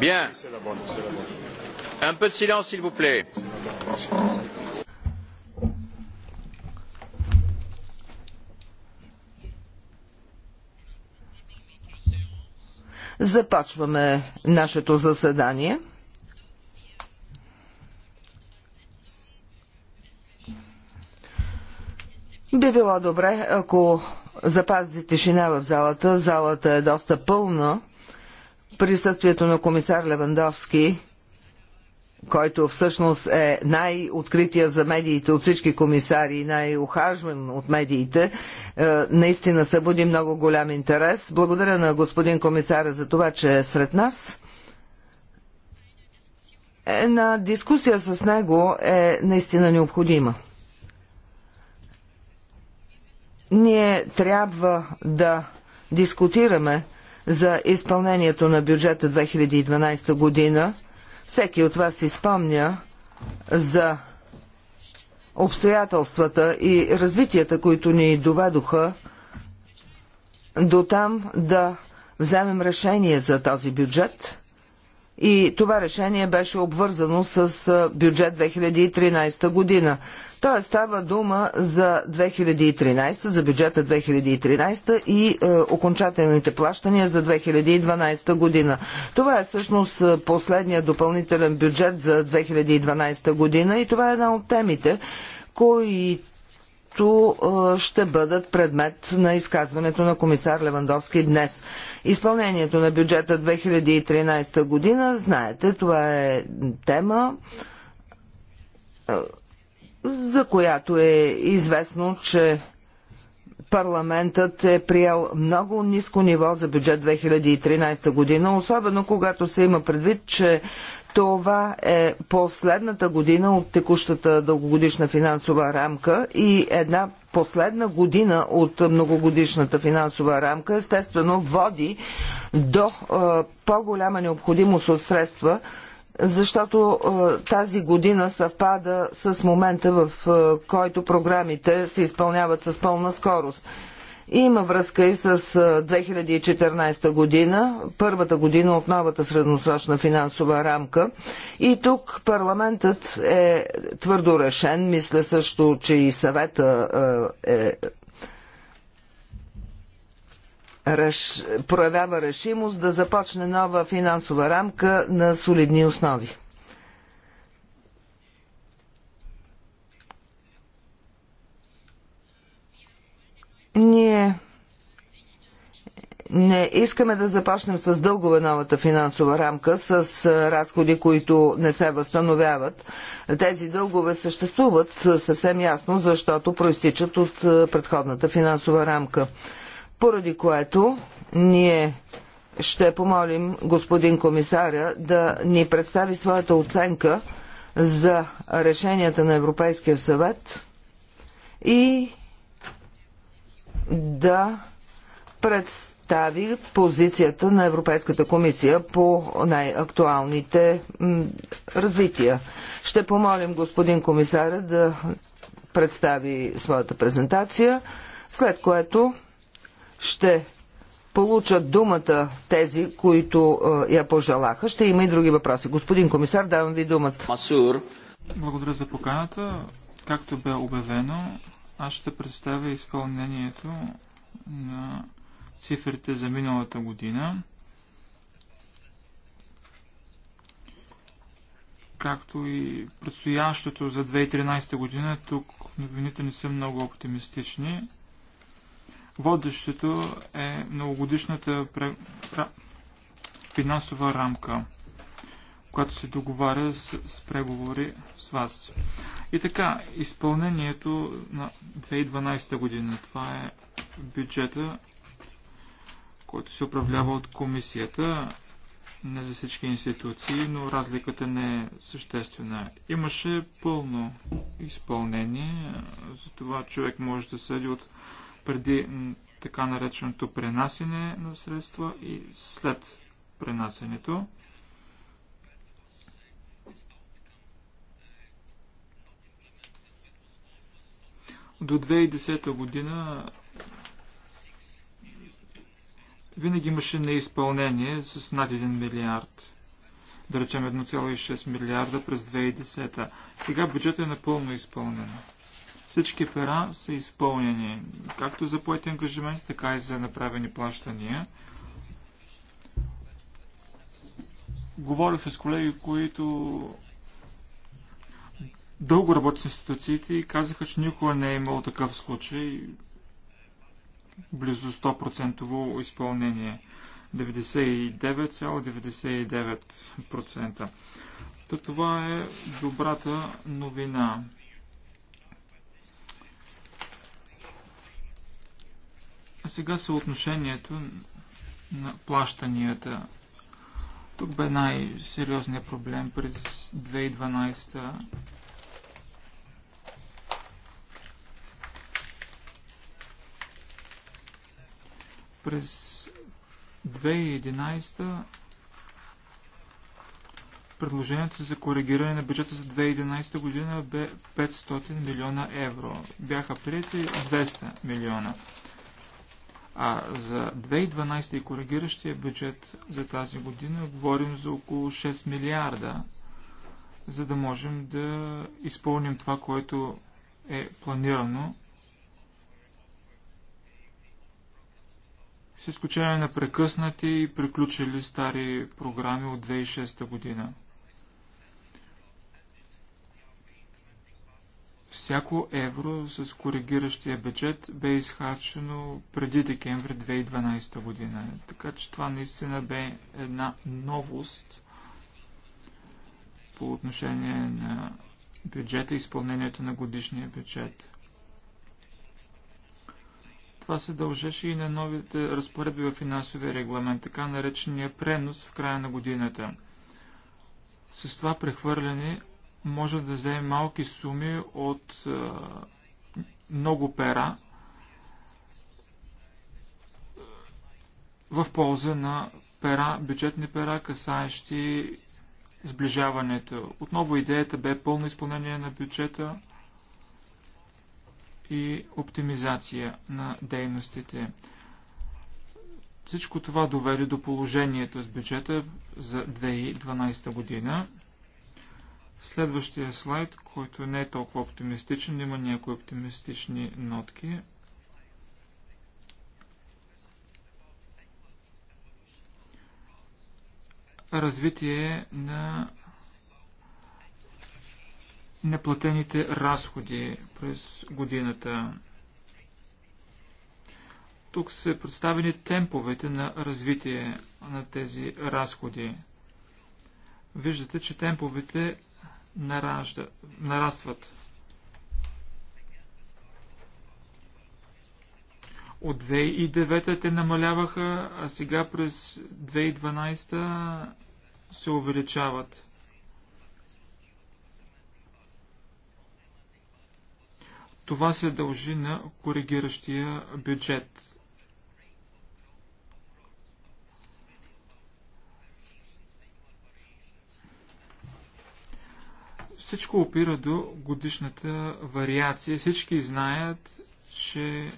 Bien. Un peu de silence, s'il vous plaît. Започваме нашето заседание. Би било добре, ако запазите тишина в залата. Залата е доста пълна. Присъствието на комисар Левандовски, който всъщност е най-открития за медиите от всички комисари и най-ухажван от медиите, е, наистина събуди много голям интерес. Благодаря на господин комисара за това, че е сред нас. Една дискусия с него е наистина необходима ние трябва да дискутираме за изпълнението на бюджета 2012 година. Всеки от вас си спомня за обстоятелствата и развитията, които ни доведоха до там да вземем решение за този бюджет и това решение беше обвързано с бюджет 2013 година. Тоест става дума за 2013, за бюджета 2013 и е, окончателните плащания за 2012 година. Това е всъщност последният допълнителен бюджет за 2012 година и това е една от темите, които които ще бъдат предмет на изказването на комисар Левандовски днес. Изпълнението на бюджета 2013 година, знаете, това е тема, за която е известно, че парламентът е приел много ниско ниво за бюджет 2013 година, особено когато се има предвид, че това е последната година от текущата дългогодишна финансова рамка и една последна година от многогодишната финансова рамка естествено води до е, по-голяма необходимост от средства защото е, тази година съвпада с момента, в е, който програмите се изпълняват с пълна скорост. Има връзка и с 2014 е, година, първата година от новата средносрочна финансова рамка. И тук парламентът е твърдо решен. Мисля също, че и съвета е проявява решимост да започне нова финансова рамка на солидни основи. Ние не искаме да започнем с дългове новата финансова рамка, с разходи, които не се възстановяват. Тези дългове съществуват съвсем ясно, защото проистичат от предходната финансова рамка поради което ние ще помолим господин комисаря да ни представи своята оценка за решенията на Европейския съвет и да представи позицията на Европейската комисия по най-актуалните развития. Ще помолим господин комисаря да представи своята презентация, след което ще получат думата тези, които е, я пожелаха. Ще има и други въпроси. Господин комисар, давам ви думата. Масур. Благодаря за поканата. Както бе обявено, аз ще представя изпълнението на цифрите за миналата година, както и предстоящото за 2013 година. Тук новините не са много оптимистични. Водещото е многогодишната финансова рамка, която се договаря с, с преговори с вас. И така, изпълнението на 2012 година, това е бюджета, който се управлява от комисията, не за всички институции, но разликата не е съществена. Имаше пълно изпълнение, за това човек може да съди от преди така нареченото пренасене на средства и след пренасенето. До 2010 година винаги имаше неизпълнение с над 1 милиард. Да речем 1,6 милиарда през 2010. Сега бюджетът е напълно изпълнен. Всички пера са изпълнени, както за поети ангажименти, така и за направени плащания. Говорих с колеги, които дълго работят с институциите и казаха, че никога не е имало такъв случай. Близо 100% изпълнение. 99,99%. ,99%. това е добрата новина. А сега съотношението на плащанията. Тук бе най-сериозният проблем през 2012 -та. През 2011 предложението за коригиране на бюджета за 2011 година бе 500 милиона евро. Бяха прияти 200 милиона евро. А за 2012 и коригиращия бюджет за тази година говорим за около 6 милиарда, за да можем да изпълним това, което е планирано. С изключение на прекъснати и приключили стари програми от 2006 година. всяко евро с коригиращия бюджет бе изхарчено преди декември 2012 година. Така че това наистина бе една новост по отношение на бюджета и изпълнението на годишния бюджет. Това се дължеше и на новите разпоредби в финансовия регламент, така наречения пренос в края на годината. С това прехвърляне може да вземе малки суми от много пера в полза на пера, бюджетни пера, касаещи сближаването. Отново идеята бе пълно изпълнение на бюджета и оптимизация на дейностите. Всичко това доведе до положението с бюджета за 2012 година. Следващия слайд, който не е толкова оптимистичен, има някои оптимистични нотки. Развитие на неплатените разходи през годината. Тук са представени темповете на развитие на тези разходи. Виждате, че темповете наражда, нарастват. От 2009 те намаляваха, а сега през 2012 се увеличават. Това се дължи на коригиращия бюджет. Всичко опира до годишната вариация. Всички знаят, че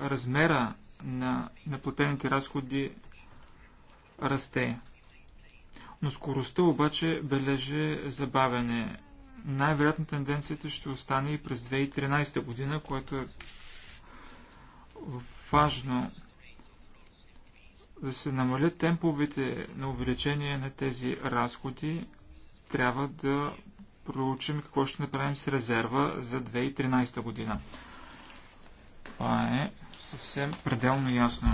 размера на наплатените разходи расте. Но скоростта обаче бележи забавяне. Най-вероятно тенденцията ще остане и през 2013 година, което е важно да се намалят темповете на увеличение на тези разходи, трябва да проучим какво ще направим с резерва за 2013 година. Това е съвсем пределно ясно.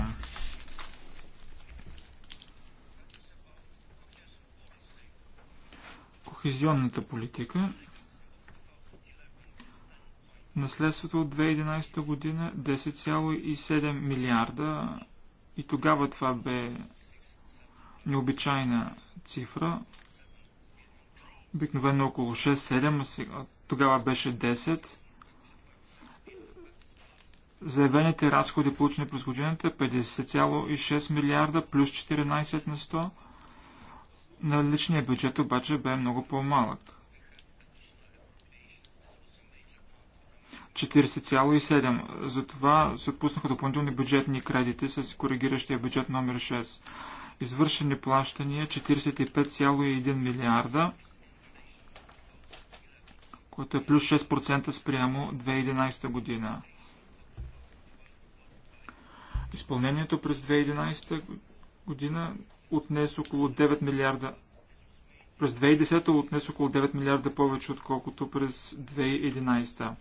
Кохезионната политика. Наследството от 2011 година 10,7 милиарда и тогава това бе необичайна цифра. Обикновено около 6-7, сега, тогава беше 10. Заявените разходи, получени през годината, 50,6 милиарда плюс 14 на 100. Наличният бюджет обаче бе много по-малък. 40,7. Затова се отпуснаха допълнителни бюджетни кредити с коригиращия бюджет номер 6. Извършени плащания 45,1 милиарда което е плюс 6% спрямо 2011 година. Изпълнението през 2011 година отнес около 9 милиарда. През 2010 отнес около 9 милиарда повече, отколкото през 2011.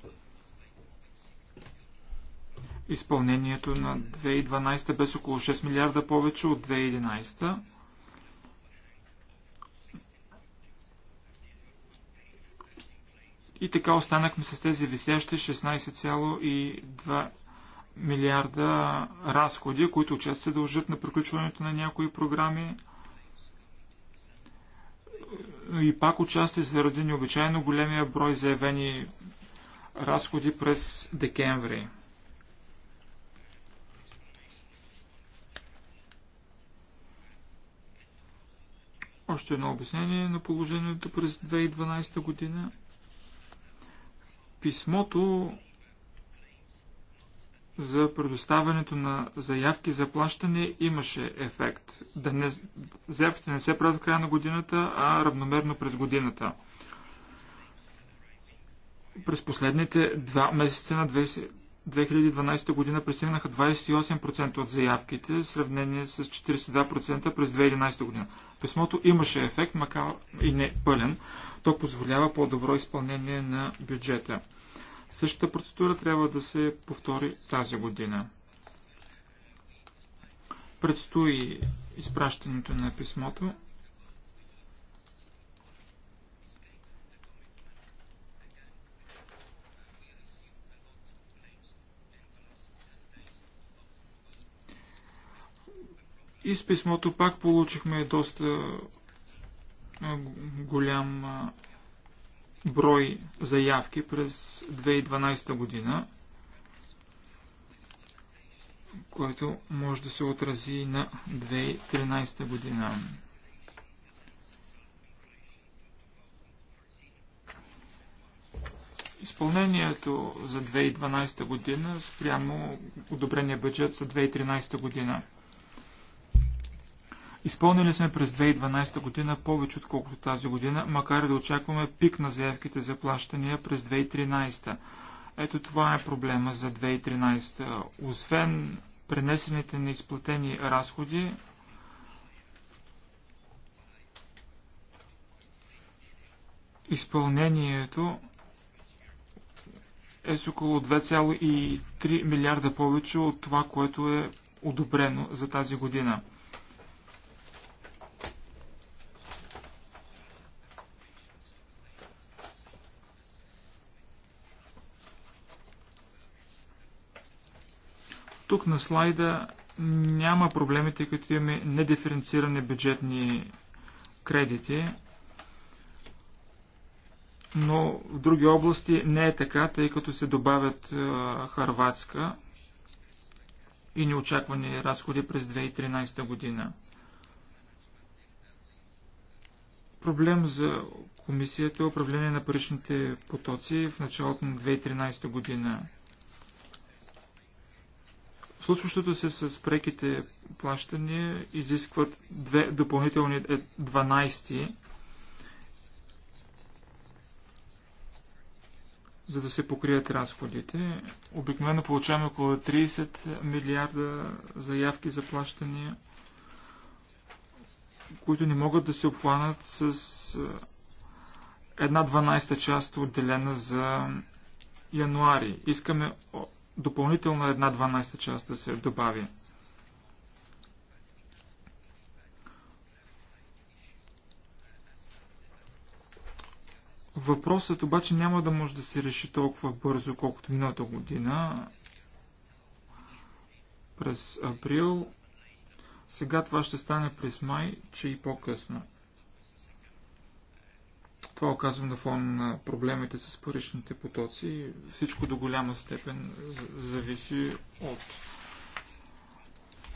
Изпълнението на 2012 без около 6 милиарда повече от 2011. И така останахме с тези висящи 16,2 милиарда разходи, които често се дължат на приключването на някои програми. И пак участие заради необичайно големия брой заявени разходи през декември. Още едно обяснение на положението през 2012 година – Писмото за предоставянето на заявки за плащане имаше ефект. Да не, заявките не се правят в края на годината, а равномерно през годината. През последните два месеца на 2012 година пристигнаха 28% от заявките, в сравнение с 42% през 2011 година. Писмото имаше ефект, макар и не пълен, то позволява по-добро изпълнение на бюджета. Същата процедура трябва да се повтори тази година. Предстои изпращането на писмото. И с писмото пак получихме доста голям брой заявки през 2012 година, което може да се отрази на 2013 година. Изпълнението за 2012 година спрямо одобрения бюджет за 2013 година – Изпълнили сме през 2012 година повече отколкото тази година, макар да очакваме пик на заявките за плащания през 2013. Ето това е проблема за 2013. Освен пренесените неизплатени разходи, изпълнението е с около 2,3 милиарда повече от това, което е одобрено за тази година. Тук на слайда няма проблеми, тъй като имаме недиференцирани бюджетни кредити, но в други области не е така, тъй като се добавят Харватска и неочаквани разходи през 2013 година. Проблем за комисията е управление на паричните потоци в началото на 2013 година. Случващото се с преките плащания изискват две допълнителни 12 е, за да се покрият разходите. Обикновено получаваме около 30 милиарда заявки за плащания, които не могат да се обхванат с е, една 12 част отделена за януари. Искаме допълнително една 12 част да се добави. Въпросът обаче няма да може да се реши толкова бързо, колкото миналата година. През април. Сега това ще стане през май, че и по-късно. Това оказвам на фон на проблемите с паричните потоци. Всичко до голяма степен зависи от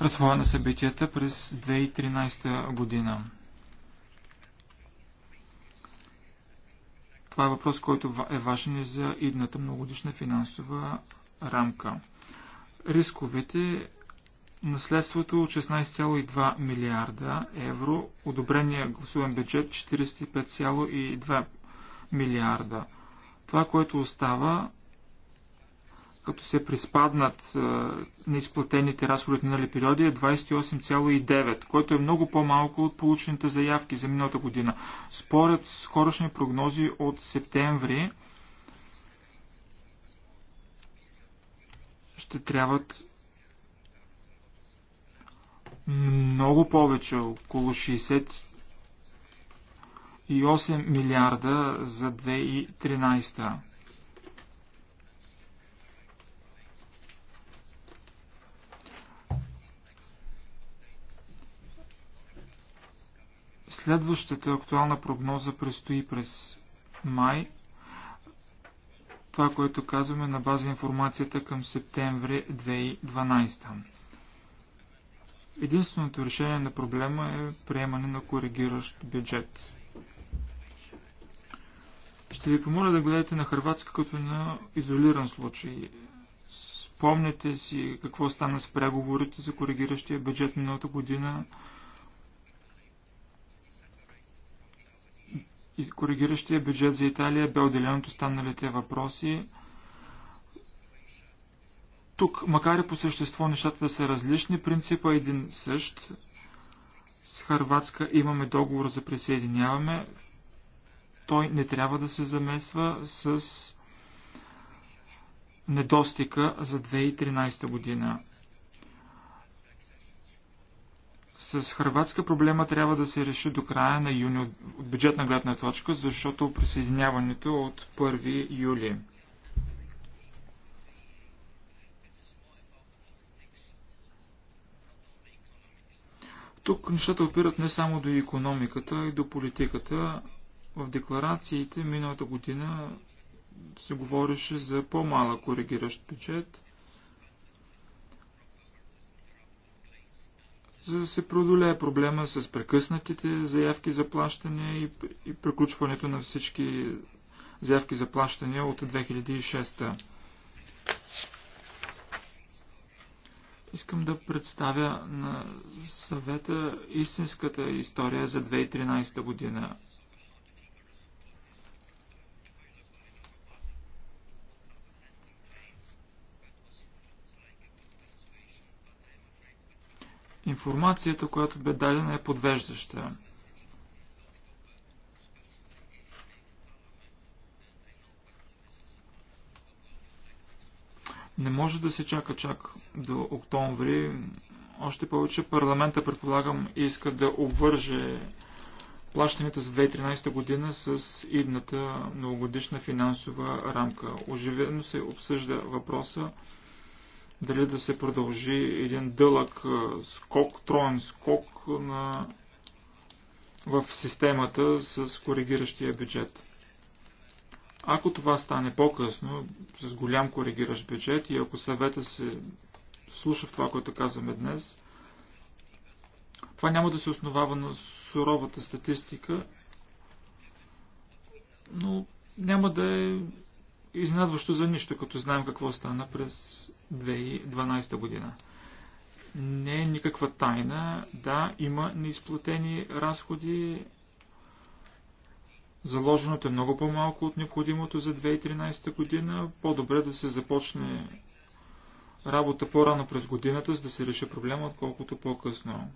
развоя на събитията през 2013 година. Това е въпрос, който е важен и за идната многодишна финансова рамка. Рисковете Наследството 16,2 милиарда евро, одобрения гласуван бюджет 45,2 милиарда. Това, което остава, като се приспаднат е, неизплатените разходи от минали периоди, е 28,9, което е много по-малко от получените заявки за миналата година. Според скорошни прогнози от септември, ще трябват много повече, около 68 милиарда за 2013. Следващата актуална прогноза предстои през май. Това, което казваме на база информацията към септември 2012. Единственото решение на проблема е приемане на коригиращ бюджет. Ще ви помоля да гледате на Хрватска като на изолиран случай. Спомняте си какво стана с преговорите за коригиращия бюджет миналата година. И коригиращия бюджет за Италия бе отделен от останалите въпроси. Тук, макар и по същество нещата да са различни, принципа е един същ. С Харватска имаме договор за присъединяване. Той не трябва да се замесва с недостига за 2013 година. С Харватска проблема трябва да се реши до края на юни от бюджетна гледна точка, защото присъединяването е от 1 юли. Тук нещата опират не само до економиката, и до политиката. В декларациите миналата година се говореше за по-малък коригиращ бюджет, за да се преодолее проблема с прекъснатите заявки за плащане и, и приключването на всички заявки за плащане от 2006. -та. Искам да представя на съвета истинската история за 2013 година. Информацията, която бе дадена е подвеждаща. Не може да се чака чак до октомври. Още повече парламента, предполагам, иска да обвърже плащането за 2013 година с идната многогодишна финансова рамка. Оживено се обсъжда въпроса дали да се продължи един дълъг скок, троен скок на... в системата с коригиращия бюджет. Ако това стане по-късно, с голям коригиращ бюджет и ако съвета се слуша в това, което казваме днес, това няма да се основава на суровата статистика, но няма да е изненадващо за нищо, като знаем какво стана през 2012 година. Не е никаква тайна. Да, има неизплатени разходи, Заложеното е много по-малко от необходимото за 2013 година. По-добре да се започне работа по-рано през годината, за да се реши проблема, отколкото по-късно.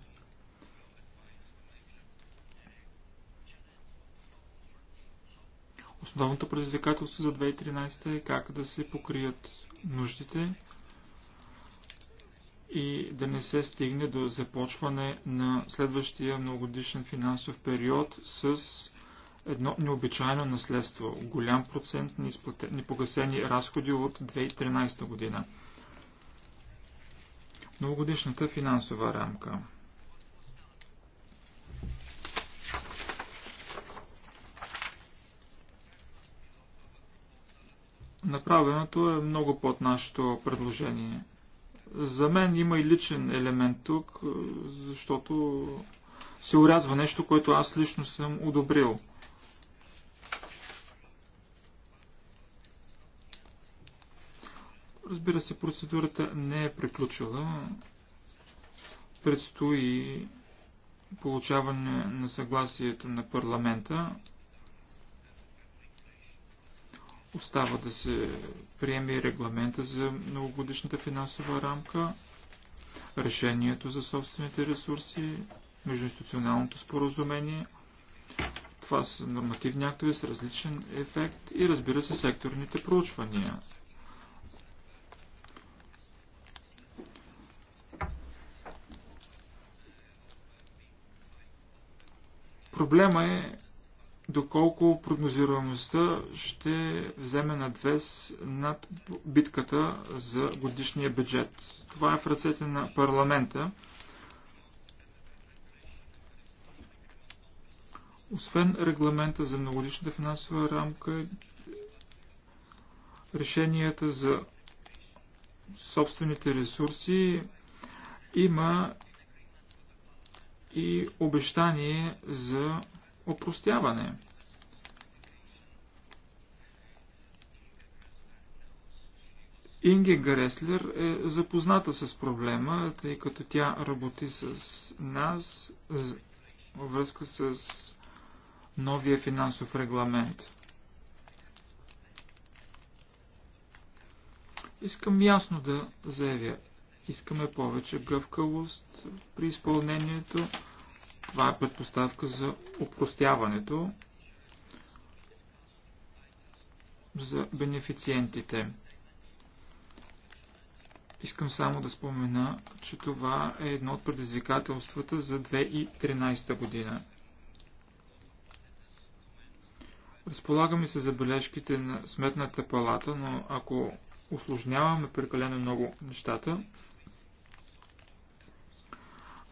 Основното предизвикателство за 2013 е как да се покрият нуждите и да не се стигне до започване на следващия многодишен финансов период с едно необичайно наследство, голям процент непогасени разходи от 2013 година. Многогодишната финансова рамка. Направеното е много под нашето предложение. За мен има и личен елемент тук, защото се урязва нещо, което аз лично съм одобрил. Разбира се, процедурата не е приключила. Предстои получаване на съгласието на парламента. Остава да се приеме регламента за многогодишната финансова рамка, решението за собствените ресурси, междуинституционалното споразумение. Това са нормативни актове с различен ефект и разбира се секторните проучвания. Проблема е доколко прогнозируемостта ще вземе надвес над битката за годишния бюджет. Това е в ръцете на парламента. Освен регламента за многодишната финансова рамка, решенията за собствените ресурси, има и обещание за опростяване. Инге Греслер е запозната с проблема, тъй като тя работи с нас във връзка с новия финансов регламент. Искам ясно да заявя. Искаме повече гъвкавост при изпълнението. Това е предпоставка за упростяването за бенефициентите. Искам само да спомена, че това е едно от предизвикателствата за 2013 година. Разполагаме се забележките на Сметната палата, но ако осложняваме прекалено много нещата,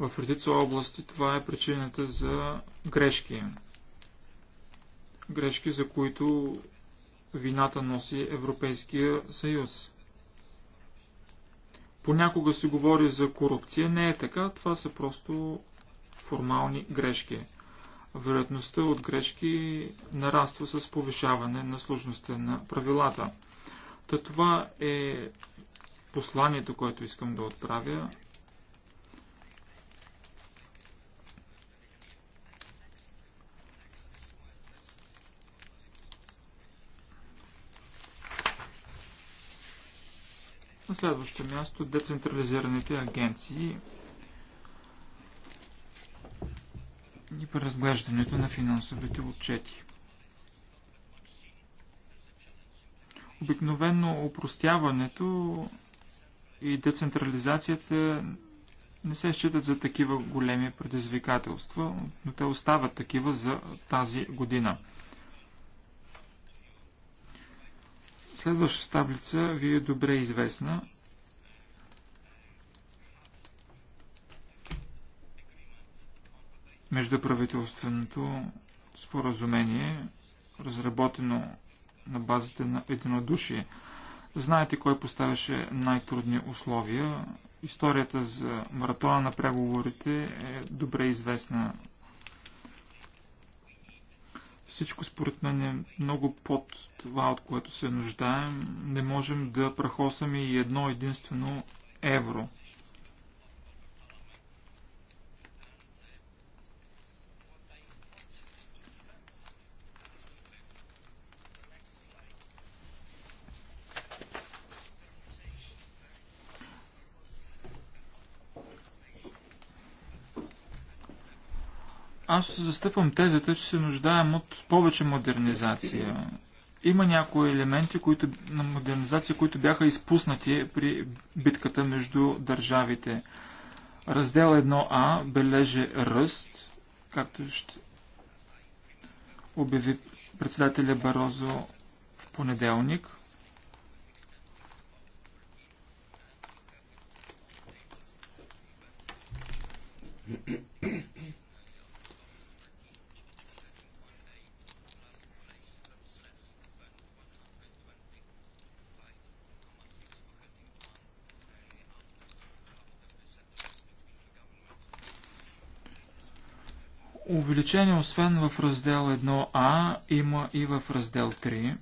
в редица области това е причината за грешки. Грешки, за които вината носи Европейския съюз. Понякога се говори за корупция. Не е така. Това са просто формални грешки. Вероятността от грешки нараства с повишаване на сложността на правилата. Та това е посланието, което искам да отправя На следващо място децентрализираните агенции и преразглеждането на финансовите отчети. Обикновено упростяването и децентрализацията не се считат за такива големи предизвикателства, но те остават такива за тази година. Следващата таблица ви е добре известна. Междуправителственото споразумение, разработено на базата на единодушие. Знаете кой поставяше най-трудни условия. Историята за маратона на преговорите е добре известна всичко според мен е много под това, от което се нуждаем. Не можем да прахосаме и едно единствено евро Аз застъпвам тезата, че се нуждаем от повече модернизация. Има някои елементи които, на модернизация, които бяха изпуснати при битката между държавите. Раздел 1А бележи ръст, както ще обяви председателя Барозо в понеделник. Mm-hmm. Увеличение освен в раздел 1А има и в раздел 3.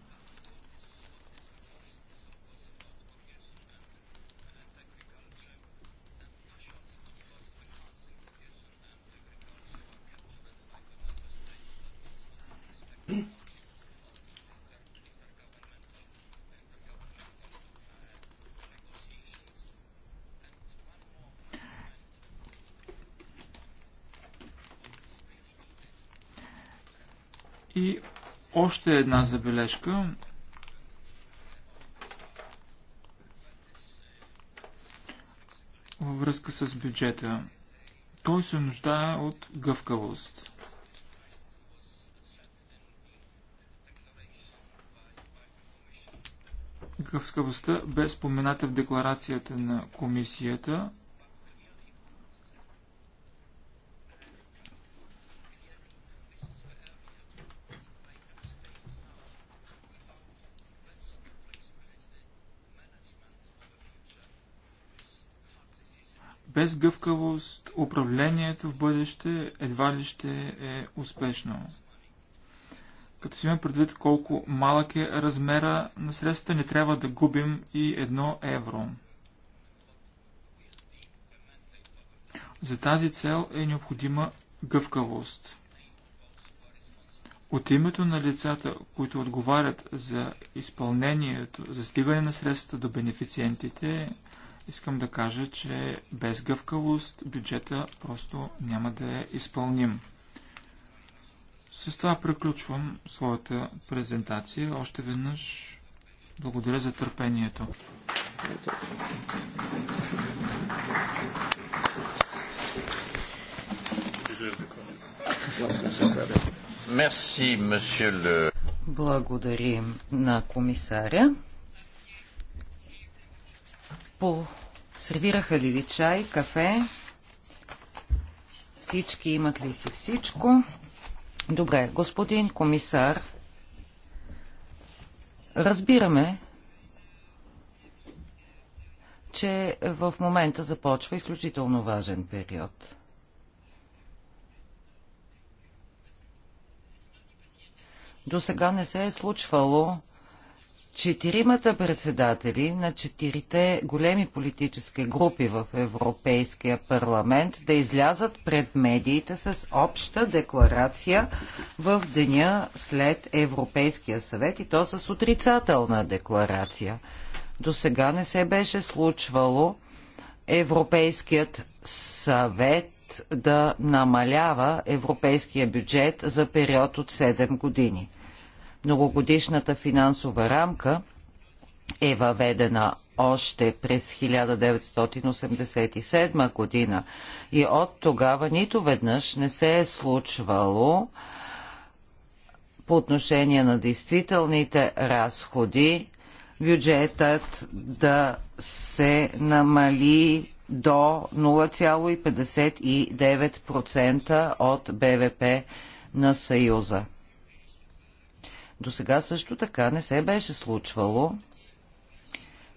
още една забележка. Във връзка с бюджета. Той се нуждае от гъвкавост. Гъвкавостта бе спомената в декларацията на комисията – без гъвкавост управлението в бъдеще едва ли ще е успешно. Като си имам предвид колко малък е размера на средствата, не трябва да губим и едно евро. За тази цел е необходима гъвкавост. От името на лицата, които отговарят за изпълнението, за стигане на средствата до бенефициентите, Искам да кажа, че без гъвкавост бюджета просто няма да е изпълним. С това приключвам своята презентация. Още веднъж благодаря за търпението. Благодарим на комисаря. По... Сервираха ли ви чай, кафе? Всички имат ли си всичко? Добре, господин комисар, разбираме, че в момента започва изключително важен период. До сега не се е случвало четиримата председатели на четирите големи политически групи в Европейския парламент да излязат пред медиите с обща декларация в деня след Европейския съвет и то с отрицателна декларация. До сега не се беше случвало Европейският съвет да намалява европейския бюджет за период от 7 години. Многогодишната финансова рамка е въведена още през 1987 година и от тогава нито веднъж не се е случвало по отношение на действителните разходи бюджетът да се намали до 0,59% от БВП на Съюза. До сега също така не се беше случвало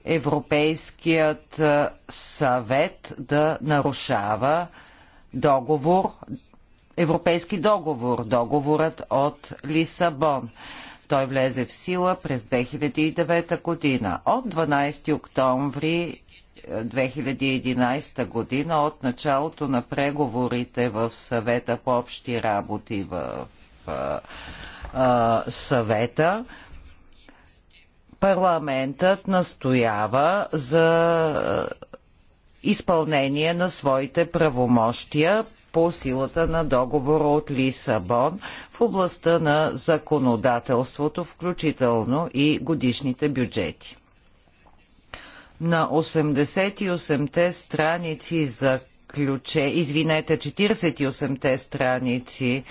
Европейският съвет да нарушава договор, европейски договор, договорът от Лисабон. Той влезе в сила през 2009 година. От 12 октомври 2011 е, година, от началото на преговорите в съвета по общи работи в съвета, парламентът настоява за изпълнение на своите правомощия по силата на договора от Лисабон в областта на законодателството, включително и годишните бюджети. На 88-те страници за ключе, извинете, 48-те страници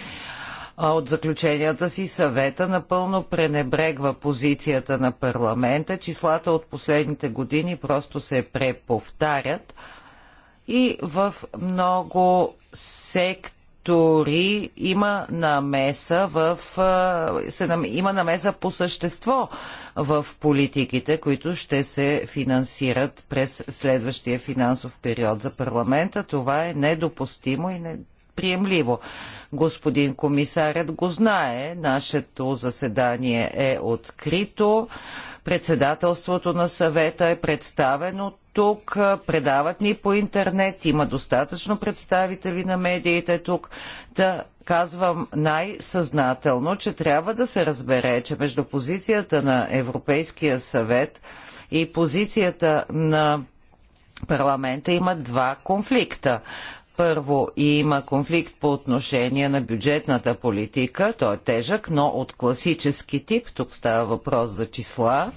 от заключенията си съвета напълно пренебрегва позицията на парламента. Числата от последните години просто се преповтарят и в много сектори има намеса, в, има намеса по същество в политиките, които ще се финансират през следващия финансов период за парламента. Това е недопустимо и не приемливо. Господин комисарят го знае. Нашето заседание е открито. Председателството на съвета е представено тук, предават ни по интернет, има достатъчно представители на медиите тук. Да казвам най-съзнателно, че трябва да се разбере, че между позицията на Европейския съвет и позицията на парламента има два конфликта. Първо има конфликт по отношение на бюджетната политика. Той е тежък, но от класически тип. Тук става въпрос за числа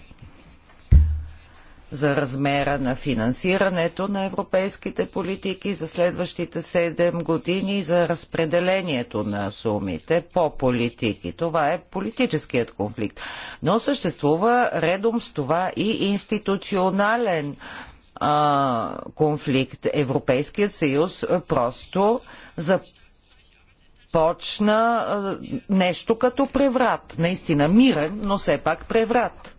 за размера на финансирането на европейските политики за следващите 7 години и за разпределението на сумите по политики. Това е политическият конфликт. Но съществува редом с това и институционален конфликт а, конфликт. Европейският съюз просто за почна а, нещо като преврат. Наистина мирен, но все пак преврат.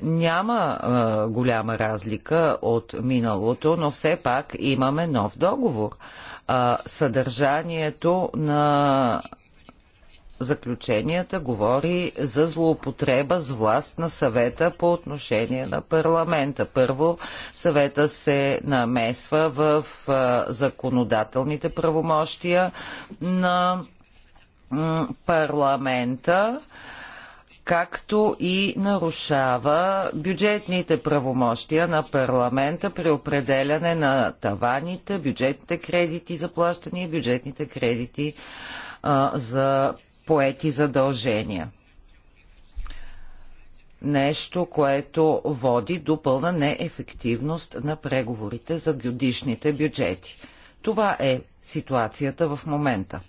Няма а, голяма разлика от миналото, но все пак имаме нов договор. А, съдържанието на заключенията говори за злоупотреба с власт на съвета по отношение на парламента. Първо, съвета се намесва в законодателните правомощия на парламента както и нарушава бюджетните правомощия на парламента при определяне на таваните, бюджетните кредити за плащане и бюджетните кредити а, за поети задължения. Нещо, което води до пълна неефективност на преговорите за годишните бюджети. Това е ситуацията в момента.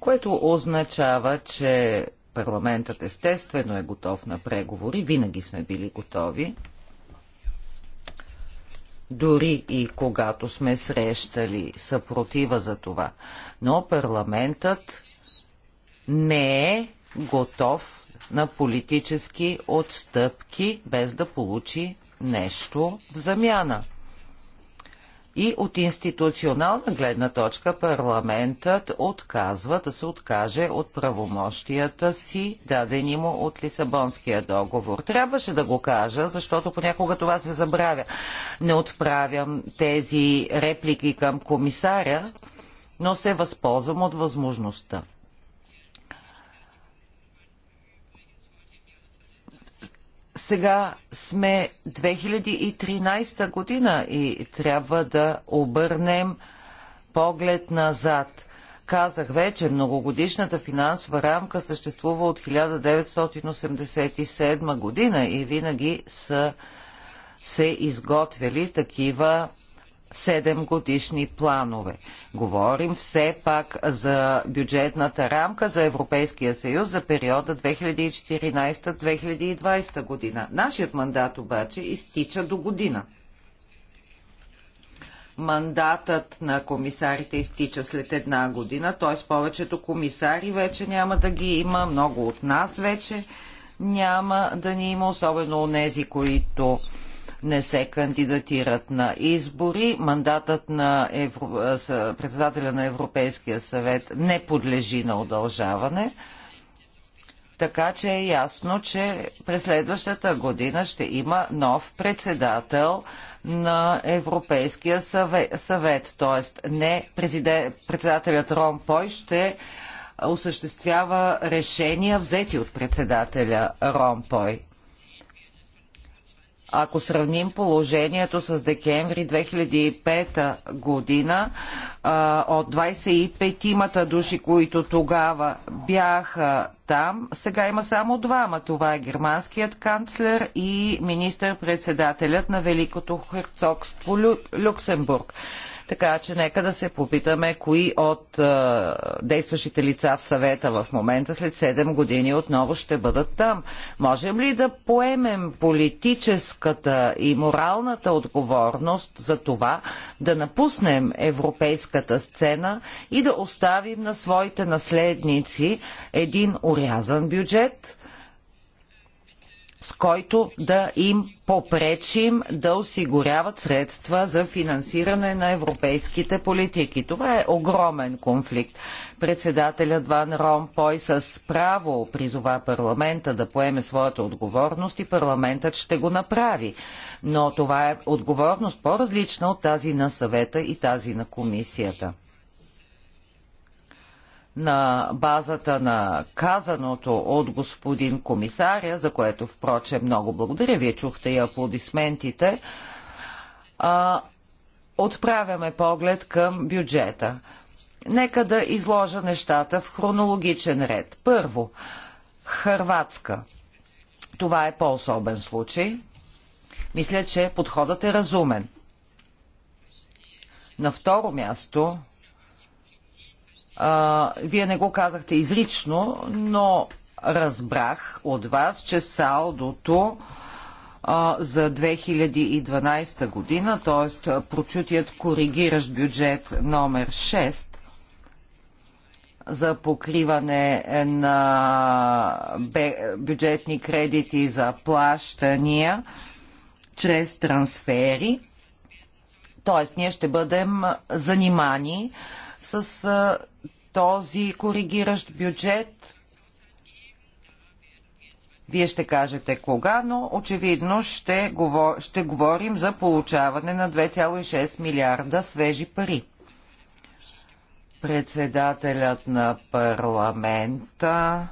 Което означава, че парламентът естествено е готов на преговори, винаги сме били готови, дори и когато сме срещали съпротива за това. Но парламентът не е готов на политически отстъпки, без да получи нещо в замяна. И от институционална гледна точка парламентът отказва да се откаже от правомощията си, дадени му от Лисабонския договор. Трябваше да го кажа, защото понякога това се забравя. Не отправям тези реплики към комисаря, но се възползвам от възможността. Сега сме 2013 година и трябва да обърнем поглед назад. Казах вече, многогодишната финансова рамка съществува от 1987 година и винаги са се изготвяли такива 7 годишни планове. Говорим все пак за бюджетната рамка за Европейския съюз за периода 2014-2020 година. Нашият мандат обаче изтича до година. Мандатът на комисарите изтича след една година, т.е. повечето комисари вече няма да ги има, много от нас вече няма да ни има, особено у нези, които не се кандидатират на избори. Мандатът на Евро... председателя на Европейския съвет не подлежи на удължаване. Така че е ясно, че през следващата година ще има нов председател на Европейския съвет. Тоест не президент, председателят Пой ще осъществява решения, взети от председателя Пой. Ако сравним положението с декември 2005 година, от 25-мата души, които тогава бяха там, сега има само двама. Това е германският канцлер и министър-председателят на Великото херцогство Лю... Люксембург. Така че нека да се попитаме кои от е, действащите лица в съвета в момента след 7 години отново ще бъдат там. Можем ли да поемем политическата и моралната отговорност за това да напуснем европейската сцена и да оставим на своите наследници един урязан бюджет, с който да им попречим да осигуряват средства за финансиране на европейските политики. Това е огромен конфликт. Председателят Ван Ромпой с право призова парламента да поеме своята отговорност и парламентът ще го направи. Но това е отговорност по-различна от тази на съвета и тази на комисията на базата на казаното от господин комисаря, за което впрочем много благодаря, вие чухте и аплодисментите, а, отправяме поглед към бюджета. Нека да изложа нещата в хронологичен ред. Първо, Хърватска. Това е по-особен случай. Мисля, че подходът е разумен. На второ място, а, вие не го казахте изрично, но разбрах от вас, че салдото а, за 2012 година, т.е. прочутият коригиращ бюджет номер 6, за покриване на бюджетни кредити за плащания чрез трансфери. Тоест, ние ще бъдем занимани с този коригиращ бюджет. Вие ще кажете кога, но очевидно ще, говор... ще говорим за получаване на 2,6 милиарда свежи пари. Председателят на парламента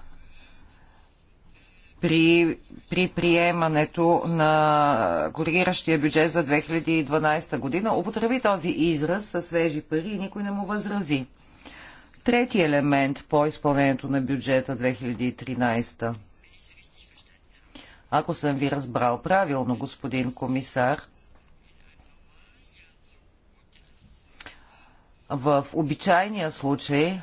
при, при приемането на коригиращия бюджет за 2012 година употреби този израз със свежи пари и никой не му възрази трети елемент по изпълнението на бюджета 2013. Ако съм ви разбрал правилно, господин комисар, в обичайния случай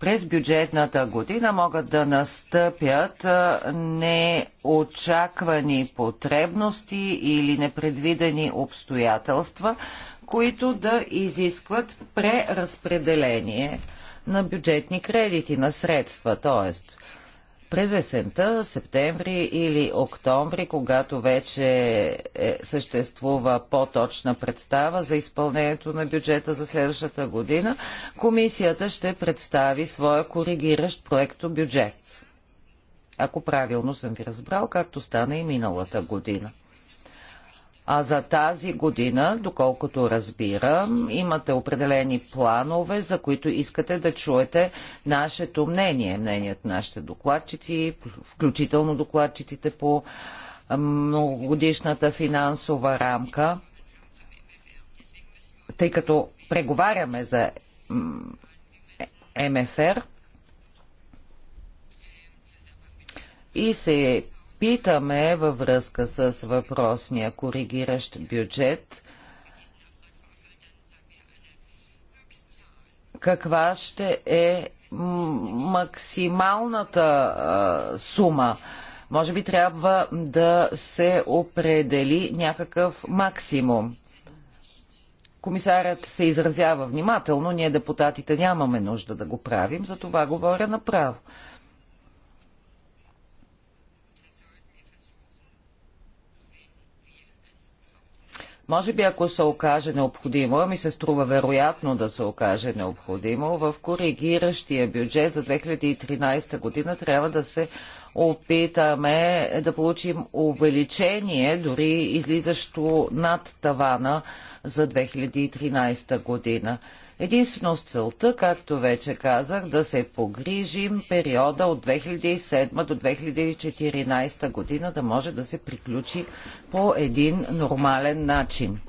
през бюджетната година могат да настъпят неочаквани потребности или непредвидени обстоятелства, които да изискват преразпределение на бюджетни кредити, на средства, т.е. през есента, септември или октомври, когато вече е, съществува по-точна представа за изпълнението на бюджета за следващата година, комисията ще представи своя коригиращ проекто бюджет. Ако правилно съм ви разбрал, както стана и миналата година. А за тази година, доколкото разбирам, имате определени планове, за които искате да чуете нашето мнение, мнението на нашите докладчици, включително докладчиците по многогодишната финансова рамка. Тъй като преговаряме за МФР и се Питаме във връзка с въпросния коригиращ бюджет каква ще е максималната а, сума. Може би трябва да се определи някакъв максимум. Комисарят се изразява внимателно, ние депутатите нямаме нужда да го правим, за това говоря направо. Може би ако се окаже необходимо, ми се струва вероятно да се окаже необходимо, в коригиращия бюджет за 2013 година трябва да се опитаме да получим увеличение, дори излизащо над тавана за 2013 година единствено с целта, както вече казах, да се погрижим периода от 2007 до 2014 година да може да се приключи по един нормален начин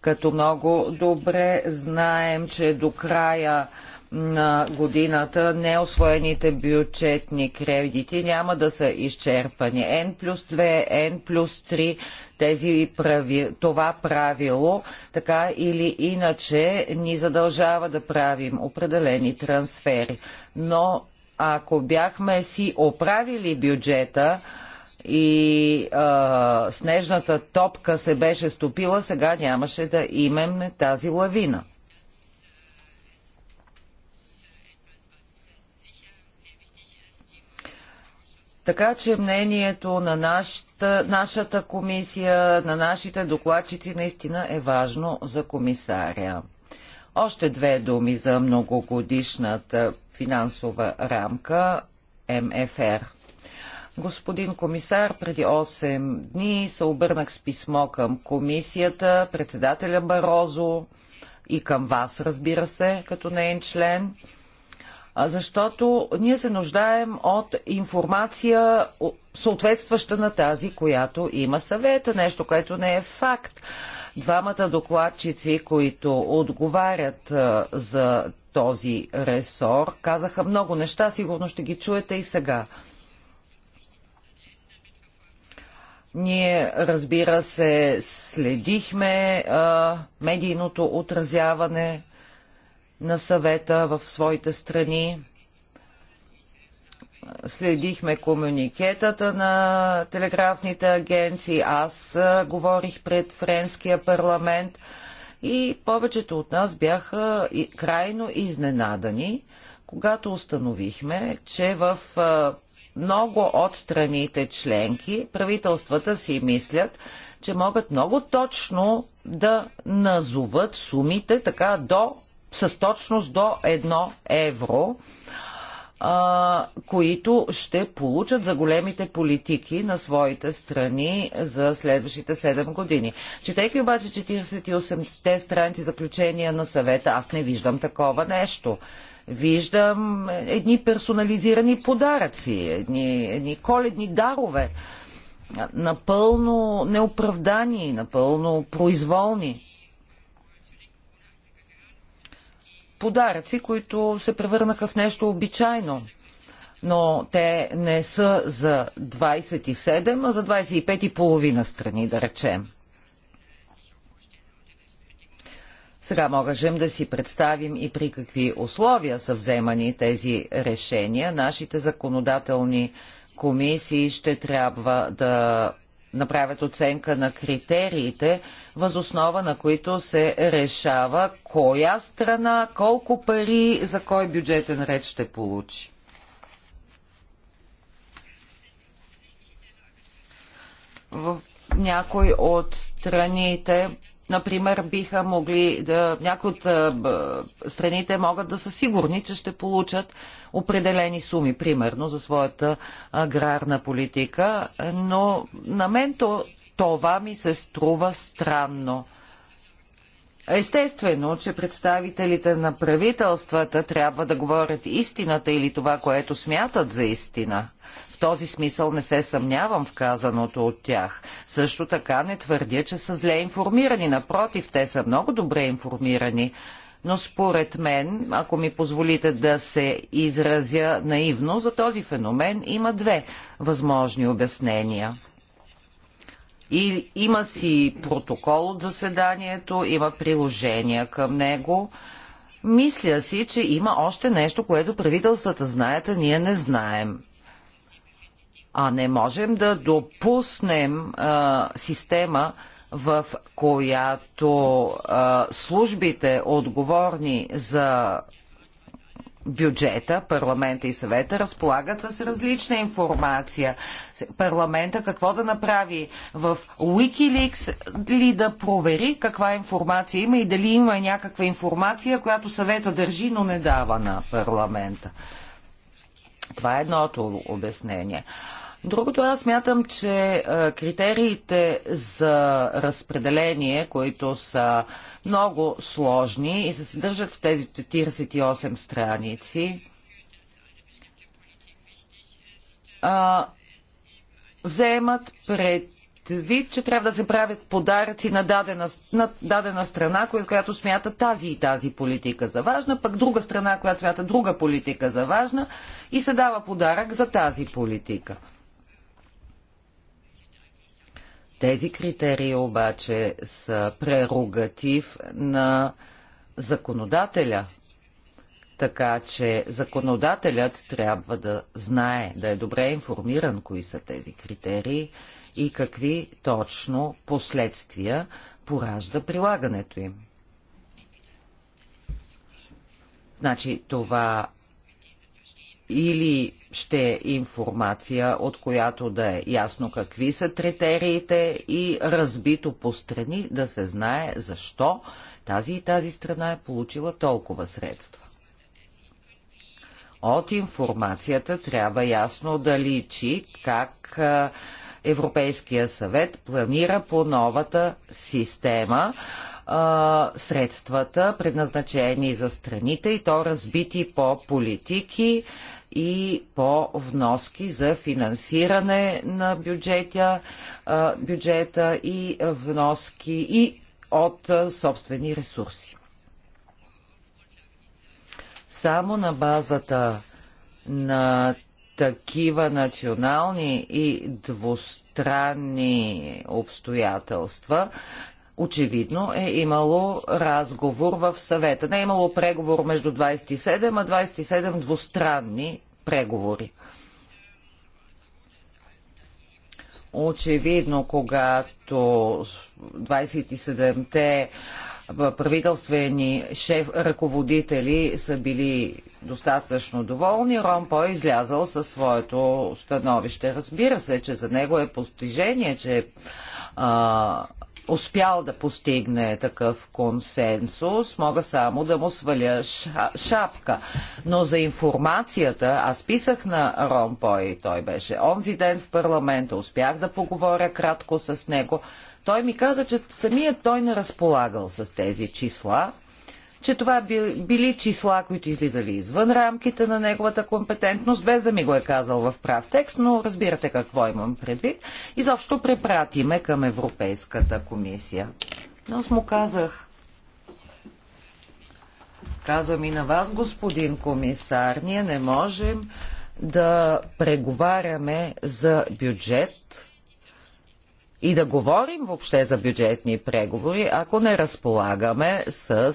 като много добре знаем, че до края на годината неосвоените бюджетни кредити няма да са изчерпани. N плюс 2, N плюс 3, тези прави, това правило, така или иначе, ни задължава да правим определени трансфери. Но ако бяхме си оправили бюджета, и а, снежната топка се беше стопила, сега нямаше да имаме тази лавина. Така че мнението на нашата, нашата комисия, на нашите докладчици наистина е важно за комисаря. Още две думи за многогодишната финансова рамка МФР. Господин комисар, преди 8 дни се обърнах с писмо към комисията, председателя Барозо и към вас, разбира се, като неин член защото ние се нуждаем от информация, съответстваща на тази, която има съвета. Нещо, което не е факт. Двамата докладчици, които отговарят за този ресор, казаха много неща, сигурно ще ги чуете и сега. Ние, разбира се, следихме а, медийното отразяване на съвета в своите страни. Следихме комуникетата на телеграфните агенции. Аз говорих пред Френския парламент и повечето от нас бяха крайно изненадани, когато установихме, че в много от страните членки правителствата си мислят, че могат много точно да назоват сумите така до с точност до 1 евро, а, които ще получат за големите политики на своите страни за следващите 7 години. Четейки обаче 48-те страници заключения на съвета, аз не виждам такова нещо виждам едни персонализирани подаръци, едни, едни коледни дарове, напълно неоправдани, напълно произволни. подаръци, които се превърнаха в нещо обичайно. Но те не са за 27, а за 25 и половина страни, да речем. Сега можем да си представим и при какви условия са вземани тези решения. Нашите законодателни комисии ще трябва да направят оценка на критериите, възоснова на които се решава коя страна, колко пари, за кой бюджетен ред ще получи. В някои от страните например, биха могли да, някои от страните могат да са сигурни, че ще получат определени суми, примерно, за своята аграрна политика, но на мен то, това ми се струва странно. Естествено, че представителите на правителствата трябва да говорят истината или това, което смятат за истина. В този смисъл не се съмнявам в казаното от тях. Също така не твърдя, че са зле информирани. Напротив, те са много добре информирани. Но според мен, ако ми позволите да се изразя наивно, за този феномен има две възможни обяснения. И има си протокол от заседанието, има приложения към него. Мисля си, че има още нещо, което правителствата знаят, а ние не знаем. А не можем да допуснем а, система, в която а, службите, отговорни за бюджета, парламента и съвета разполагат с различна информация. Парламента какво да направи в Wikileaks ли да провери каква информация има и дали има някаква информация, която съвета държи, но не дава на парламента. Това е едното обяснение. Другото аз смятам, че е, критериите за разпределение, които са много сложни и се съдържат в тези 48 страници, вземат пред вид, че трябва да се правят подаръци на дадена, на дадена страна, която смята тази и тази политика за важна, пък друга страна, която смята друга политика за важна и се дава подарък за тази политика. Тези критерии обаче са прерогатив на законодателя, така че законодателят трябва да знае, да е добре информиран кои са тези критерии и какви точно последствия поражда прилагането им. Значи това или ще е информация, от която да е ясно какви са критериите и разбито по страни да се знае защо тази и тази страна е получила толкова средства. От информацията трябва ясно да личи как Европейския съвет планира по новата система средствата, предназначени за страните и то разбити по политики, и по вноски за финансиране на бюджета, бюджета и вноски и от собствени ресурси. Само на базата на такива национални и двустранни обстоятелства очевидно е имало разговор в съвета. Не е имало преговор между 27, а 27 двустранни преговори. Очевидно, когато 27-те правителствени шеф, ръководители са били достатъчно доволни, Ромпо е излязъл със своето становище. Разбира се, че за него е постижение, че а, успял да постигне такъв консенсус, мога само да му сваля шапка. Но за информацията, аз писах на Ромпой, той беше онзи ден в парламента, успях да поговоря кратко с него. Той ми каза, че самият той не разполагал с тези числа, че това били числа, които излизали извън рамките на неговата компетентност, без да ми го е казал в прав текст, но разбирате какво имам предвид. Изобщо препратиме към Европейската комисия. Но аз му казах, казвам и на вас, господин комисар, ние не можем да преговаряме за бюджет, и да говорим въобще за бюджетни преговори, ако не разполагаме с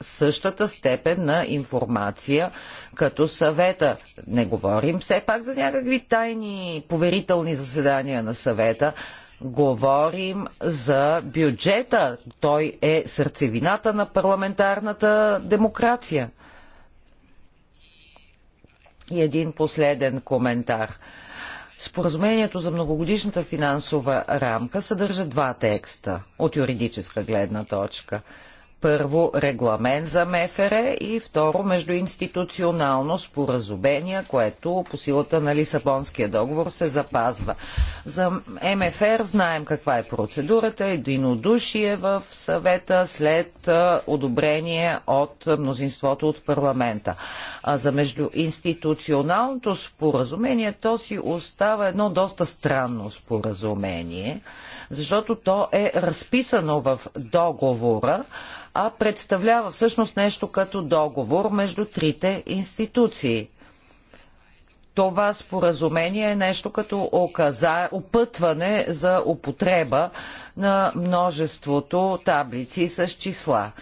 същата степен на информация като съвета. Не говорим все пак за някакви тайни поверителни заседания на съвета. Говорим за бюджета. Той е сърцевината на парламентарната демокрация. И един последен коментар – Споразумението за многогодишната финансова рамка съдържа два текста от юридическа гледна точка – първо регламент за МФР и второ междуинституционално споразумение, което по силата на Лисабонския договор се запазва. За МФР знаем каква е процедурата. Единодушие в съвета след одобрение от мнозинството от парламента. А за междуинституционалното споразумение то си остава едно доста странно споразумение, защото то е разписано в договора, а представлява всъщност нещо като договор между трите институции. Това споразумение е нещо като оказа, опътване за употреба на множеството таблици с числа.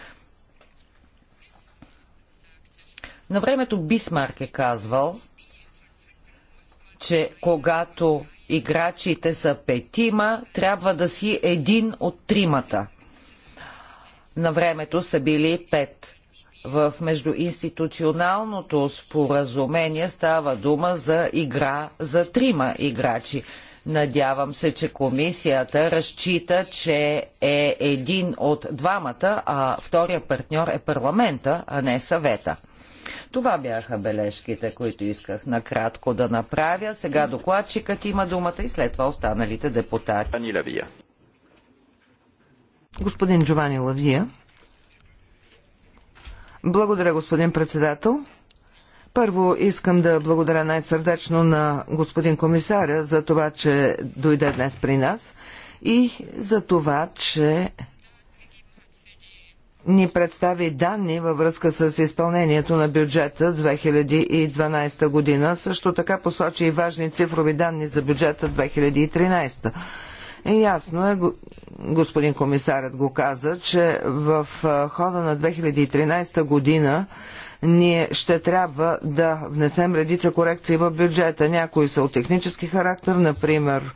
На времето Бисмарк е казвал, че когато играчите са петима, трябва да си един от тримата – на времето са били пет. В междуинституционалното споразумение става дума за игра за трима играчи. Надявам се, че комисията разчита, че е един от двамата, а втория партньор е парламента, а не съвета. Това бяха бележките, които исках накратко да направя. Сега докладчикът има думата и след това останалите депутати. Господин Джовани Лавия. Благодаря, господин председател. Първо искам да благодаря най-сърдечно на господин комисаря за това, че дойде днес при нас и за това, че ни представи данни във връзка с изпълнението на бюджета 2012 година. Също така посочи и важни цифрови данни за бюджета 2013. Е, ясно е, господин комисарът го каза, че в хода на 2013 година ние ще трябва да внесем редица корекции в бюджета. Някои са от технически характер, например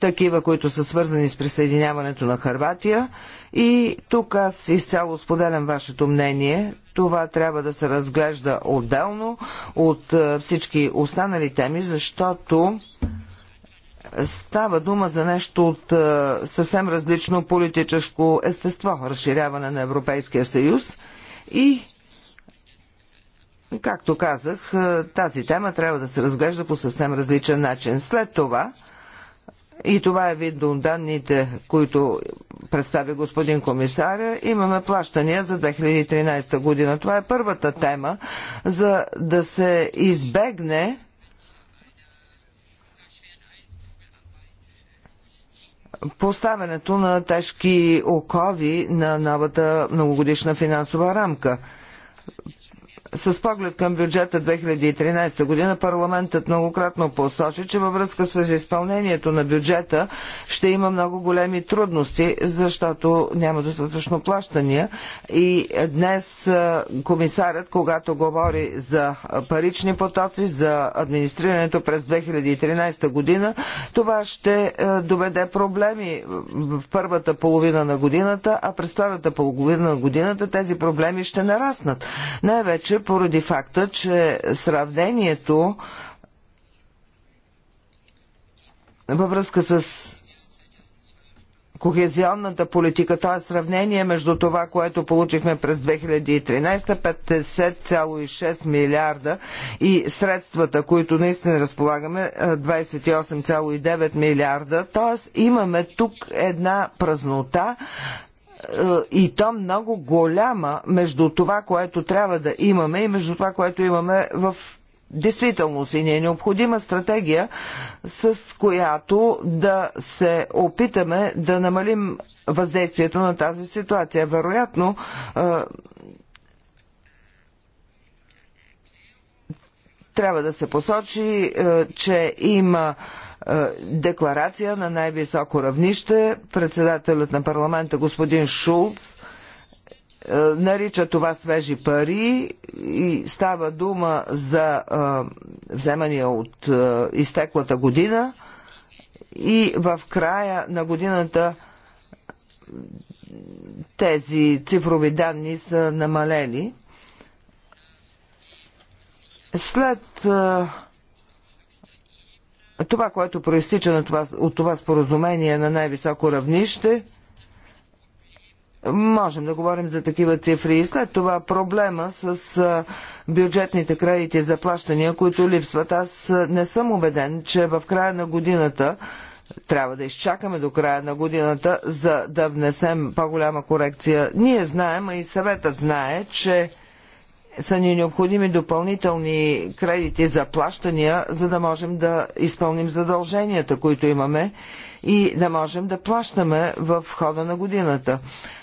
такива, които са свързани с присъединяването на Харватия. И тук аз изцяло споделям вашето мнение това трябва да се разглежда отделно от е, всички останали теми, защото става дума за нещо от е, съвсем различно политическо естество, разширяване на Европейския съюз и Както казах, е, тази тема трябва да се разглежда по съвсем различен начин. След това и това е видно от данните, които представи господин комисаря, имаме плащания за 2013 година. Това е първата тема, за да се избегне поставянето на тежки окови на новата многогодишна финансова рамка. С поглед към бюджета 2013 година парламентът многократно посочи, че във връзка с изпълнението на бюджета ще има много големи трудности, защото няма достатъчно плащания. И днес комисарят, когато говори за парични потоци, за администрирането през 2013 година, това ще доведе проблеми в първата половина на годината, а през втората половина на годината тези проблеми ще нараснат. Най-вече поради факта, че сравнението във връзка с кохезионната политика, т.е. сравнение между това, което получихме през 2013, 50,6 милиарда и средствата, които наистина разполагаме, 28,9 е, милиарда. Т.е. имаме тук една празнота е, и то много голяма между това, което трябва да имаме и между това, което имаме в действителност и ни е необходима стратегия, с която да се опитаме да намалим въздействието на тази ситуация. Вероятно, е, трябва да се посочи, е, че има е, декларация на най-високо равнище. Председателят на парламента господин Шулц е, нарича това свежи пари и става дума за е, вземания от изтеклата година и в края на годината тези цифрови данни са намалени. След това, което проистича на това, от това споразумение на най-високо равнище, можем да говорим за такива цифри. И след това проблема с бюджетните кредити за плащания, които липсват. Аз не съм убеден, че в края на годината трябва да изчакаме до края на годината, за да внесем по-голяма корекция. Ние знаем, а и съветът знае, че са ни необходими допълнителни кредити за плащания, за да можем да изпълним задълженията, които имаме и да можем да плащаме в хода на годината.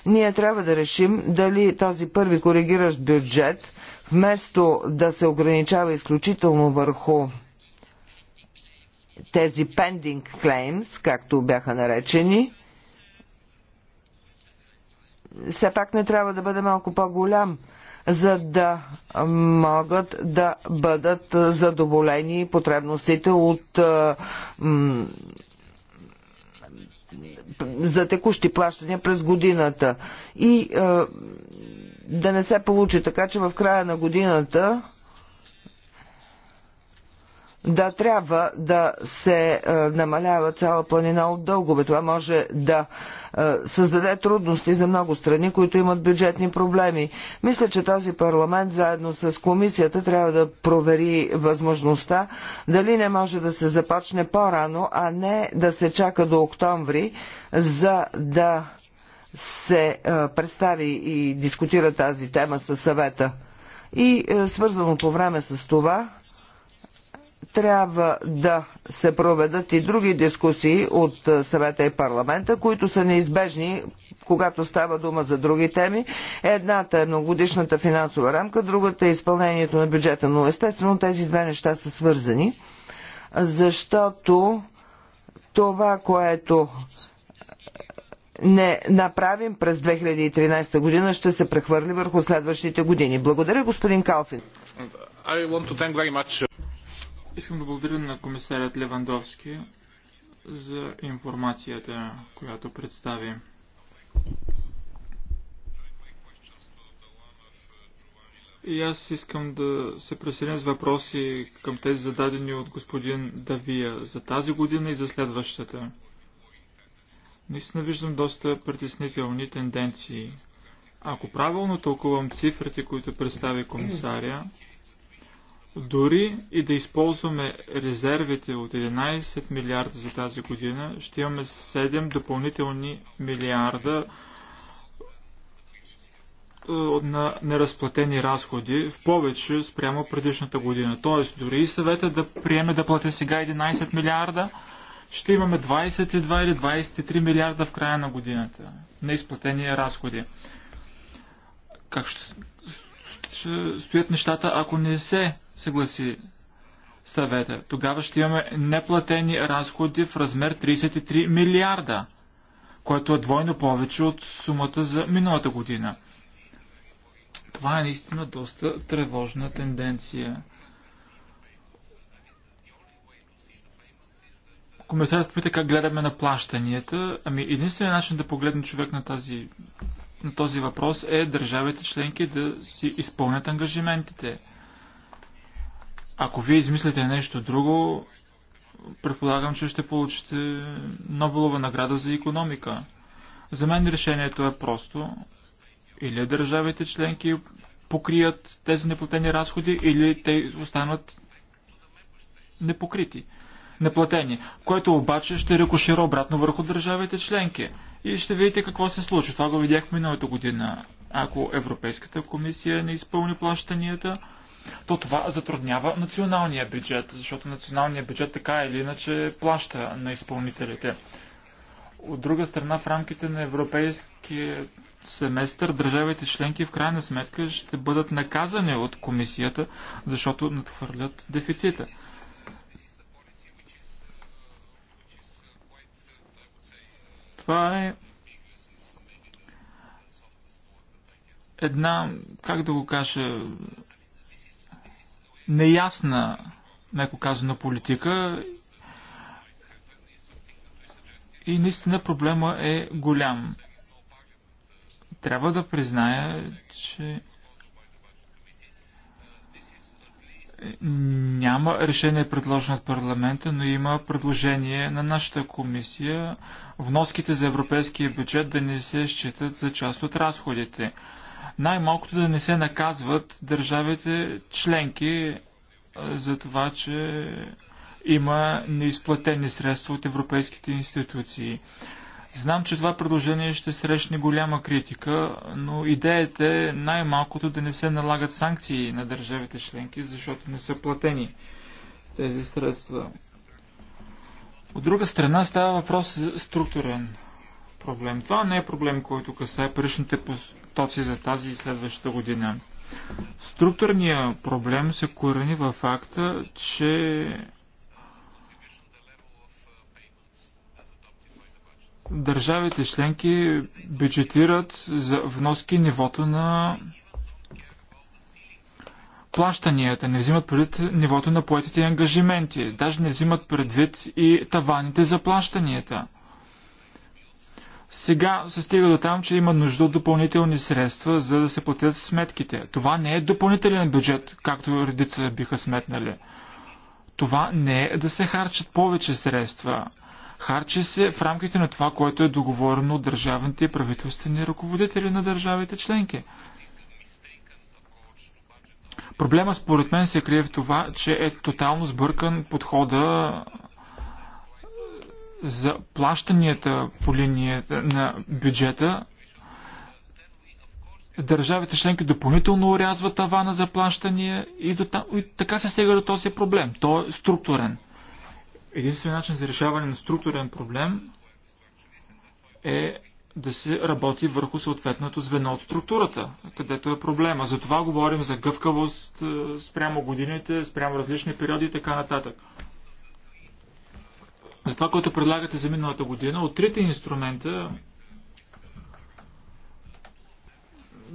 Ние трябва да решим дали този първи коригиращ бюджет, вместо да се ограничава изключително върху тези pending claims, както бяха наречени, все пак не трябва да бъде малко по-голям за да могат да бъдат задоволени потребностите от за текущи плащания през годината. И да не се получи така, че в края на годината да трябва да се е, намалява цяла планина от дългове. Това може да е, създаде трудности за много страни, които имат бюджетни проблеми. Мисля, че този парламент заедно с комисията трябва да провери възможността дали не може да се започне по-рано, а не да се чака до октомври, за да се е, представи и дискутира тази тема със съвета. И свързано по време с това, трябва да се проведат и други дискусии от съвета и парламента, които са неизбежни когато става дума за други теми. Едната е многогодишната финансова рамка, другата е изпълнението на бюджета. Но естествено тези две неща са свързани, защото това, което не направим през 2013 година, ще се прехвърли върху следващите години. Благодаря, господин Калфин. Искам да благодаря на комисарят Левандовски за информацията, която представи. И аз искам да се преселя с въпроси към тези зададени от господин Давия за тази година и за следващата. Наистина виждам доста притеснителни тенденции. Ако правилно тълкувам цифрите, които представи комисаря, дори и да използваме резервите от 11 милиарда за тази година, ще имаме 7 допълнителни милиарда е, на неразплатени разходи в повече спрямо предишната година. Тоест, дори и съвета да приеме да плати сега 11 милиарда, ще имаме 22 или 23 милиарда в края на годината на изплатени разходи. Как ще стоят нещата, ако не се съгласи съвета. Тогава ще имаме неплатени разходи в размер 33 милиарда, което е двойно повече от сумата за миналата година. Това е наистина доста тревожна тенденция. Комисарът пита как гледаме на плащанията. Ами единственият начин да погледне човек на, тази, на този въпрос е държавите членки да си изпълнят ангажиментите – ако вие измислите нещо друго, предполагам, че ще получите Нобелова награда за економика. За мен решението е просто. Или държавите членки покрият тези неплатени разходи, или те останат непокрити, неплатени, което обаче ще рекошира обратно върху държавите членки. И ще видите какво се случи. Това го видяхме миналата година. Ако Европейската комисия не изпълни плащанията, то това затруднява националния бюджет, защото националния бюджет така или иначе плаща на изпълнителите. От друга страна, в рамките на европейския семестър, държавите членки в крайна сметка ще бъдат наказани от комисията, защото надхвърлят дефицита. Това е една, как да го кажа, неясна, меко казана, политика и наистина проблема е голям. Трябва да призная, че няма решение предложено от парламента, но има предложение на нашата комисия вноските за европейския бюджет да не се считат за част от разходите най-малкото да не се наказват държавите членки за това, че има неизплатени средства от европейските институции. Знам, че това предложение ще срещне голяма критика, но идеята е най-малкото да не се налагат санкции на държавите членки, защото не са платени тези средства. От друга страна става въпрос за структурен проблем. Това не е проблем, който касае паричните потоци за тази и следващата година. Структурният проблем се корени във факта, че държавите членки бюджетират за вноски нивото на плащанията, не взимат предвид нивото на поетите ангажименти, даже не взимат предвид и таваните за плащанията. Сега се стига до там, че има нужда от допълнителни средства, за да се платят сметките. Това не е допълнителен бюджет, както редица биха сметнали. Това не е да се харчат повече средства. Харчи се в рамките на това, което е договорено от държавните и правителствени ръководители на държавите членки. Проблема според мен се крие в това, че е тотално сбъркан подхода за плащанията по линията на бюджета, държавите членки допълнително урязват тавана за плащания и, до, и така се стига до този проблем. Той е структурен. Единствен начин за решаване на структурен проблем е да се работи върху съответното звено от структурата, където е проблема. Затова говорим за гъвкавост е, спрямо годините, спрямо различни периоди и така нататък за това, което предлагате за миналата година, от трите инструмента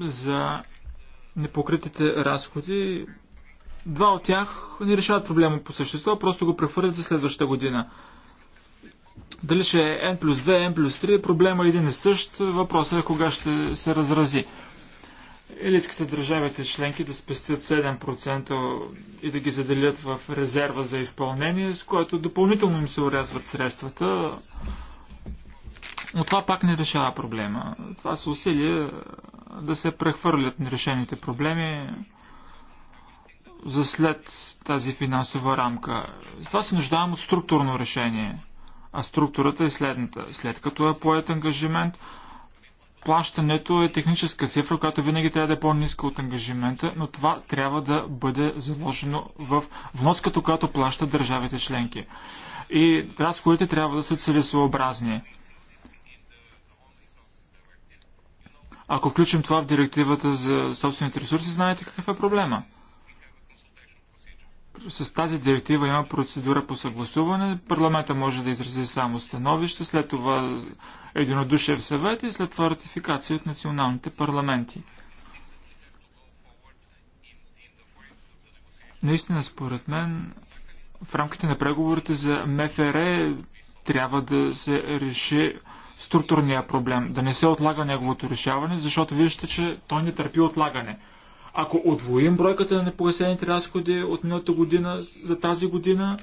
за непокритите разходи, два от тях не решават проблема по същество, просто го прехвърлят за следващата година. Дали ще е N плюс 2, N плюс 3, проблема е един и същ, въпросът е кога ще се разрази или искате държавите членки да спестят 7% и да ги заделят в резерва за изпълнение, с което допълнително им се урязват средствата. Но това пак не решава проблема. Това са усилия да се прехвърлят нерешените проблеми за след тази финансова рамка. Това се нуждаем от структурно решение. А структурата е следната. След като е поет ангажимент, плащането е техническа цифра, която винаги трябва да е по-ниска от ангажимента, но това трябва да бъде заложено в вноската, която плащат държавите членки. И разходите трябва да са целесообразни. Ако включим това в директивата за собствените ресурси, знаете какъв е проблема с тази директива има процедура по съгласуване. Парламента може да изрази само становище, след това единодушие в съвет и след това ратификация от националните парламенти. Наистина, според мен, в рамките на преговорите за МФР трябва да се реши структурния проблем, да не се отлага неговото решаване, защото виждате, че той не търпи отлагане – ако отвоим бройката на непогасените разходи от миналата година за тази година,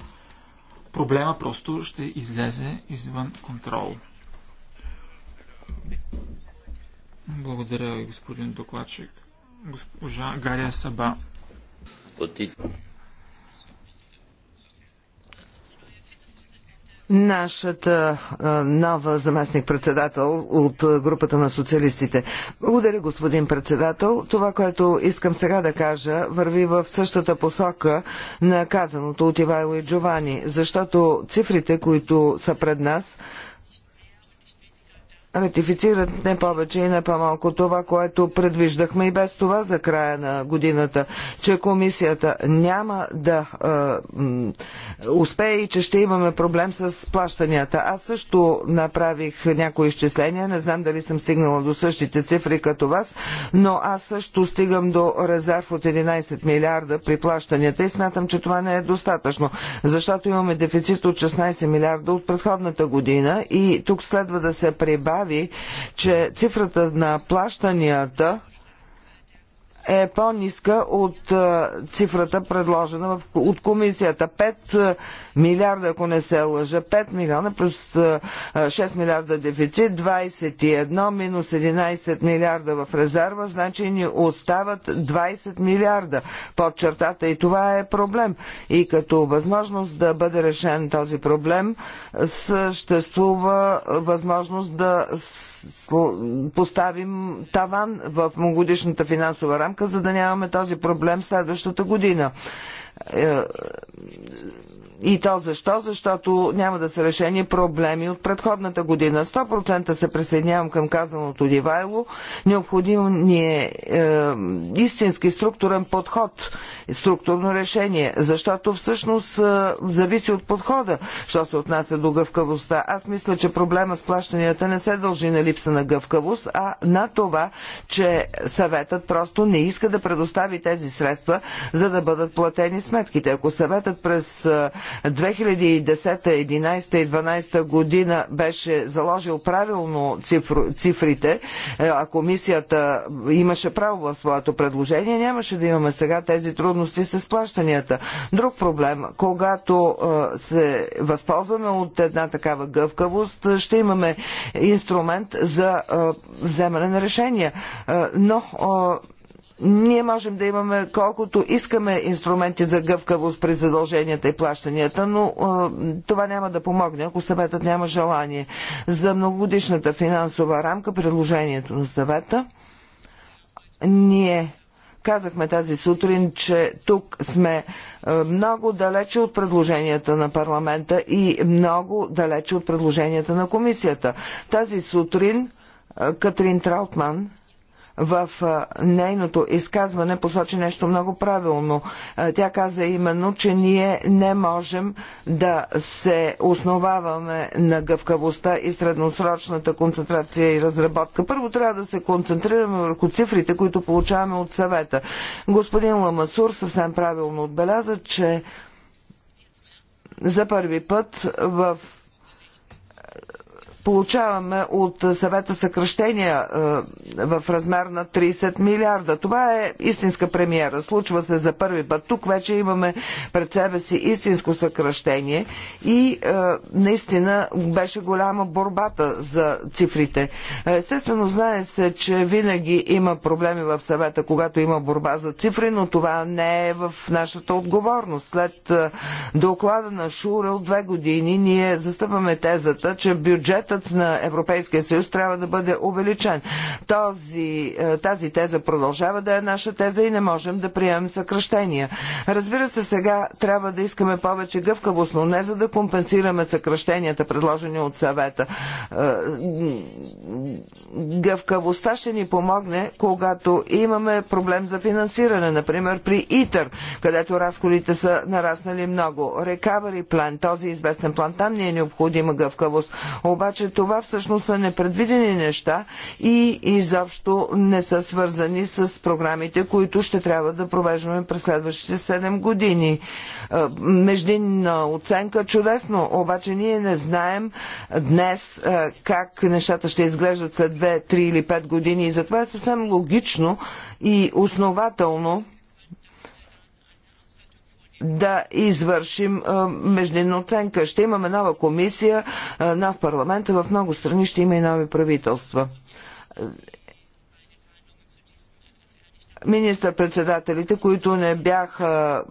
проблема просто ще излезе извън контрол. Благодаря ви, господин докладчик. Госпожа Гария Саба. нашата нова заместник-председател от групата на социалистите. Благодаря, господин председател. Това, което искам сега да кажа, върви в същата посока на казаното от Ивайло и Джовани, защото цифрите, които са пред нас, ратифицират не повече и не по-малко това, което предвиждахме и без това за края на годината, че комисията няма да е, успее и че ще имаме проблем с плащанията. Аз също направих някои изчисления, не знам дали съм стигнала до същите цифри като вас, но аз също стигам до резерв от 11 милиарда при плащанията и смятам, че това не е достатъчно, защото имаме дефицит от 16 милиарда от предходната година и тук следва да се прибавя добави, че цифрата на плащанията е по-ниска от е, цифрата предложена от комисията. 5 е, милиарда, ако не се лъжа, 5 милиона плюс 6 е, милиарда дефицит, 21 минус 11 милиарда в резерва, значи ни остават 20 милиарда под чертата и това е проблем. И като възможност да бъде решен този проблем, съществува възможност да поставим таван в многодишната финансова рамка рамка, за да нямаме този проблем следващата година е, и то защо? Защото няма да са решени проблеми от предходната година. 100% се присъединявам към казаното Дивайло. Необходим ни е, е истински структурен подход, структурно решение, защото всъщност е, зависи от подхода, що се отнася до гъвкавостта. Аз мисля, че проблема с плащанията не се дължи на липса на гъвкавост, а на това, че съветът просто не иска да предостави тези средства, за да бъдат платени сметките. Ако съветът през е, 2010, 2011 и 2012 година беше заложил правилно цифрите, е, а комисията имаше право в своето предложение, нямаше да имаме сега тези трудности с плащанията. Друг проблем, когато е, се възползваме от една такава гъвкавост, е, ще имаме инструмент за вземане на решения. Но ние можем да имаме колкото искаме инструменти за гъвкавост при задълженията и плащанията, но а, това няма да помогне, ако съветът няма желание. За многогодишната финансова рамка, предложението на съвета, ние казахме тази сутрин, че тук сме много далече от предложенията на парламента и много далече от предложенията на комисията. Тази сутрин Катрин Траутман в нейното изказване посочи нещо много правилно. Тя каза именно, че ние не можем да се основаваме на гъвкавостта и средносрочната концентрация и разработка. Първо трябва да се концентрираме върху цифрите, които получаваме от съвета. Господин Ламасур съвсем правилно отбеляза, че за първи път в получаваме от съвета съкръщения е, в размер на 30 милиарда. Това е истинска премиера. Случва се за първи път. Тук вече имаме пред себе си истинско съкръщение и е, наистина беше голяма борбата за цифрите. Е, естествено, знае се, че винаги има проблеми в съвета, когато има борба за цифри, но това не е в нашата отговорност. След доклада на Шурел две години ние застъпваме тезата, че бюджет бюджетът на Европейския съюз трябва да бъде увеличен. Този, е, тази теза продължава да е наша теза и не можем да приемем съкръщения. Разбира се, сега трябва да искаме повече гъвкавост, но не за да компенсираме съкръщенията, предложени от съвета. Е, гъвкавостта ще ни помогне, когато имаме проблем за финансиране, например при ИТър, където разходите са нараснали много. Recovery план, този известен план, там ни е необходима гъвкавост. Обаче че това всъщност са непредвидени неща и изобщо не са свързани с програмите, които ще трябва да провеждаме през следващите 7 години. Е, междинна оценка чудесно, обаче ние не знаем днес е, как нещата ще изглеждат след 2, 3 или 5 години и затова е съвсем логично и основателно да извършим междинна оценка. Ще имаме нова комисия, нов парламент, в много страни ще има и нови правителства министър-председателите, които не бяха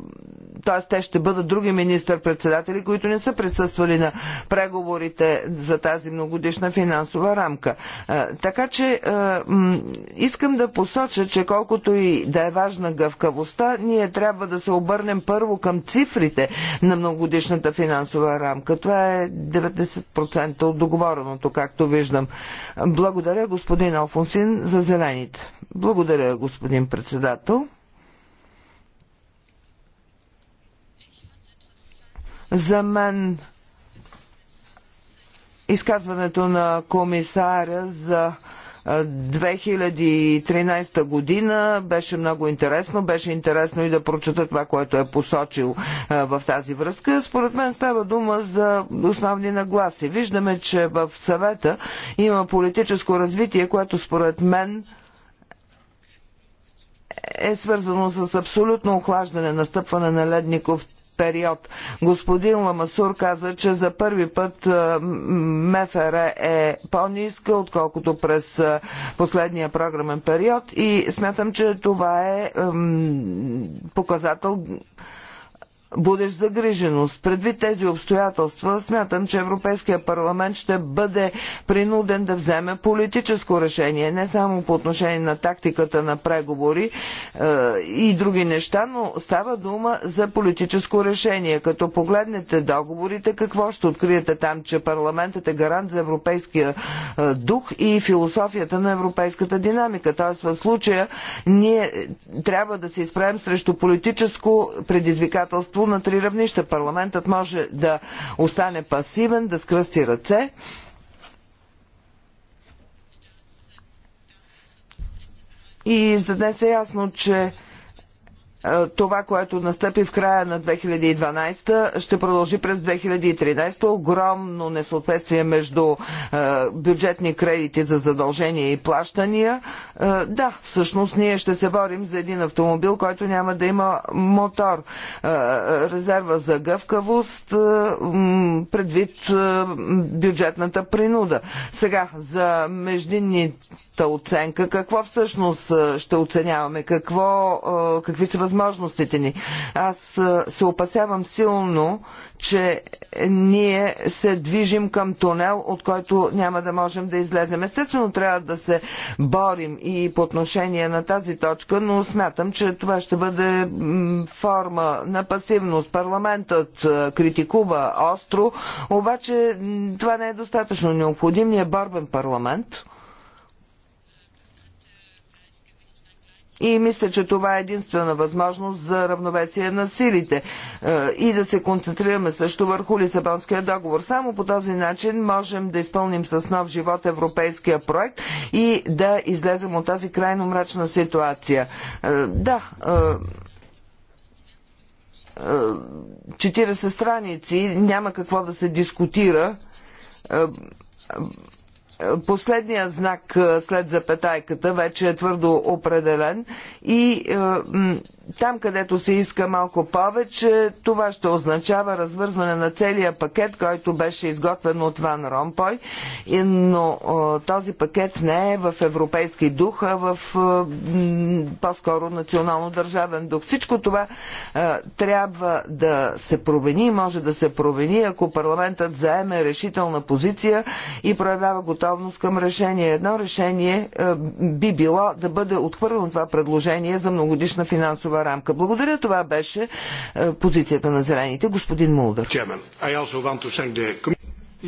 т.е. те ще бъдат други министър-председатели, които не са присъствали на преговорите за тази многодишна финансова рамка. Е, така че е, искам да посоча, че колкото и да е важна гъвкавостта, ние трябва да се обърнем първо към цифрите на многодишната финансова рамка. Това е 90% от договореното, както виждам. Благодаря господин Алфонсин за зелените. Благодаря господин президент председател. За мен изказването на комисаря за 2013 година беше много интересно. Беше интересно и да прочета това, което е посочил в тази връзка. Според мен става дума за основни нагласи. Виждаме, че в съвета има политическо развитие, което според мен е свързано с абсолютно охлаждане, настъпване на ледников период. Господин Ламасур каза, че за първи път МФР е по-ниска, отколкото през последния програмен период и смятам, че това е показател будеш загриженост. Предвид тези обстоятелства, смятам, че Европейския парламент ще бъде принуден да вземе политическо решение, не само по отношение на тактиката на преговори е, и други неща, но става дума за политическо решение. Като погледнете договорите, какво ще откриете там, че парламентът е гарант за европейския е, дух и философията на европейската динамика. Тоест в случая ние трябва да се изправим срещу политическо предизвикателство правителство на три равнища. Парламентът може да остане пасивен, да скръсти ръце. И за днес е ясно, че е, това, което настъпи в края на 2012, ще продължи през 2013. Огромно несъответствие между е, бюджетни кредити за задължения и плащания. Е, да, всъщност ние ще се борим за един автомобил, който няма да има мотор. Резерва за гъвкавост предвид бюджетната принуда. Сега, за междинни оценка, какво всъщност ще оценяваме, какво, какви са възможностите ни. Аз се опасявам силно, че ние се движим към тунел, от който няма да можем да излезем. Естествено, трябва да се борим и по отношение на тази точка, но смятам, че това ще бъде форма на пасивност. Парламентът критикува остро, обаче това не е достатъчно. Необходим е борбен парламент. И мисля, че това е единствена възможност за равновесие на силите е, и да се концентрираме също върху Лисабонския договор. Само по този начин можем да изпълним с нов живот европейския проект и да излезем от тази крайно мрачна ситуация. Е, да, 40 е, страници няма какво да се дискутира последния знак след запетайката вече е твърдо определен и там, където се иска малко повече, това ще означава развързване на целия пакет, който беше изготвен от Ван Ромпой, но този пакет не е в европейски дух, а в по-скоро национално-държавен дух. Всичко това трябва да се промени, може да се промени, ако парламентът заеме решителна позиция и проявява готовност към решение. Едно решение би било да бъде отхвърлено това предложение за многодишна финансова финансова рамка. Благодаря, това беше е, позицията на зелените. Господин Мулдър.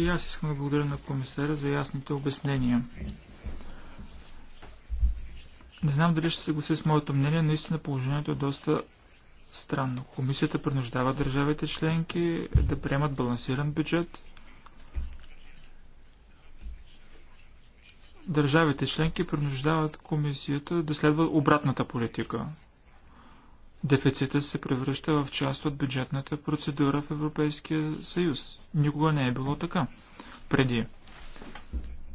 И аз искам да благодаря на комисаря за ясните обяснения. Не знам дали ще се гласи с моето мнение, наистина положението е доста странно. Комисията принуждава държавите членки да приемат балансиран бюджет. Държавите членки принуждават комисията да следва обратната политика, Дефицитът се превръща в част от бюджетната процедура в Европейския съюз. Никога не е било така. Преди.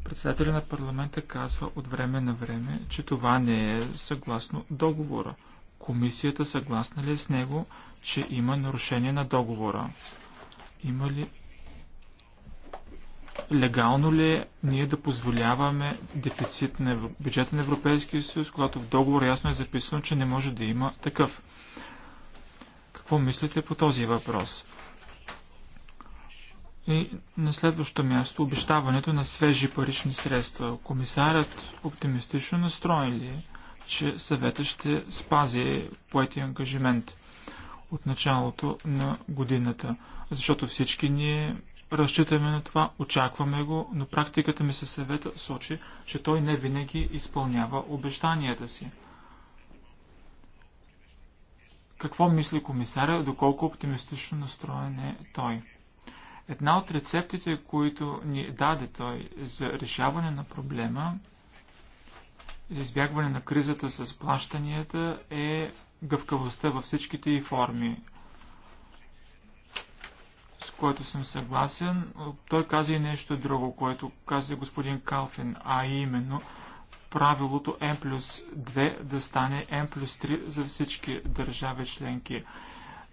Председателя на парламента казва от време на време, че това не е съгласно договора. Комисията съгласна ли е с него, че има нарушение на договора? Има ли легално ли е ние да позволяваме дефицит на бюджета на Европейския съюз, когато в договор ясно е записано, че не може да има такъв? Какво мислите по този въпрос? И на следващо място, обещаването на свежи парични средства. Комисарят оптимистично настроен ли е, че съвета ще спази поети ангажимент от началото на годината? Защото всички ние разчитаме на това, очакваме го, но практиката ми със съвета сочи, че той не винаги изпълнява обещанията си какво мисли комисаря, доколко оптимистично настроен е той. Една от рецептите, които ни даде той за решаване на проблема, за избягване на кризата с плащанията е гъвкавостта във всичките й форми. С което съм съгласен. Той каза и нещо друго, което каза господин Калфин, а именно – правилото N плюс 2 да стане N плюс 3 за всички държави членки.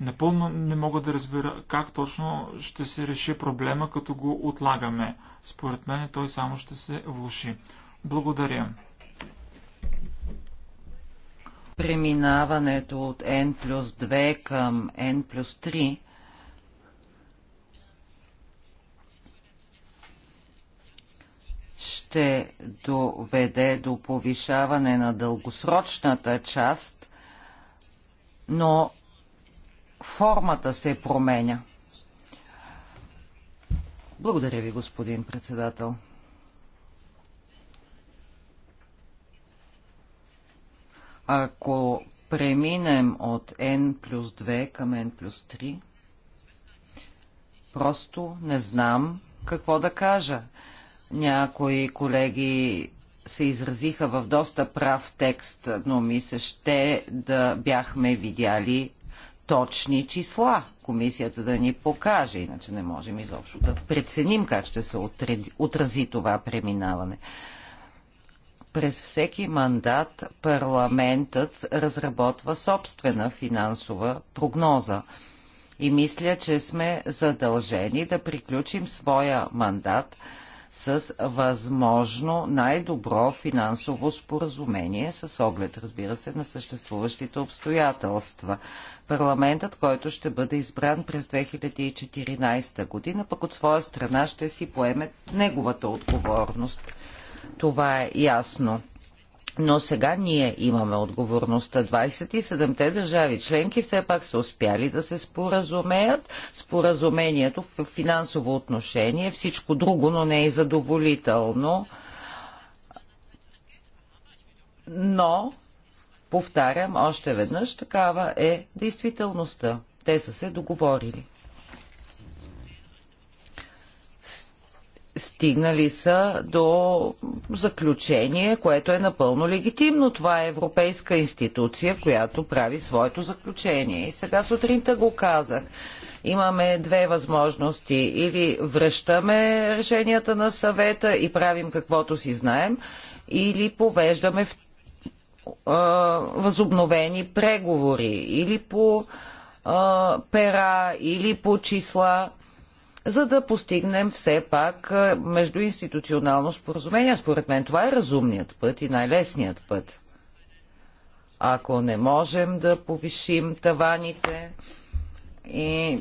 Напълно не мога да разбира как точно ще се реши проблема, като го отлагаме. Според мен той само ще се влуши. Благодаря. Преминаването от N плюс 2 към N плюс 3 ще доведе до повишаване на дългосрочната част, но формата се променя. Благодаря ви, господин председател. Ако преминем от N плюс 2 към N плюс 3, просто не знам какво да кажа. Някои колеги се изразиха в доста прав текст, но ми се ще да бяхме видяли точни числа. Комисията да ни покаже, иначе не можем изобщо да преценим как ще се отрази това преминаване. През всеки мандат парламентът разработва собствена финансова прогноза. И мисля, че сме задължени да приключим своя мандат – с възможно най-добро финансово споразумение, с оглед, разбира се, на съществуващите обстоятелства. Парламентът, който ще бъде избран през 2014 година, пък от своя страна ще си поеме неговата отговорност. Това е ясно. Но сега ние имаме отговорността. 27-те държави членки все пак са успяли да се споразумеят. Споразумението в финансово отношение, е всичко друго, но не е задоволително. Но, повтарям още веднъж, такава е действителността. Те са се договорили. стигнали са до заключение, което е напълно легитимно. Това е европейска институция, която прави своето заключение. И сега сутринта го казах. Имаме две възможности. Или връщаме решенията на съвета и правим каквото си знаем, или повеждаме в, а, възобновени преговори, или по а, пера, или по числа за да постигнем все пак междуинституционално споразумение. Според мен това е разумният път и най-лесният път. Ако не можем да повишим таваните и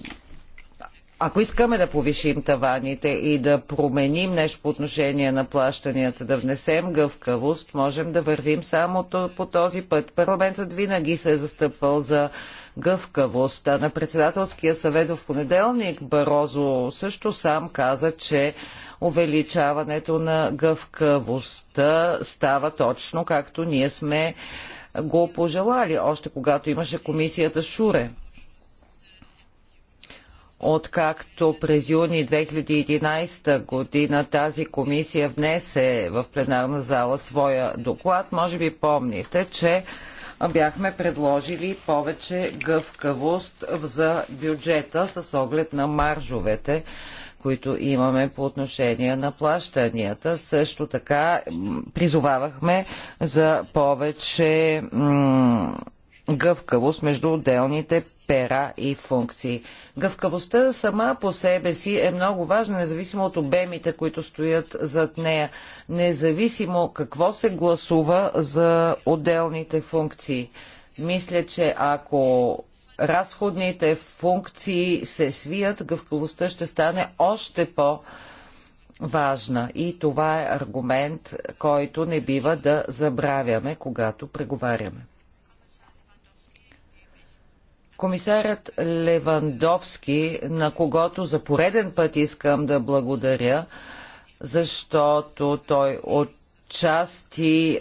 ако искаме да повишим таваните и да променим нещо по отношение на плащанията, да внесем гъвкавост, можем да вървим само по този път. Парламентът винаги се е застъпвал за гъвкавост. А на председателския съвет в понеделник Барозо също сам каза, че увеличаването на гъвкавостта става точно както ние сме го пожелали, още когато имаше комисията Шуре откакто през юни 2011 година тази комисия внесе в пленарна зала своя доклад. Може би помните, че бяхме предложили повече гъвкавост за бюджета с оглед на маржовете, които имаме по отношение на плащанията. Също така призовавахме за повече гъвкавост между отделните пера и функции. Гъвкавостта сама по себе си е много важна, независимо от обемите, които стоят зад нея, независимо какво се гласува за отделните функции. Мисля, че ако разходните функции се свият, гъвкавостта ще стане още по- важна и това е аргумент, който не бива да забравяме, когато преговаряме. Комисарят Левандовски, на когото за пореден път искам да благодаря, защото той от части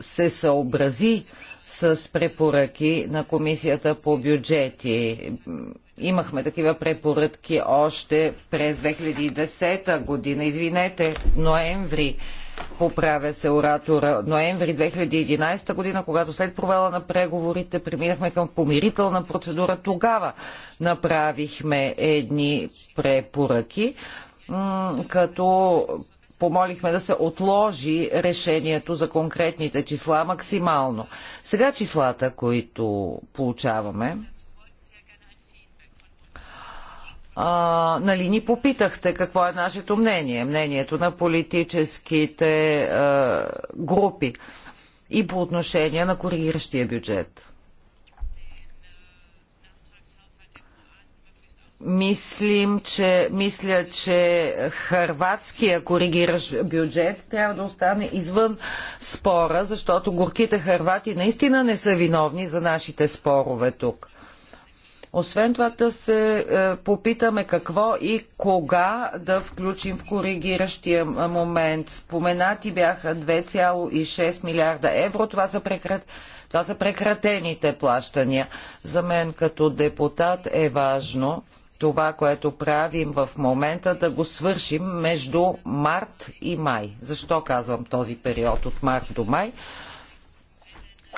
се съобрази с препоръки на Комисията по бюджети. Имахме такива препоръки още през 2010 година, извинете, ноември поправя се оратора, ноември 2011 година, когато след провала на преговорите преминахме към помирителна процедура, тогава направихме едни препоръки, като помолихме да се отложи решението за конкретните числа максимално. Сега числата, които получаваме, а, нали, ни попитахте какво е нашето мнение, мнението на политическите а, групи и по отношение на коригиращия бюджет. Мислим, че, мисля, че хърватския коригиращ бюджет трябва да остане извън спора, защото горките хървати наистина не са виновни за нашите спорове тук. Освен това да се е, попитаме какво и кога да включим в коригиращия е, момент. Споменати бяха 2,6 милиарда евро. Това са, прекрат... това са прекратените плащания. За мен като депутат е важно това, което правим в момента, да го свършим между март и май. Защо казвам този период от март до май?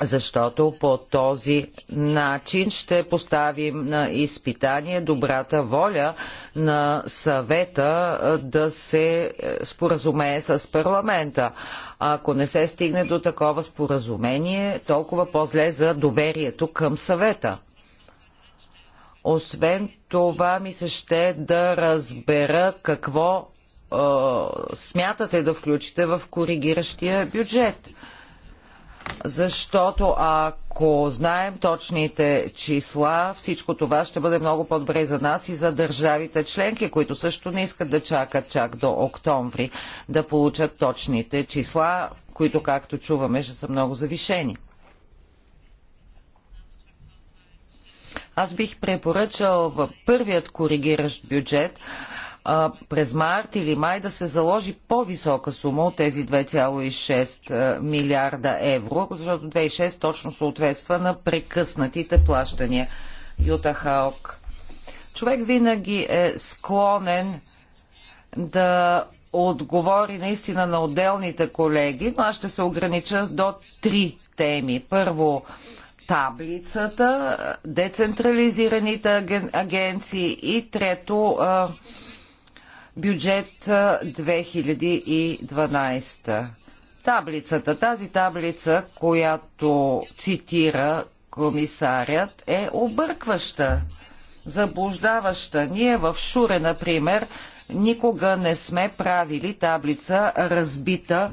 защото по този начин ще поставим на изпитание добрата воля на съвета да се е, споразумее с парламента. ако не се стигне до такова споразумение, толкова по-зле за доверието към съвета. Освен това ми се ще да разбера какво е, смятате да включите в коригиращия бюджет защото ако знаем точните числа, всичко това ще бъде много по-добре за нас и за държавите членки, които също не искат да чакат чак до октомври да получат точните числа, които, както чуваме, ще са много завишени. Аз бих препоръчал първият коригиращ бюджет а, през март или май да се заложи по-висока сума от тези 2,6 милиарда евро, защото 2,6 точно съответства на прекъснатите плащания. Юта Хаок. Човек винаги е склонен да отговори наистина на отделните колеги, но аз ще се огранича до три теми. Първо, таблицата, децентрализираните агенции и трето, бюджет 2012. Таблицата, тази таблица, която цитира комисарят, е объркваща, заблуждаваща. Ние в Шуре, например, никога не сме правили таблица разбита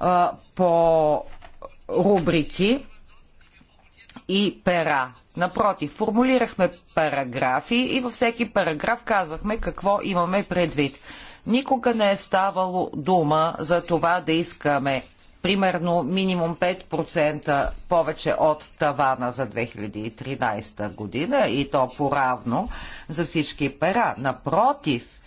а, по рубрики и пера. Напротив, формулирахме параграфи и във всеки параграф казвахме какво имаме предвид. Никога не е ставало дума за това да искаме примерно минимум 5% повече от тавана за 2013 година и то поравно за всички пера. Напротив,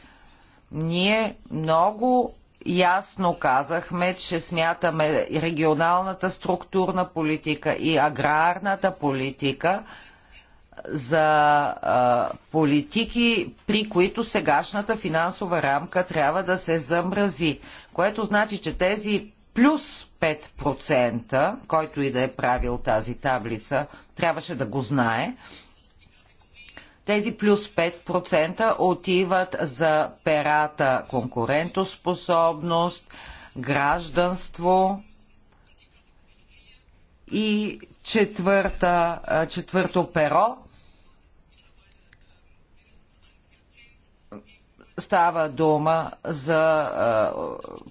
ние много ясно казахме, че смятаме регионалната структурна политика и аграрната политика за а, политики, при които сегашната финансова рамка трябва да се замрази. Което значи, че тези плюс 5%, който и да е правил тази таблица, трябваше да го знае, тези плюс 5% отиват за перата конкурентоспособност, гражданство и четвърта, четвърто перо става дума за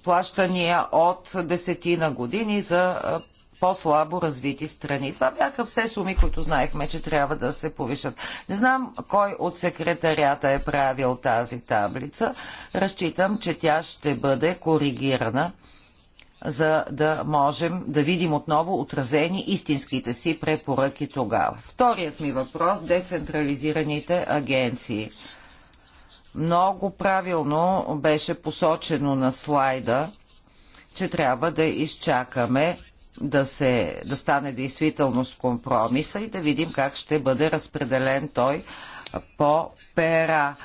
плащания от десетина години за по-слабо развити страни. Това бяха все суми, които знаехме, че трябва да се повишат. Не знам кой от секретарята е правил тази таблица. Разчитам, че тя ще бъде коригирана за да можем да видим отново отразени истинските си препоръки тогава. Вторият ми въпрос – децентрализираните агенции. Много правилно беше посочено на слайда, че трябва да изчакаме да, се, да стане действителност компромиса и да видим как ще бъде разпределен той по пера,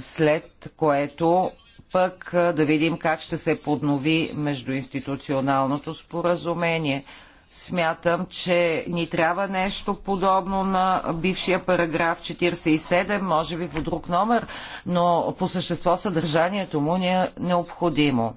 след което пък да видим как ще се поднови междуинституционалното споразумение. Смятам, че ни трябва нещо подобно на бившия параграф 47, може би по друг номер, но по същество съдържанието му ни е необходимо.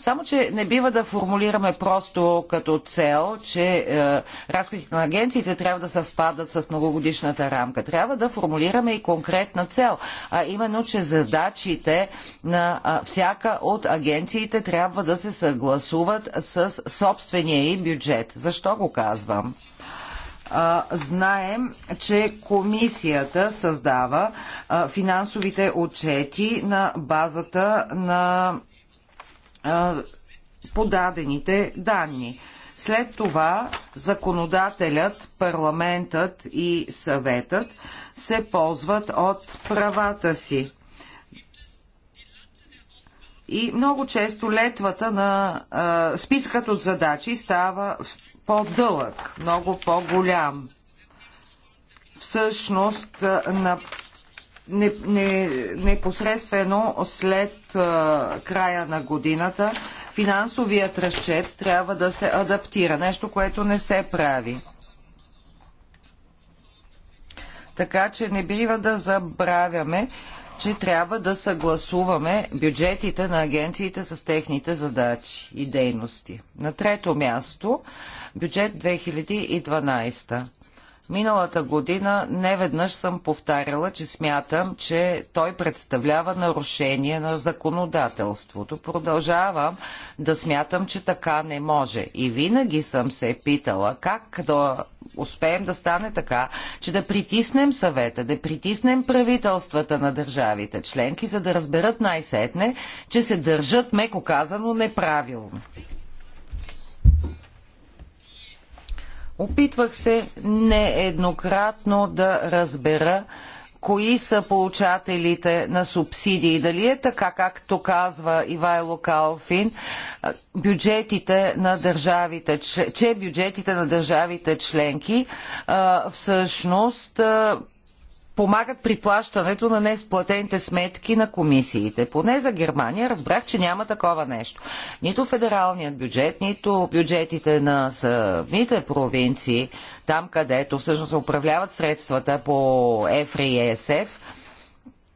Само, че не бива да формулираме просто като цел, че е, разходите на агенциите трябва да съвпадат с многогодишната рамка. Трябва да формулираме и конкретна цел, а именно, че задачите на а, всяка от агенциите трябва да се съгласуват с собствения и бюджет. Защо го казвам? знаем, че комисията създава финансовите отчети на базата на подадените данни. След това законодателят, парламентът и съветът се ползват от правата си. И много често летвата на а, списъкът от задачи става по-дълъг, много по-голям. Всъщност, на непосредствено след края на годината финансовият разчет трябва да се адаптира, нещо, което не се прави. Така че не бива да забравяме, че трябва да съгласуваме бюджетите на агенциите с техните задачи и дейности. На трето място бюджет 2012. Миналата година неведнъж съм повтаряла, че смятам, че той представлява нарушение на законодателството. Продължавам да смятам, че така не може. И винаги съм се питала как да успеем да стане така, че да притиснем съвета, да притиснем правителствата на държавите членки, за да разберат най-сетне, че се държат, меко казано, неправилно. Опитвах се нееднократно да разбера кои са получателите на субсидии. Дали е така, както казва Ивайло Калфин, бюджетите на държавите, че бюджетите на държавите членки всъщност помагат при плащането на несплатените сметки на комисиите. Поне за Германия разбрах, че няма такова нещо. Нито федералният бюджет, нито бюджетите на самите провинции, там където всъщност управляват средствата по ЕФРИ и ЕСФ,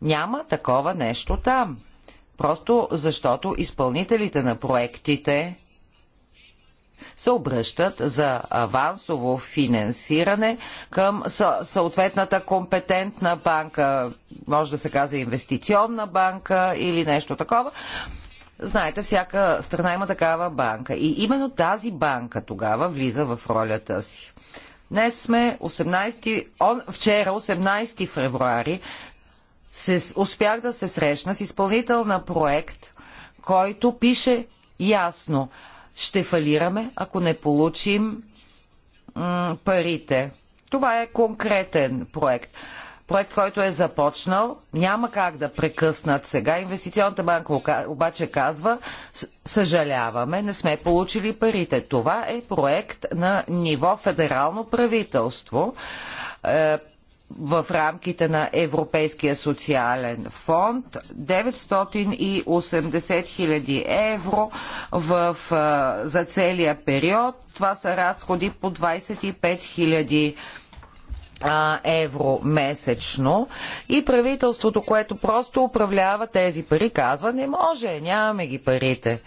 няма такова нещо там. Просто защото изпълнителите на проектите се обръщат за авансово финансиране към съответната компетентна банка, може да се казва инвестиционна банка или нещо такова. Знаете, всяка страна има такава банка. И именно тази банка тогава влиза в ролята си. Днес сме 18, он, вчера 18 февруари се, успях да се срещна с изпълнител на проект, който пише ясно ще фалираме, ако не получим парите. Това е конкретен проект. Проект, който е започнал, няма как да прекъснат сега. Инвестиционната банка обаче казва, съжаляваме, не сме получили парите. Това е проект на ниво федерално правителство е, в рамките на Европейския социален фонд 980 хиляди евро в, за целия период. Това са разходи по 25 хиляди евро евро месечно и правителството, което просто управлява тези пари, казва не може, нямаме ги парите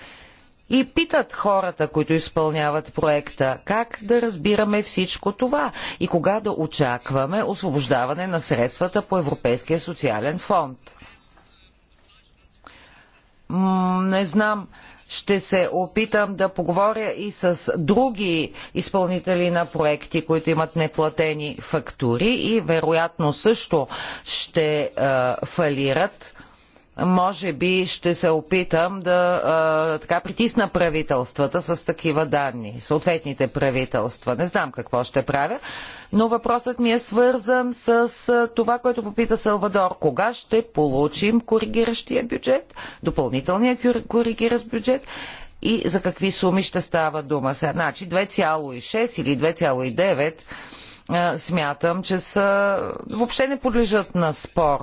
и питат хората, които изпълняват проекта, как да разбираме всичко това и кога да очакваме освобождаване на средствата по Европейския социален фонд. не знам, ще се опитам да поговоря и с други изпълнители на проекти, които имат неплатени фактури и вероятно също ще е, фалират може би ще се опитам да а, така притисна правителствата с такива данни, съответните правителства. Не знам какво ще правя, но въпросът ми е свързан с а, това, което попита Салвадор. Кога ще получим коригиращия бюджет, допълнителния коригиращ бюджет и за какви суми ще става дума? Сега, значи 2,6 или 2,9 смятам, че са, въобще не подлежат на спор.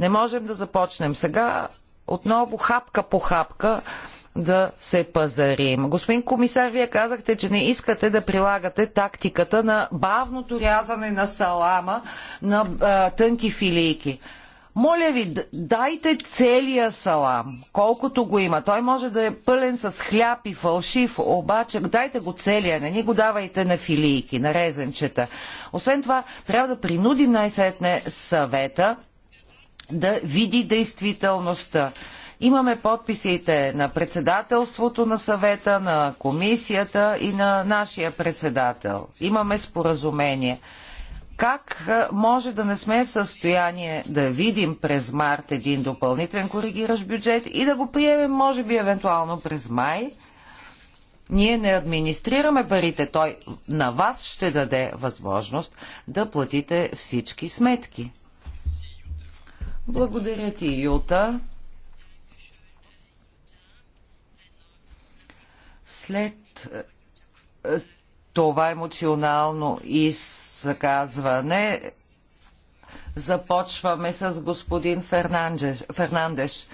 Не можем да започнем сега отново хапка по хапка да се пазарим. Господин комисар, вие казахте, че не искате да прилагате тактиката на бавното рязане на салама на а, тънки филийки. Моля ви, дайте целия салам, колкото го има. Той може да е пълен с хляб и фалшив, обаче дайте го целия, не ни го давайте на филийки, на резенчета. Освен това, трябва да принудим най-сетне съвета да види действителността. Имаме подписите на председателството на съвета, на комисията и на нашия председател. Имаме споразумение. Как може да не сме в състояние да видим през март един допълнителен коригиращ бюджет и да го приемем, може би, евентуално през май? Ние не администрираме парите. Той на вас ще даде възможност да платите всички сметки. Благодаря ти, Юта. След е, това емоционално изказване започваме с господин Фернандеш. Фернандеш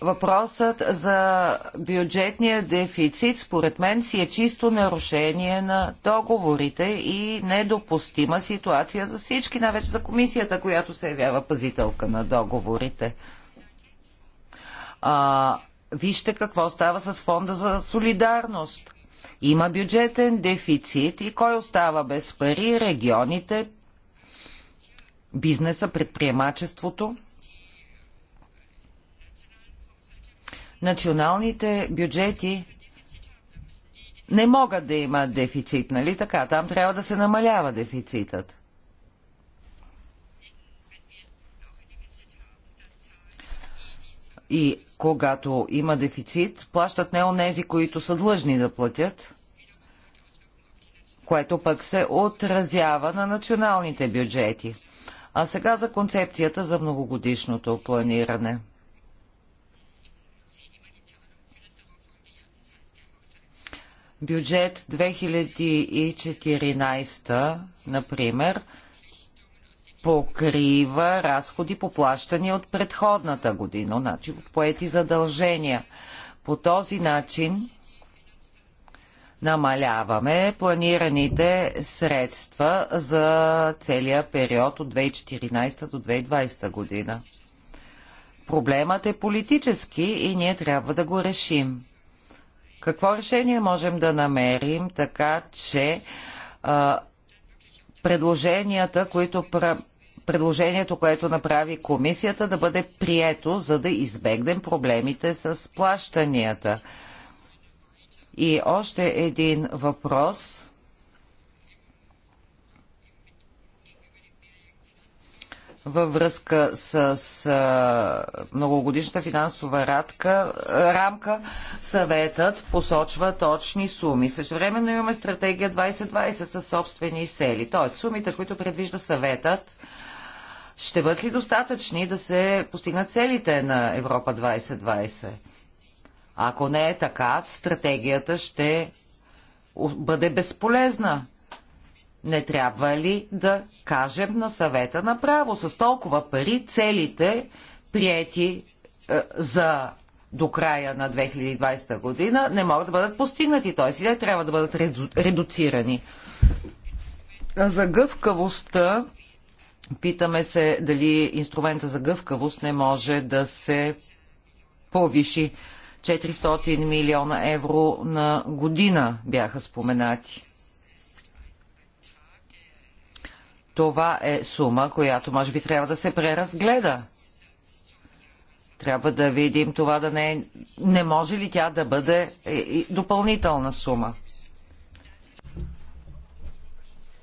въпросът за бюджетния дефицит, според мен, си е чисто нарушение на договорите и недопустима ситуация за всички, най-вече за комисията, която се явява пазителка на договорите. А, вижте какво става с фонда за солидарност. Има бюджетен дефицит и кой остава без пари? Регионите, бизнеса, предприемачеството – националните бюджети не могат да имат дефицит, нали така? Там трябва да се намалява дефицитът. И когато има дефицит, плащат не онези, които са длъжни да платят, което пък се отразява на националните бюджети. А сега за концепцията за многогодишното планиране – бюджет 2014, например, покрива разходи по плащане от предходната година, значи от поети задължения. По този начин намаляваме планираните средства за целия период от 2014 до 2020 година. Проблемът е политически и ние трябва да го решим. Какво решение можем да намерим така, че а, предложенията, които предложението, което направи комисията, да бъде прието, за да избегнем проблемите с плащанията. И още един въпрос във връзка с, а, многогодишната финансова радка, рамка, съветът посочва точни суми. Също времено имаме стратегия 2020 със собствени сели. Тоест, сумите, които предвижда съветът, ще бъдат ли достатъчни да се постигнат целите на Европа 2020? Ако не е така, стратегията ще бъде безполезна. Не трябва ли да кажем на съвета направо. С толкова пари целите прияти е, за до края на 2020 година не могат да бъдат постигнати, т.е. те трябва да бъдат реду, редуцирани. За гъвкавостта питаме се дали инструмента за гъвкавост не може да се повиши. 400 милиона евро на година бяха споменати. това е сума, която може би трябва да се преразгледа. Трябва да видим това да не е... Не може ли тя да бъде е, допълнителна сума?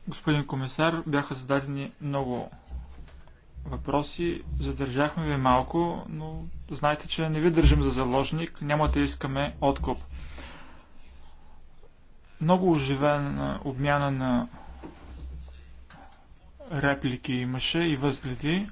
Господин комисар, бяха зададени много въпроси. Задържахме ви малко, но знаете, че не ви държим за заложник. Няма да искаме откуп. Много оживена обмяна на реплики имаше и възгледи.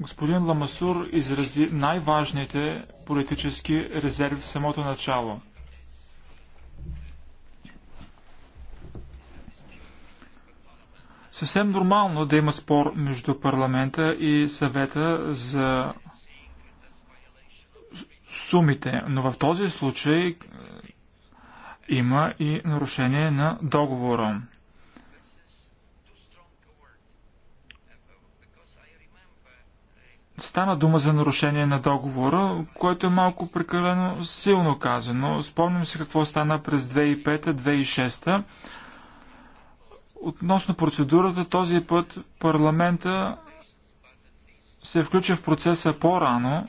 Господин Ламасур изрази най-важните политически резерви в самото начало. Съвсем нормално да има спор между парламента и съвета за сумите, но в този случай е, има и нарушение на договора. Стана дума за нарушение на договора, което е малко прекалено силно казано. Спомням се какво стана през 2005-2006. Относно процедурата, този път парламента се включи в процеса по-рано,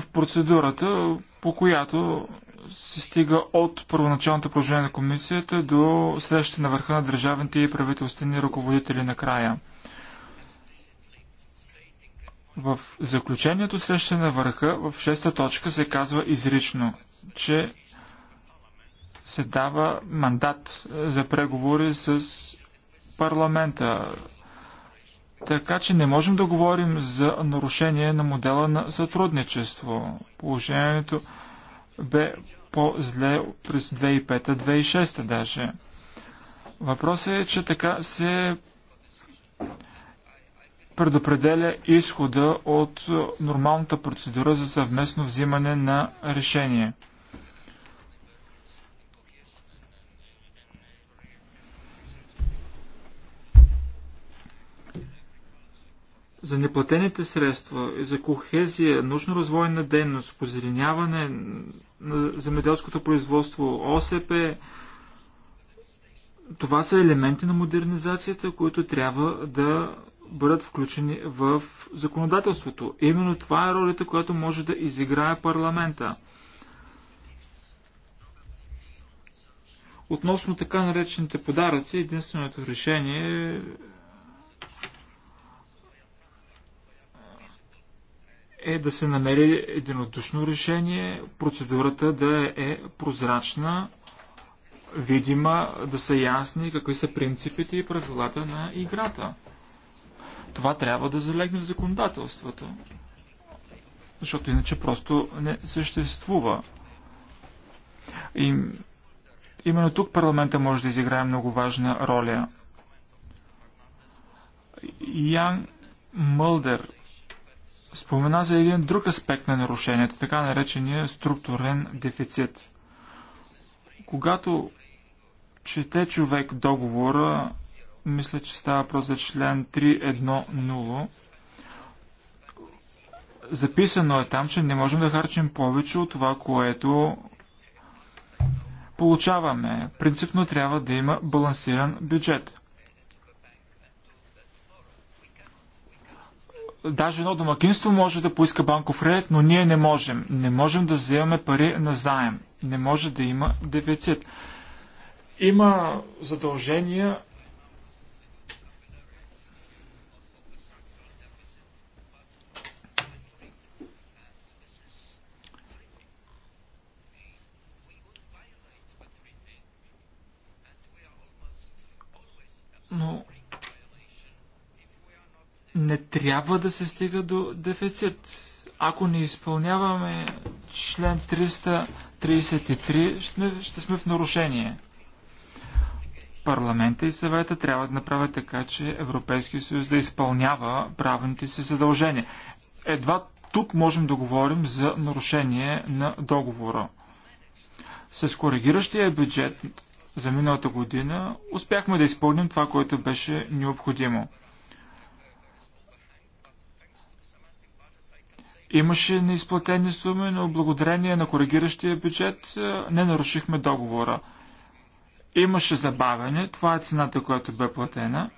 в процедурата, по която се стига от първоначалното положение на комисията до срещата на върха на държавните и правителствени ръководители края. В заключението среща на върха в шеста точка се казва изрично, че се дава мандат за преговори с парламента, така че не можем да говорим за нарушение на модела на сътрудничество. Положението бе по-зле през 2005-2006 даже. Въпросът е, че така се предопределя изхода от нормалната процедура за съвместно взимане на решение. за неплатените средства и за кохезия, нужно развойна дейност, позеленяване на земеделското производство, ОСП, това са елементи на модернизацията, които трябва да бъдат включени в законодателството. Именно това е ролята, която може да изиграе парламента. Относно така наречените подаръци, единственото решение е е да се намери единодушно решение, процедурата да е прозрачна, видима, да са ясни какви са принципите и правилата на играта. Това трябва да залегне в законодателството, защото иначе просто не съществува. И именно тук парламента може да изиграе много важна роля. Ян Мълдер спомена за един друг аспект на нарушението, така наречения структурен дефицит. Когато чете човек договора, мисля, че става въпрос за член 3.1.0, записано е там, че не можем да харчим повече от това, което получаваме. Принципно трябва да има балансиран бюджет. даже едно домакинство може да поиска банков кредит, но ние не можем. Не можем да вземаме пари на заем. Не може да има дефицит. Има задължения но не трябва да се стига до дефицит. Ако не изпълняваме член 333, ще, ще сме в нарушение. Парламента и съвета трябва да направят така, че Европейския съюз да изпълнява правните си задължения. Едва тук можем да говорим за нарушение на договора. С коригиращия бюджет за миналата година успяхме да изпълним това, което беше необходимо. Имаше неизплатени суми, но благодарение на коригиращия бюджет е, не нарушихме договора. Имаше забавяне, това е цената, която бе платена.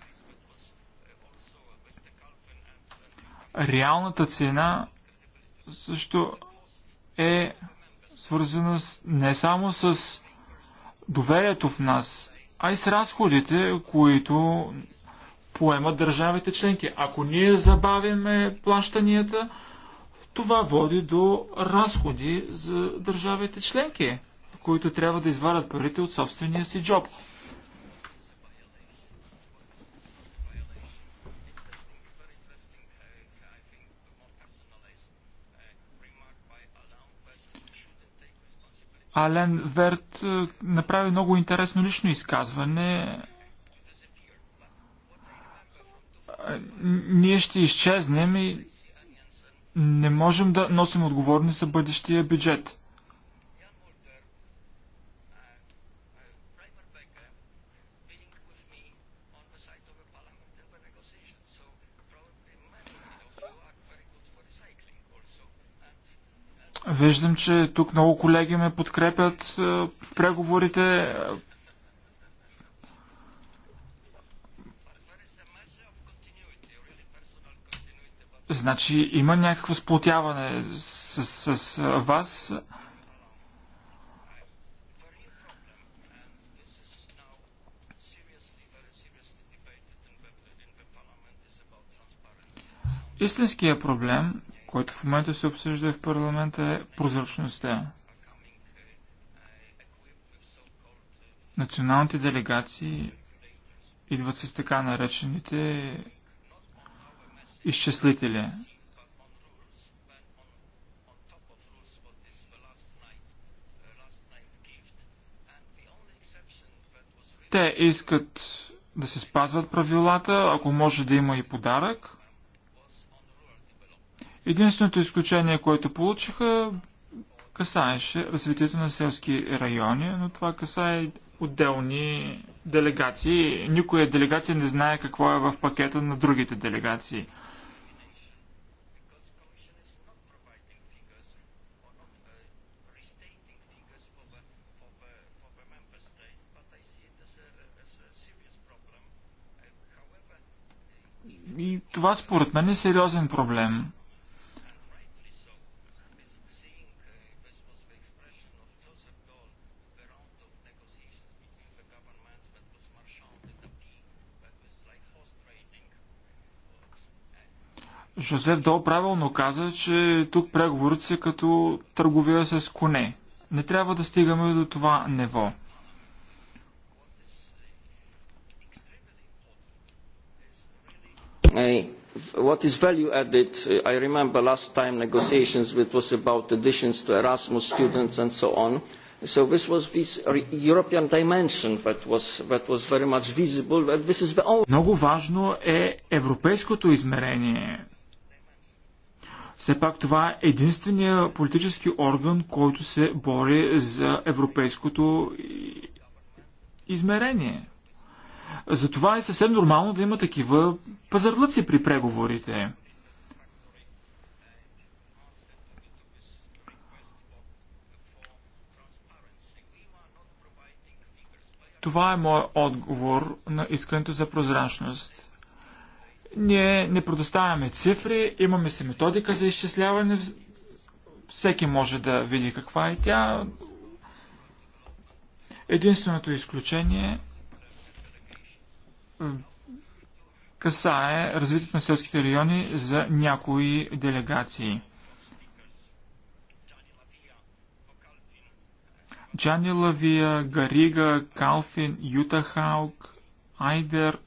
Реалната цена също е свързана с, не само с доверието в нас, а и с разходите, които поемат държавите членки. Ако ние забавиме плащанията, това води до разходи за държавите членки, които трябва да извадят парите от собствения си джоб. Ален Верт е, направи много интересно лично изказване. Е, ние ще изчезнем и не можем да носим отговорност за бъдещия бюджет. Виждам, че тук много колеги ме подкрепят е, в преговорите е, Значи има някакво сплотяване с, с, с вас. Истинския проблем, който в момента се обсъжда в парламента е прозрачността. Националните делегации идват с така наречените изчислители. Те искат да се спазват правилата, ако може да има и подарък. Единственото изключение, което получиха, касаеше развитието на селски райони, но това касае отделни делегации. Никоя делегация не знае какво е в пакета на другите делегации – И това според мен е сериозен проблем. Жозеф Дол правилно каза, че тук преговорите са като търговия с коне. Не трябва да стигаме до това ниво. what is value added, I remember last time negotiations, it was about additions to Erasmus students and so on. So this was this European dimension that was, that was very much visible. That this is the only... Много важно е европейското измерение. Все пак това е единствения политически орган, който се бори за европейското измерение. Затова е съвсем нормално да има такива пазарлъци при преговорите. Това е моят отговор на искането за прозрачност. Ние не предоставяме цифри, имаме си методика за изчисляване. Всеки може да види каква е тя. Единственото изключение касае развитието на селските райони за някои делегации. Джани Лавия, Гарига, Калфин, Юта Хаук, Айдер.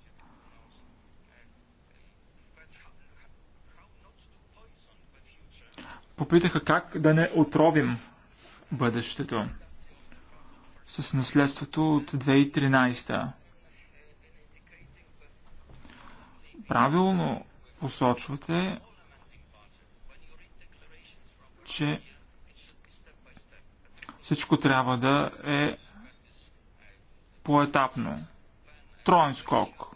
Попитаха как да не отровим бъдещето с наследството от 2013. Правилно посочвате, че всичко трябва да е поетапно. Троен скок.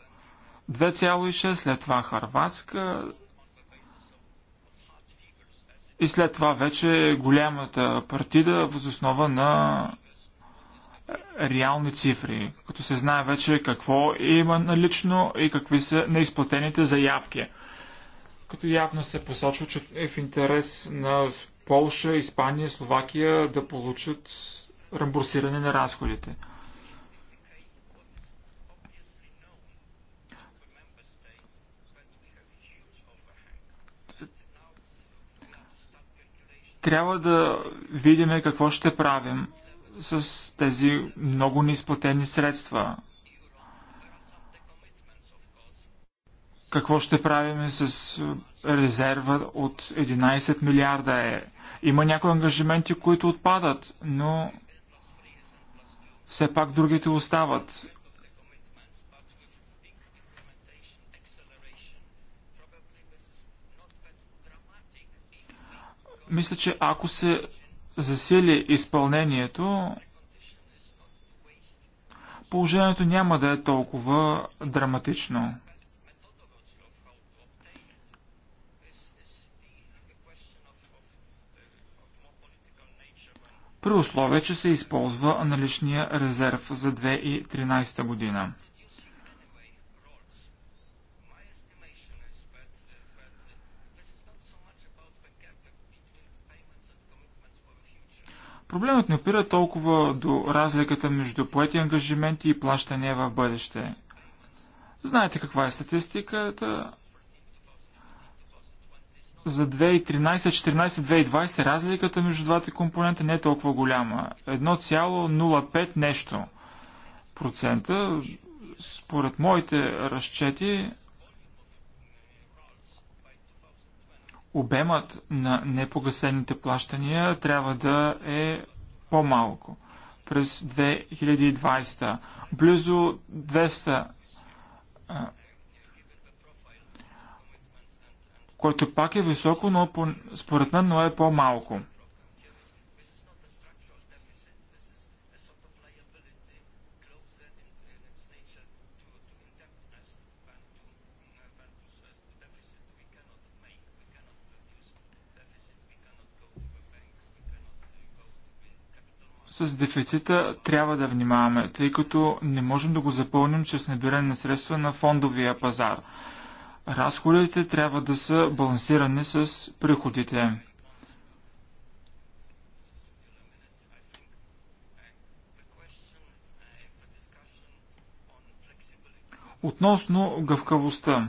2,6, след това Харватска, и след това вече голямата партида възоснова на реални цифри, като се знае вече какво има налично и какви са неизплатените заявки. Като явно се посочва, че е в интерес на Полша, Испания, Словакия да получат рамбурсиране на разходите. Трябва да видим какво ще правим с тези много неизплатени средства? Какво ще правим с резерва от 11 милиарда е? Има някои ангажименти, които отпадат, но все пак другите остават. Мисля, че ако се засили изпълнението, положението няма да е толкова драматично. при условие, че се използва наличния резерв за 2013 година. Проблемът не опира толкова до разликата между поети ангажименти и плащания в бъдеще. Знаете каква е статистиката? За 2013-2014-2020 разликата между двата компонента не е толкова голяма. 1,05 нещо процента. Според моите разчети обемът на непогасените плащания трябва да е по-малко. През 2020 близо 200 което пак е високо, но според мен но е по-малко. С дефицита трябва да внимаваме, тъй като не можем да го запълним чрез набиране на средства на фондовия пазар. Разходите трябва да са балансирани с приходите. Относно гъвкавостта,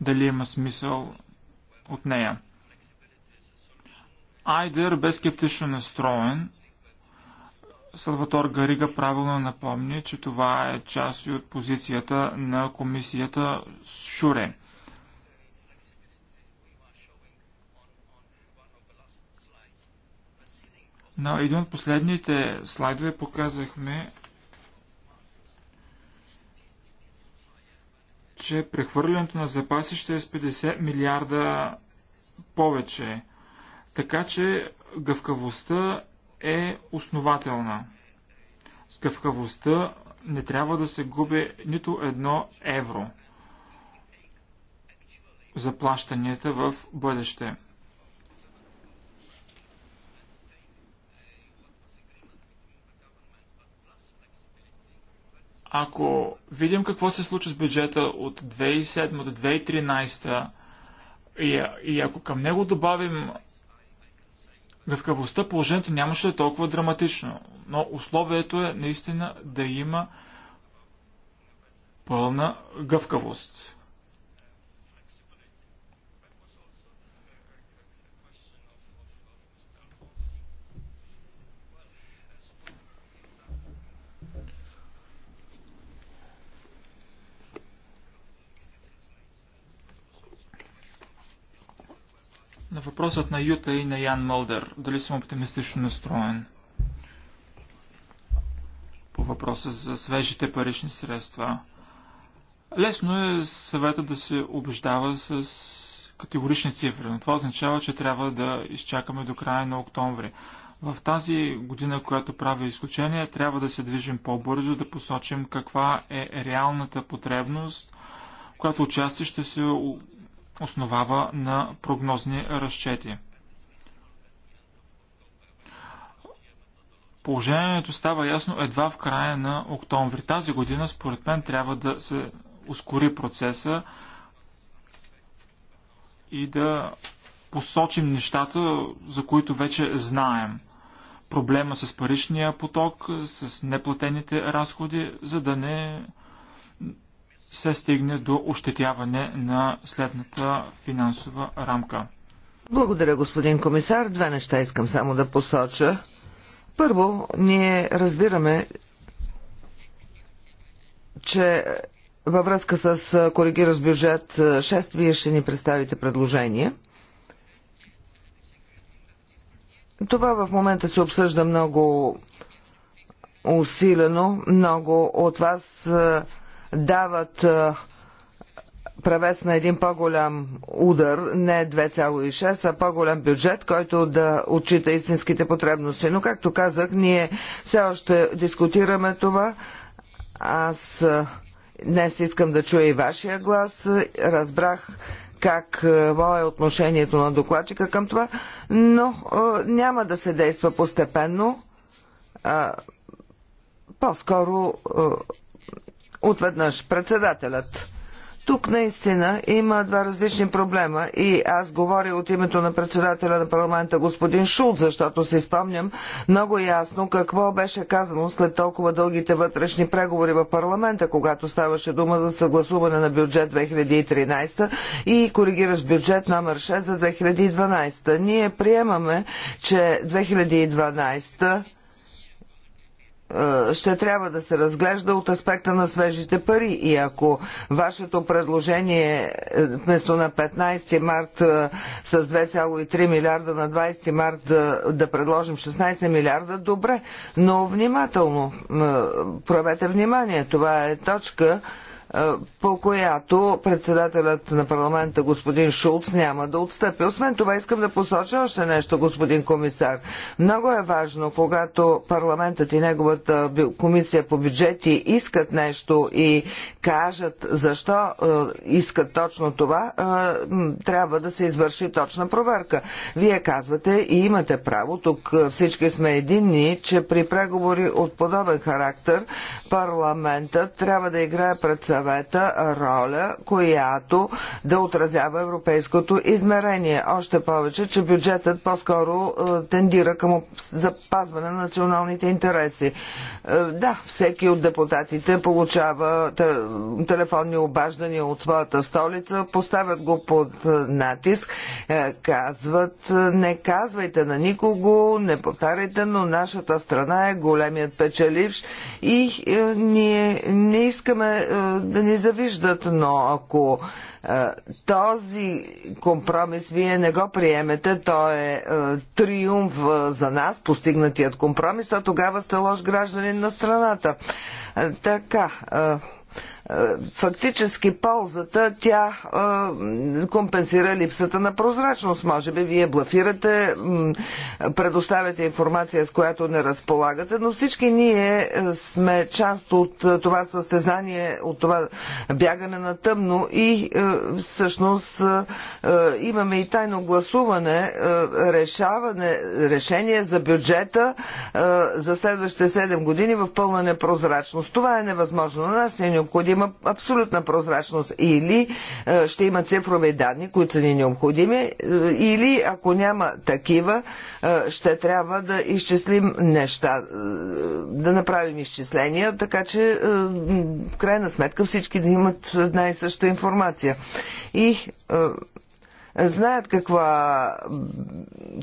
дали има смисъл от нея – Айдер бе скептично настроен. Салватор Гарига правилно напомни, че това е част и от позицията на комисията Шуре. На един от последните слайдове показахме, че прехвърлянето на запаси ще е с 50 милиарда повече. Така че гъвкавостта е основателна. С гъвкавостта не трябва да се губи нито едно евро за плащанията в бъдеще. Ако видим какво се случи с бюджета от 2007 до 2013 и, и ако към него добавим гъвкавостта, положението нямаше да е толкова драматично. Но условието е наистина да има пълна гъвкавост. На въпросът на Юта и на Ян Молдер, дали съм оптимистично настроен по въпроса за свежите парични средства. Лесно е съвета да се убеждава с категорични цифри, но това означава, че трябва да изчакаме до края на октомври. В тази година, която прави изключение, трябва да се движим по-бързо, да посочим каква е реалната потребност, която участие ще се основава на прогнозни разчети. Положението става ясно едва в края на октомври. Тази година, според мен, трябва да се ускори процеса и да посочим нещата, за които вече знаем. Проблема с паричния поток, с неплатените разходи, за да не се стигне до ощетяване на следната финансова рамка. Благодаря, господин комисар. Две неща искам само да посоча. Първо, ние разбираме, че във връзка с коригираш бюджет 6, вие ще ни представите предложение. Това в момента се обсъжда много усилено. Много от вас дават е, превес на един по-голям удар, не 2,6, а по-голям бюджет, който да отчита истинските потребности. Но, както казах, ние все още дискутираме това. Аз е, днес искам да чуя и вашия глас. Разбрах как е, мое е отношението на докладчика към това, но няма да се действа постепенно. по-скоро отведнъж председателят. Тук наистина има два различни проблема и аз говоря от името на председателя на парламента господин Шулт, защото си спомням много ясно какво беше казано след толкова дългите вътрешни преговори в парламента, когато ставаше дума за съгласуване на бюджет 2013 и коригираш бюджет номер 6 за 2012. Ние приемаме, че 2012 е, ще трябва да се разглежда от аспекта на свежите пари. И ако вашето предложение е, вместо на 15 март е, с 2,3 милиарда на 20 март да, да предложим 16 милиарда, добре. Но внимателно, проявете внимание. Това е точка, е, по която председателят на парламента господин Шулц няма да отстъпи. Освен това искам да посоча още нещо, господин комисар. Много е важно, когато парламентът и неговата комисия по бюджети искат нещо и кажат защо е, искат точно това, е, трябва да се извърши точна проверка. Вие казвате и имате право, тук е, всички сме единни, че при преговори от подобен характер парламентът трябва да играе пред съвета роля, която да отразява европейското измерение. Още повече, че бюджетът по-скоро тендира към запазване на националните интереси. Да, всеки от депутатите получава телефонни обаждания от своята столица, поставят го под натиск, е, казват е, не казвайте на никого, не повтаряйте, но нашата страна е големият печеливш и е, ние не искаме да ни завиждат, но ако този компромис вие не го приемете, то е триумф за нас, постигнатият компромис, то тогава сте лош гражданин на страната. Така, е, фактически ползата тя е, компенсира липсата на прозрачност. Може би вие блафирате, предоставяте информация, с която не разполагате, но всички ние е, сме част от това състезание, от това бягане на тъмно и всъщност имаме и тайно гласуване, решаване, решение за бюджета за следващите 7 години в пълна непрозрачност. Това е невъзможно. На нас не е необходимо има абсолютна прозрачност. Или е, ще има цифрови данни, които са ни необходими, е, или ако няма такива, е, ще трябва да изчислим неща, да направим изчисления, така че в крайна сметка всички да имат една и съща информация. И знаят каква,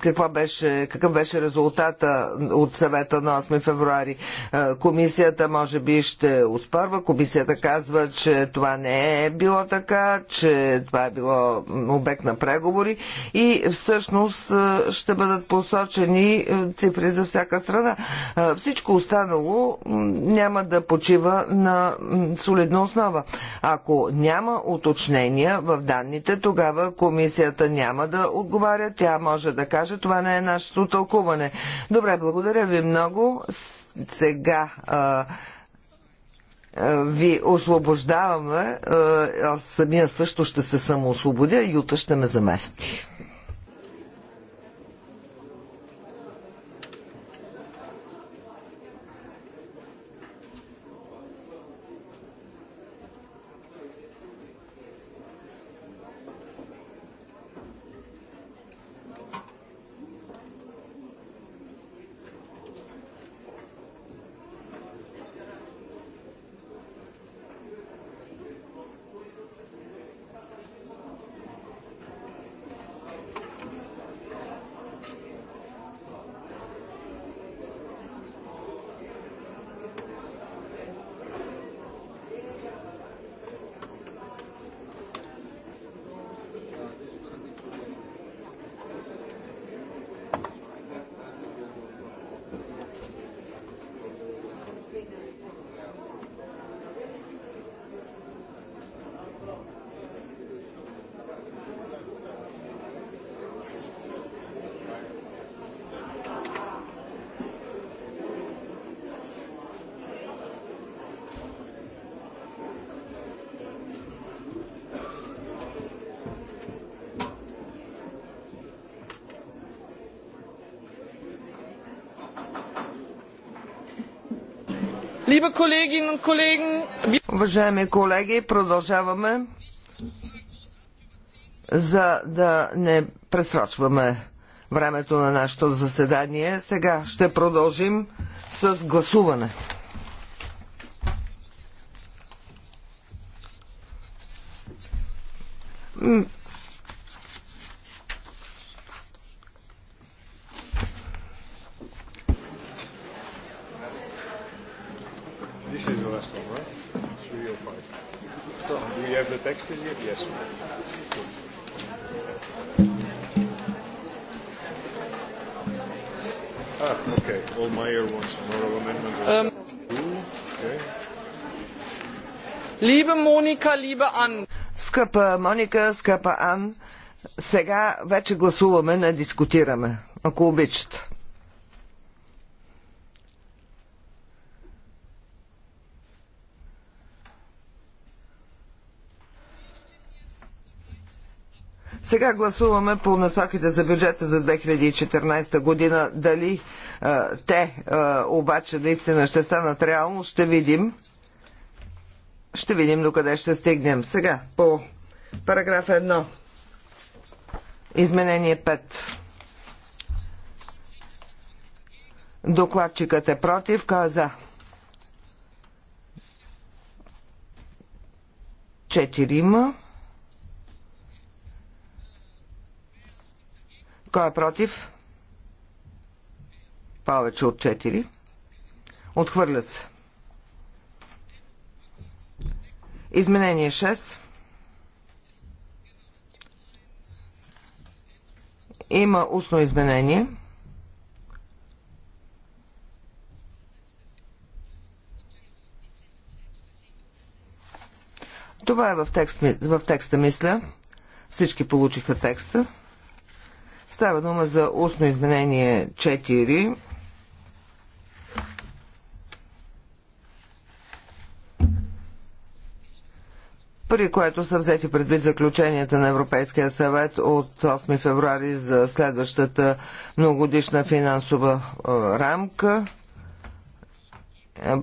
каква беше, какъв беше резултата от съвета на 8 февруари. Е, комисията може би ще успърва. комисията казва, че това не е било така, че това е било обект на преговори и всъщност е, ще бъдат посочени е, цифри за всяка страна. Всичко останало няма да почива на солидна основа. Ако няма уточнения в данните, тогава комисията комисията няма да отговаря. Тя може да каже, това не е нашето тълкуване. Добре, благодаря ви много. Сега а, а, ви освобождаваме. Аз самия също ще се самоосвободя. Юта ще ме замести. Liebe Kolleginnen und Kollegen, Уважаеми колеги, продължаваме за да не пресрочваме времето на нашето заседание. Сега ще продължим с гласуване. Скъпа Моника, скъпа Ан, сега вече гласуваме, не дискутираме, ако обичате. Сега гласуваме по насоките за бюджета за 2014 година. Дали те обаче наистина ще станат реално, ще видим ще видим до къде ще стигнем. Сега, по параграф 1, изменение 5. Докладчикът е против, кой е за? 4. Кой е против? Повече от 4. Отхвърля се. Изменение 6. Има устно изменение. Това е в, текст, в текста, мисля. Всички получиха текста. Става дума за устно изменение 4 при което са взети предвид заключенията на Европейския съвет от 8 февруари за следващата многогодишна финансова е, рамка. Е,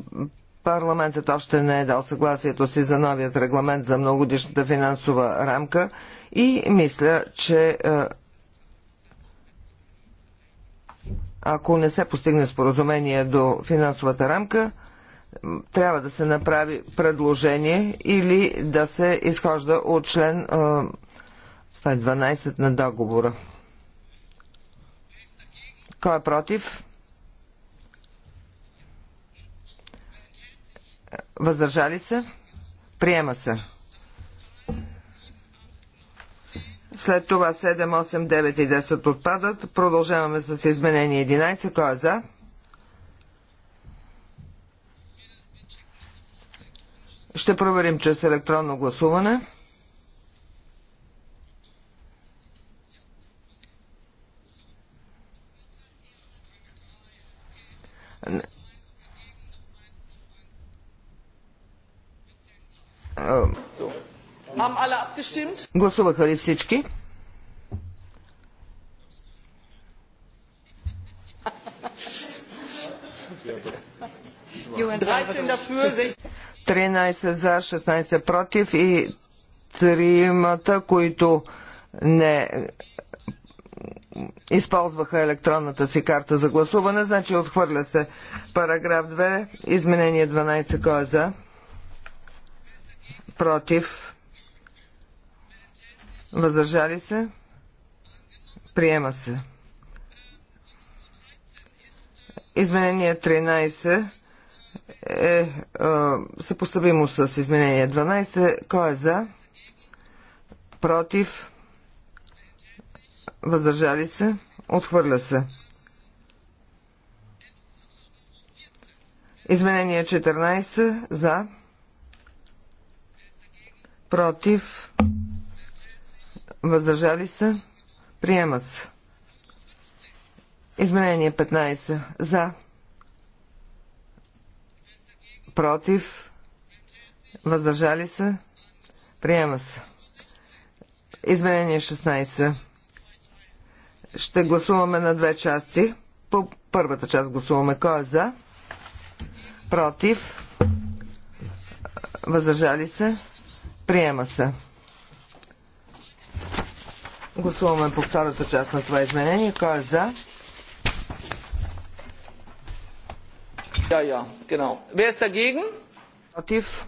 парламентът още не е дал съгласието си за новият регламент за многогодишната финансова рамка и мисля, че е, ако не се постигне споразумение до финансовата рамка, трябва да се направи предложение или да се изхожда от член 112 на договора. Кой е против? Въздържали се? Приема се. След това 7, 8, 9 и 10 отпадат. Продължаваме с изменение 11. Кой е за? Ще проверим чрез електронно гласуване. Гласуваха ли всички? 13 за, 16 против и тримата, които не използваха електронната си карта за гласуване, значи отхвърля се параграф 2, изменение 12, кой е за? Против? Въздържали се? Приема се. Изменение 13 е, е съпоставимо с изменение 12. Кой е за? Против? Въздържали се? Отхвърля се. Изменение 14. За? Против? Въздържали се? Приема се. Изменение 15. За? Против? против, въздържали се, приема се. Изменение 16. Ще гласуваме на две части. По първата част гласуваме кой е за, против, въздържали се, приема се. Гласуваме по втората част на това изменение. Кой е за? Ja, ja, genau. Wer ist dagegen? Против.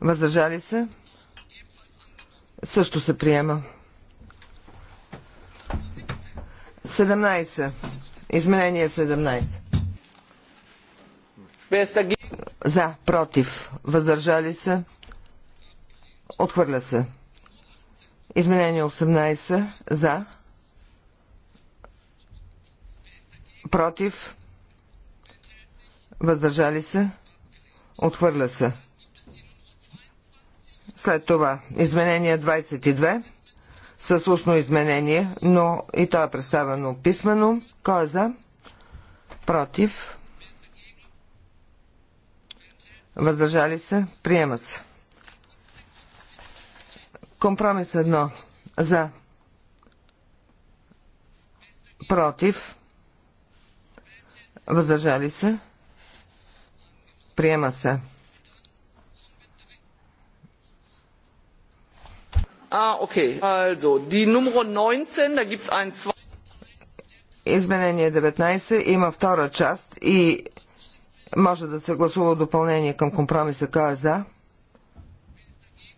Въздържали се. Също се приема. 17. Изменение 17. За, против, въздържали се, отхвърля се. Изменение 18. За, против, въздържали се, отхвърля се. След това изменение 22 с устно изменение, но и то е представено писменно. Кой е за? Против. Въздържали се? Приема се. Компромис едно. За. Против. Въздържали се? Приема се. А, окей. Алзо, ди номеро 19, да gibt's ein, Изменение 19 има втора част и може да се гласува допълнение към компромиса. Кой е за?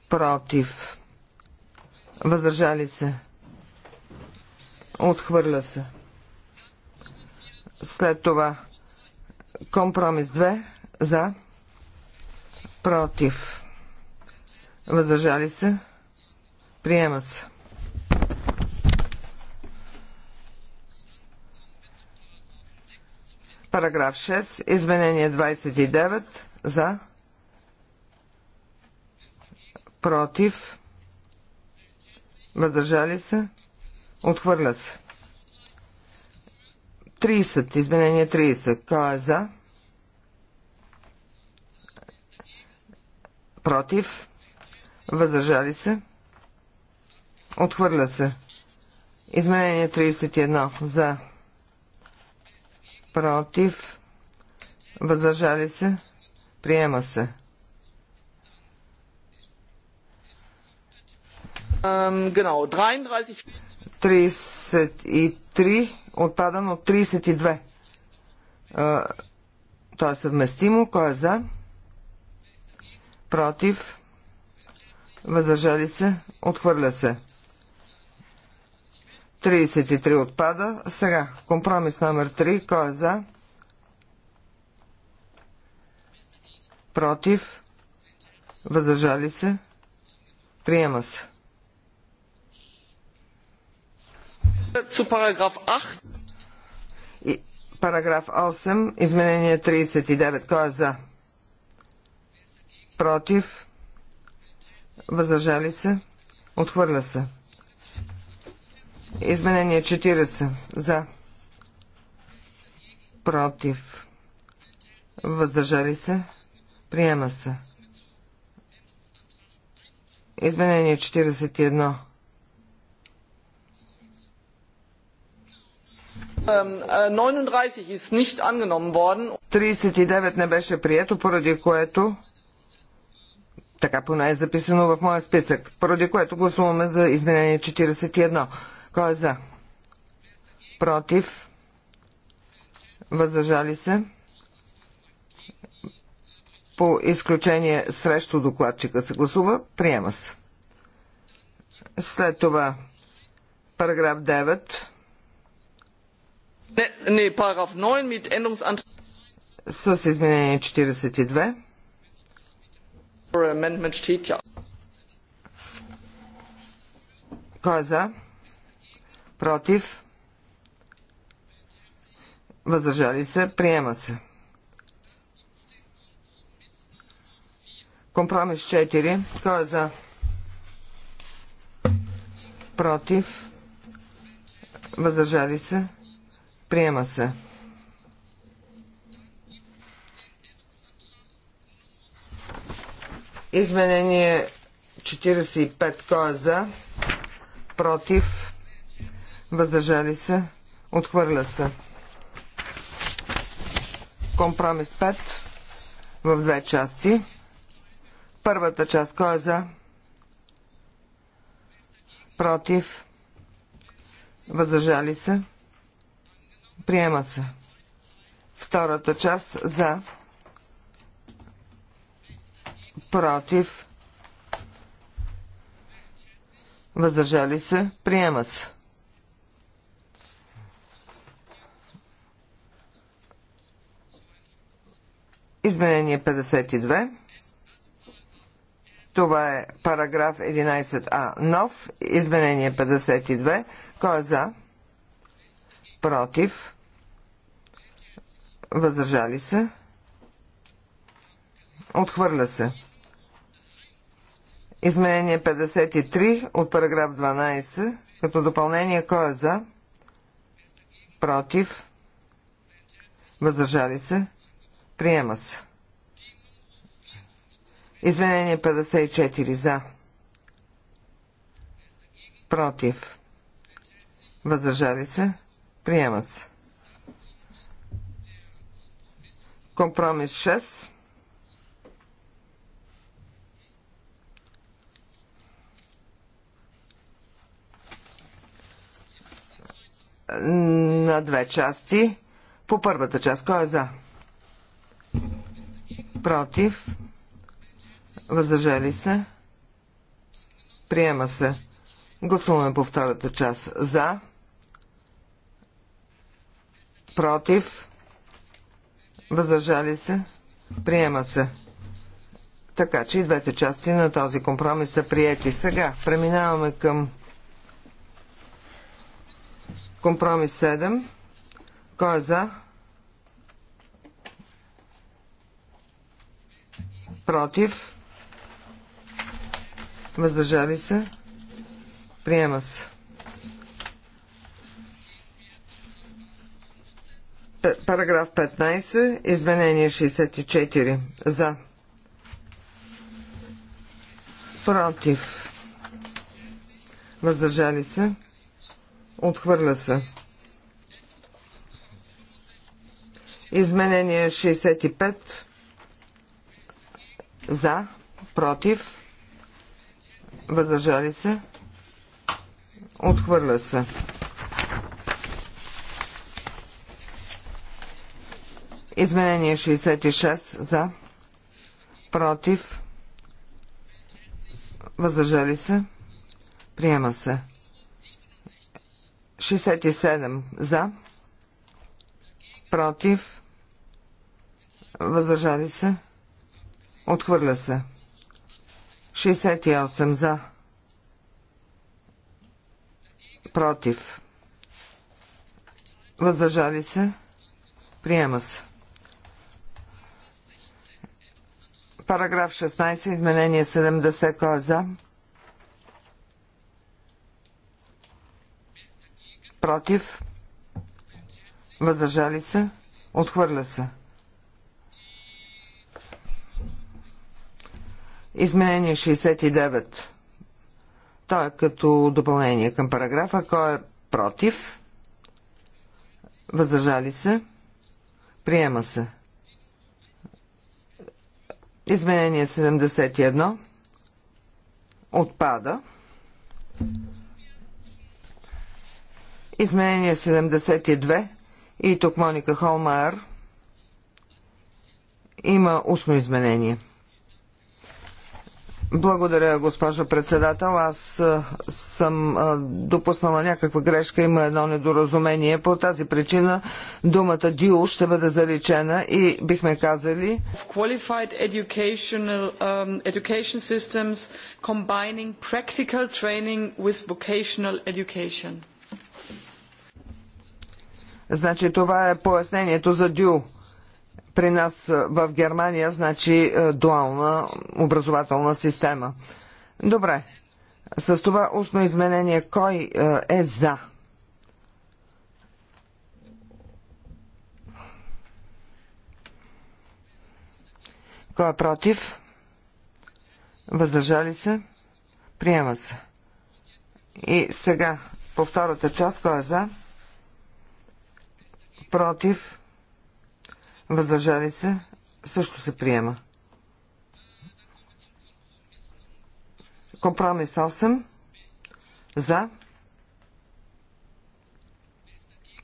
Против. Въздържали се. Отхвърля се. След това компромис 2 за. Против. Въздържали се. Приема се. Параграф 6. Изменение 29. За. Против. Въздържали се. Отхвърля се. 30. Изменение 30. Кой е за? против, въздържали се, отхвърля се. Изменение 31 за, против, въздържали се, приема се. genau, 33. 33 отпада, но 32. Това е съвместимо. Кой е за? против, въздържали се, отхвърля се. 33 отпада. Сега, компромис номер 3, кой е за? Против, въздържали се, приема се. И, параграф 8, изменение 39, кой е за? против, въздържали се, отхвърля се. Изменение 40 за, против, въздържали се, приема се. Изменение 41 39 е не беше прието, поради което така поне е записано в моя списък, поради което гласуваме за изменение 41. Кой е за? Против? Въздържали се? По изключение срещу докладчика се гласува. Приема се. След това параграф 9. Не, не, параграф 9 е с изменение 42. Кой е за? Против? Въздържали се? Приема се. Компромис 4. Кой е за? Против? Въздържали се? Приема се. Изменение 45. Кой е за? Против? Въздържали се? Отхвърля се. Компромис 5 в две части. Първата част. Кой е за? Против? Въздържали се? Приема се. Втората част за против, въздържали се, приема се. Изменение 52. Това е параграф 11а, нов, изменение 52. Кой е за? Против? Въздържали се? Отхвърля се. Изменение 53 от параграф 12. Като допълнение, кой е за? Против? Въздържали се? Приема се. Изменение 54 за. Против. Въздържали се? Приема се. Компромис 6. на две части. По първата част, кой е за? Против? Въздържали се? Приема се. Гласуваме по втората част. За? Против? Въздържали се? Приема се. Така че и двете части на този компромис са приети. Сега преминаваме към Компромис 7. Кой е за? Против? Въздържали се? Приема се. Параграф 15, изменение 64. За. Против. Въздържали се. Отхвърля се. Изменение 65. За. Против. Въздържали се. Отхвърля се. Изменение 66 за. Против. Въздържали се. Приема се. 67 за, против, въздържали се, отхвърля се. 68 за, против, въздържали се, приема се. Параграф 16, изменение 70, кой е за? против, въздържали се, отхвърля се. Изменение 69. То е като допълнение към параграфа. Кой е против? Въздържали се? Приема се. Изменение 71. Отпада. Изменение 72 и тук Моника Холмар има устно изменение. Благодаря, госпожа председател. Аз съм допуснала някаква грешка, има едно недоразумение. По тази причина думата due ще бъде заличена и бихме казали qualified educational um, education systems combining practical training with vocational education. Значи това е пояснението за дю. При нас е, в Германия значи е, дуална образователна система. Добре. С това устно изменение кой е, е за? Кой е против? Въздържали се? Приема се. И сега по втората част, кой е за? против, въздържали се, също се приема. Компромис 8 за,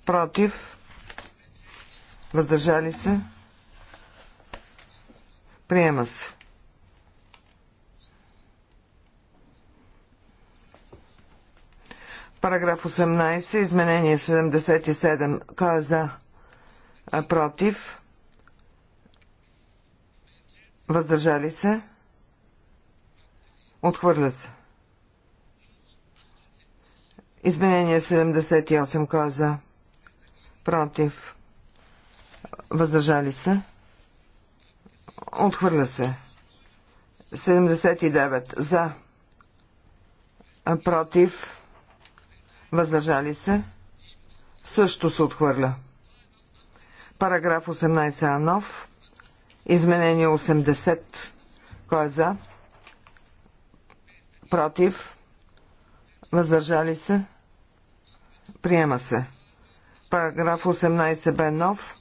против, въздържали се, приема се. Параграф 18, изменение 77. Е Кой е за? Против? Въздържали се? Отхвърля се. Изменение 78. Кой е за? Против? Въздържали се? Отхвърля се. 79. За? Против? въздържали се, също се отхвърля. Параграф 18а нов, изменение 80, кой е за, против, въздържали се, приема се. Параграф 18б нов,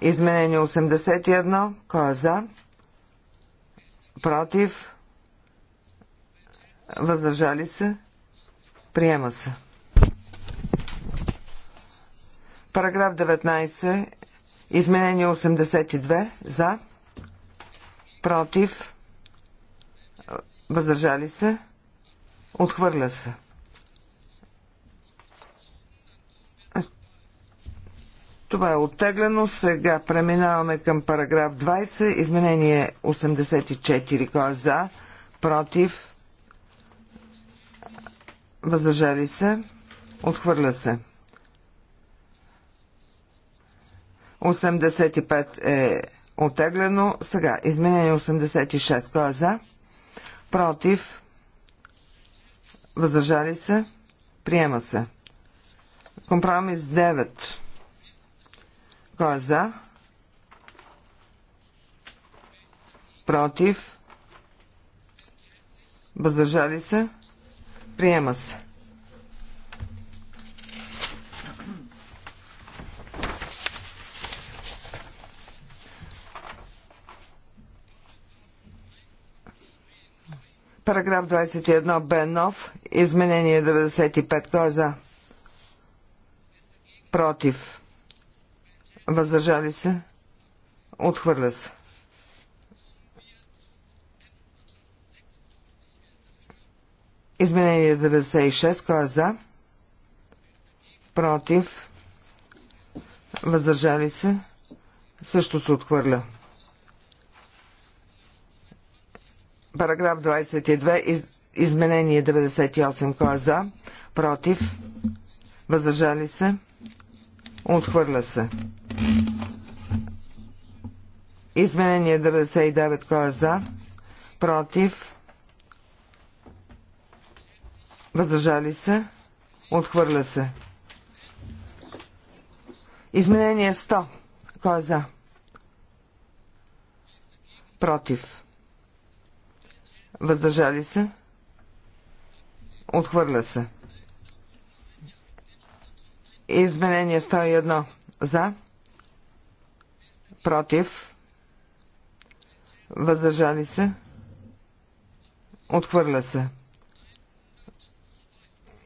изменение 81, кой е за, против, въздържали се, приема се. Параграф 19. Изменение 82. За. Против. Въздържали се. Отхвърля се. Това е оттеглено. Сега преминаваме към параграф 20. Изменение 84. Кой е за? Против? Въздържали се? Отхвърля се. 85 е отеглено. Сега, изменение 86. Кой е за? Против? Въздържали се? Приема се. Компромис 9. Кой е за? Против? Въздържали се? Приема се. Параграф 21 бе нов. Изменение 95. Кой е за? Против. Въздържали се? Отхвърля се. Изменение 96. Кой е за? Против. Въздържали се? Също се отхвърля. Параграф 22. изменение 98. Кой е за? Против? Въздържали се? Отхвърля се. Изменение 99. Кой е за? Против? Въздържали се? Отхвърля се. Изменение 100. Кой е за? Против въздържали се, отхвърля се. Изменение 101 за, против, въздържали се, отхвърля се.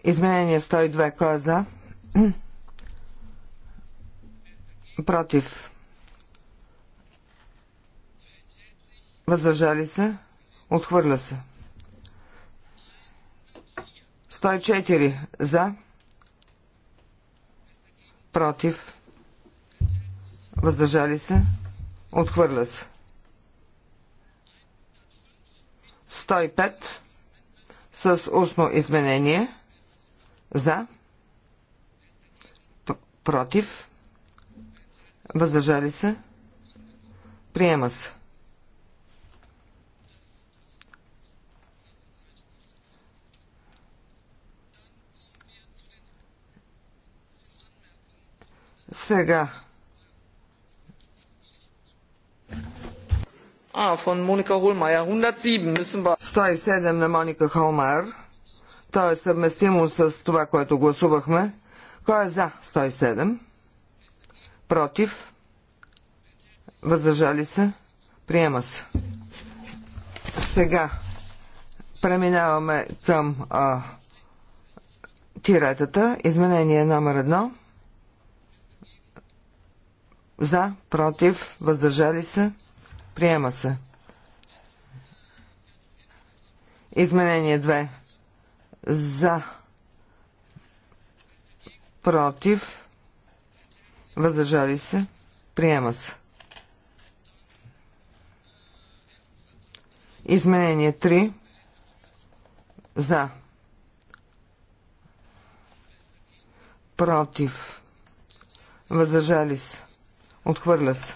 Изменение 102 кой е за, против, въздържали се, Отхвърля се. 104 за. Против. Въздържали се. Отхвърля се. 105 с устно изменение. За. Против. Въздържали се. Приема се. Сега. А, фон Моника Холмайер, 107, 107 на Моника Холмайер. То е съвместимо с това, което гласувахме. Кой е за 107? Против? Въздържали се? Приема се. Сега преминаваме към а, тиретата. Изменение номер едно. За, против, въздържали се, приема се. Изменение 2. За, против, въздържали се, приема се. Изменение 3. За. Против. Въздържали се. Отхвърля се.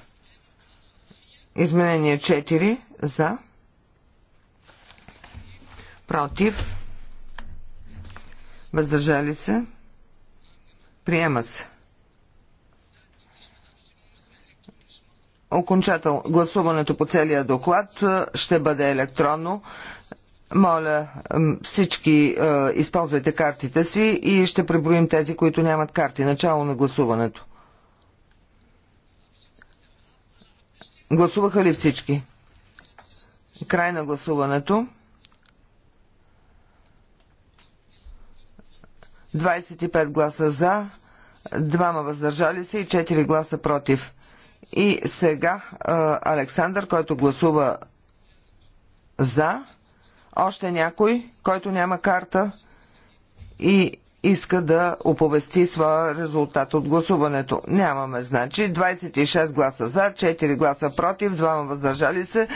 Изменение 4 за. Против. Въздържали се. Приема се. Окончател гласуването по целия доклад ще бъде електронно. Моля, всички използвайте картите си и ще преброим тези, които нямат карти. Начало на гласуването. Гласуваха ли всички? Край на гласуването. 25 гласа за, 2 въздържали се и 4 гласа против. И сега Александър, който гласува за, още някой, който няма карта и иска да оповести своя резултат от гласуването. Нямаме, значи, 26 гласа за, 4 гласа против, 2 въздържали се.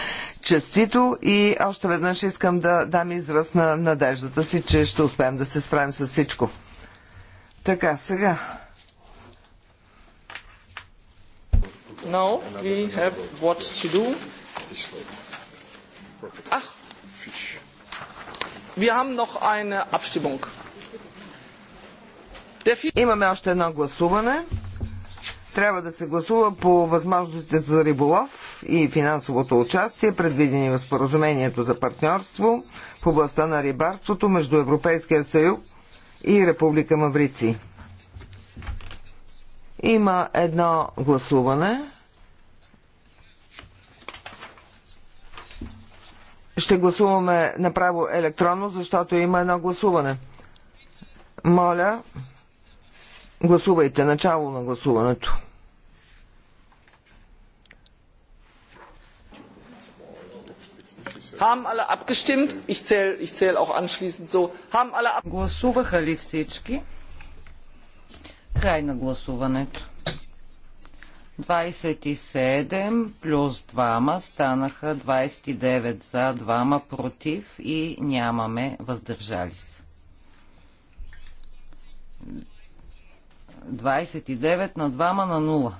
Честито и още веднъж искам да дам израз на надеждата си, че ще успеем да се справим с всичко. Така, сега. Now we have what to do. Ah. Wir haben noch eine Abstimmung. Имаме още едно гласуване. Трябва да се гласува по възможностите за риболов и финансовото участие, предвидени в споразумението за партньорство в областта на рибарството между Европейския съюз и Република Маврици. Има едно гласуване. Ще гласуваме направо електронно, защото има едно гласуване. Моля. Гласувайте. Начало на гласуването. Гласуваха ли всички? Край на гласуването. 27 плюс 2 станаха 29 за, 2 против и нямаме въздържали се. 29 на 2 на 0.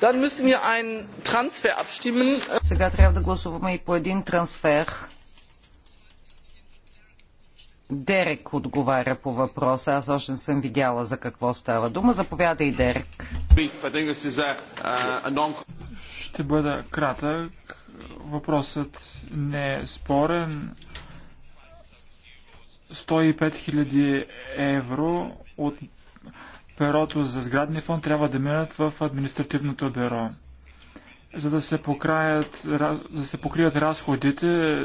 Dann müssen wir einen Transfer abstimmen. Сега трябва да гласуваме и по един трансфер. Дерек отговаря по въпроса. Аз още не съм видяла за какво става дума. Заповядай, Дерек. Uh, Ще бъда кратък. Въпросът не е спорен. 105 000 евро от перото за сградни фонд трябва да минат в административното бюро. За да се, покраят, за да се покрият разходите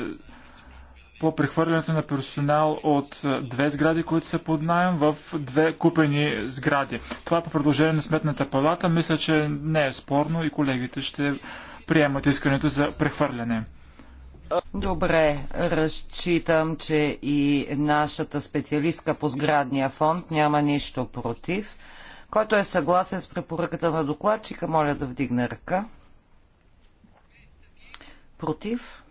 по прехвърлянето на персонал от две сгради, които са под найем, в две купени сгради. Това е по предложение на Сметната палата. Мисля, че не е спорно и колегите ще приемат искането за прехвърляне. Добре, разчитам, че и нашата специалистка по сградния фонд няма нищо против. Който е съгласен с препоръката на докладчика, моля да вдигне ръка. Против?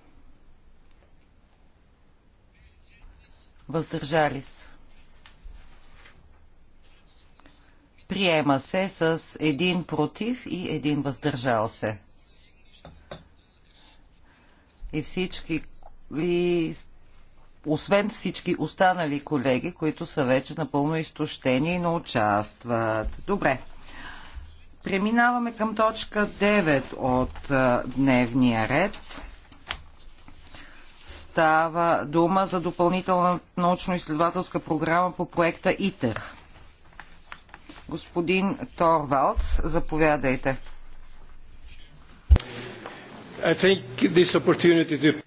Въздържали се. Приема се с един против и един въздържал се и всички, и освен всички останали колеги, които са вече напълно изтощени и не участват. Добре. Преминаваме към точка 9 от а, дневния ред. Става дума за допълнителна научно-изследователска програма по проекта ИТЕР. Господин Торвалц, заповядайте. I think this opportunity to...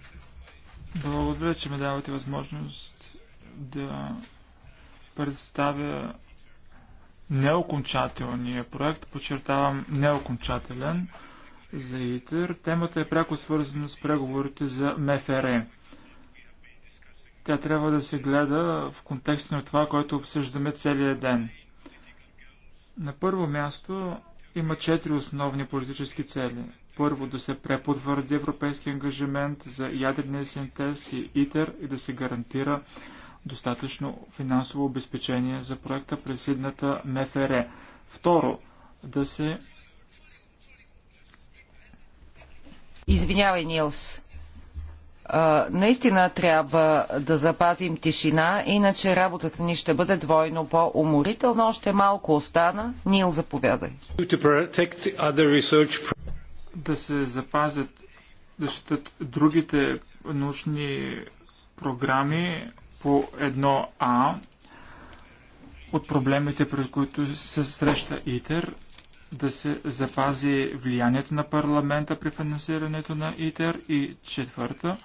Благодаря, че ме давате възможност да представя неокончателния проект. Подчертавам неокончателен за ИТЕР. Темата е пряко свързана с преговорите за МФР. Тя трябва да се гледа в контекст на това, което обсъждаме целия ден. На първо място има четири основни политически цели. Първо, да се препотвърди европейски ангажимент за ядрения синтез и ИТЕР и да се гарантира достатъчно финансово обезпечение за проекта през едната МФР. Второ, да се... Извинявай, Нилс. А, наистина трябва да запазим тишина, иначе работата ни ще бъде двойно по-уморителна. Още малко остана. Нил, заповядай да се запазят, да четат другите научни програми по едно а от проблемите, пред които се среща ИТЕР, да се запази влиянието на парламента при финансирането на ИТЕР и четвърта,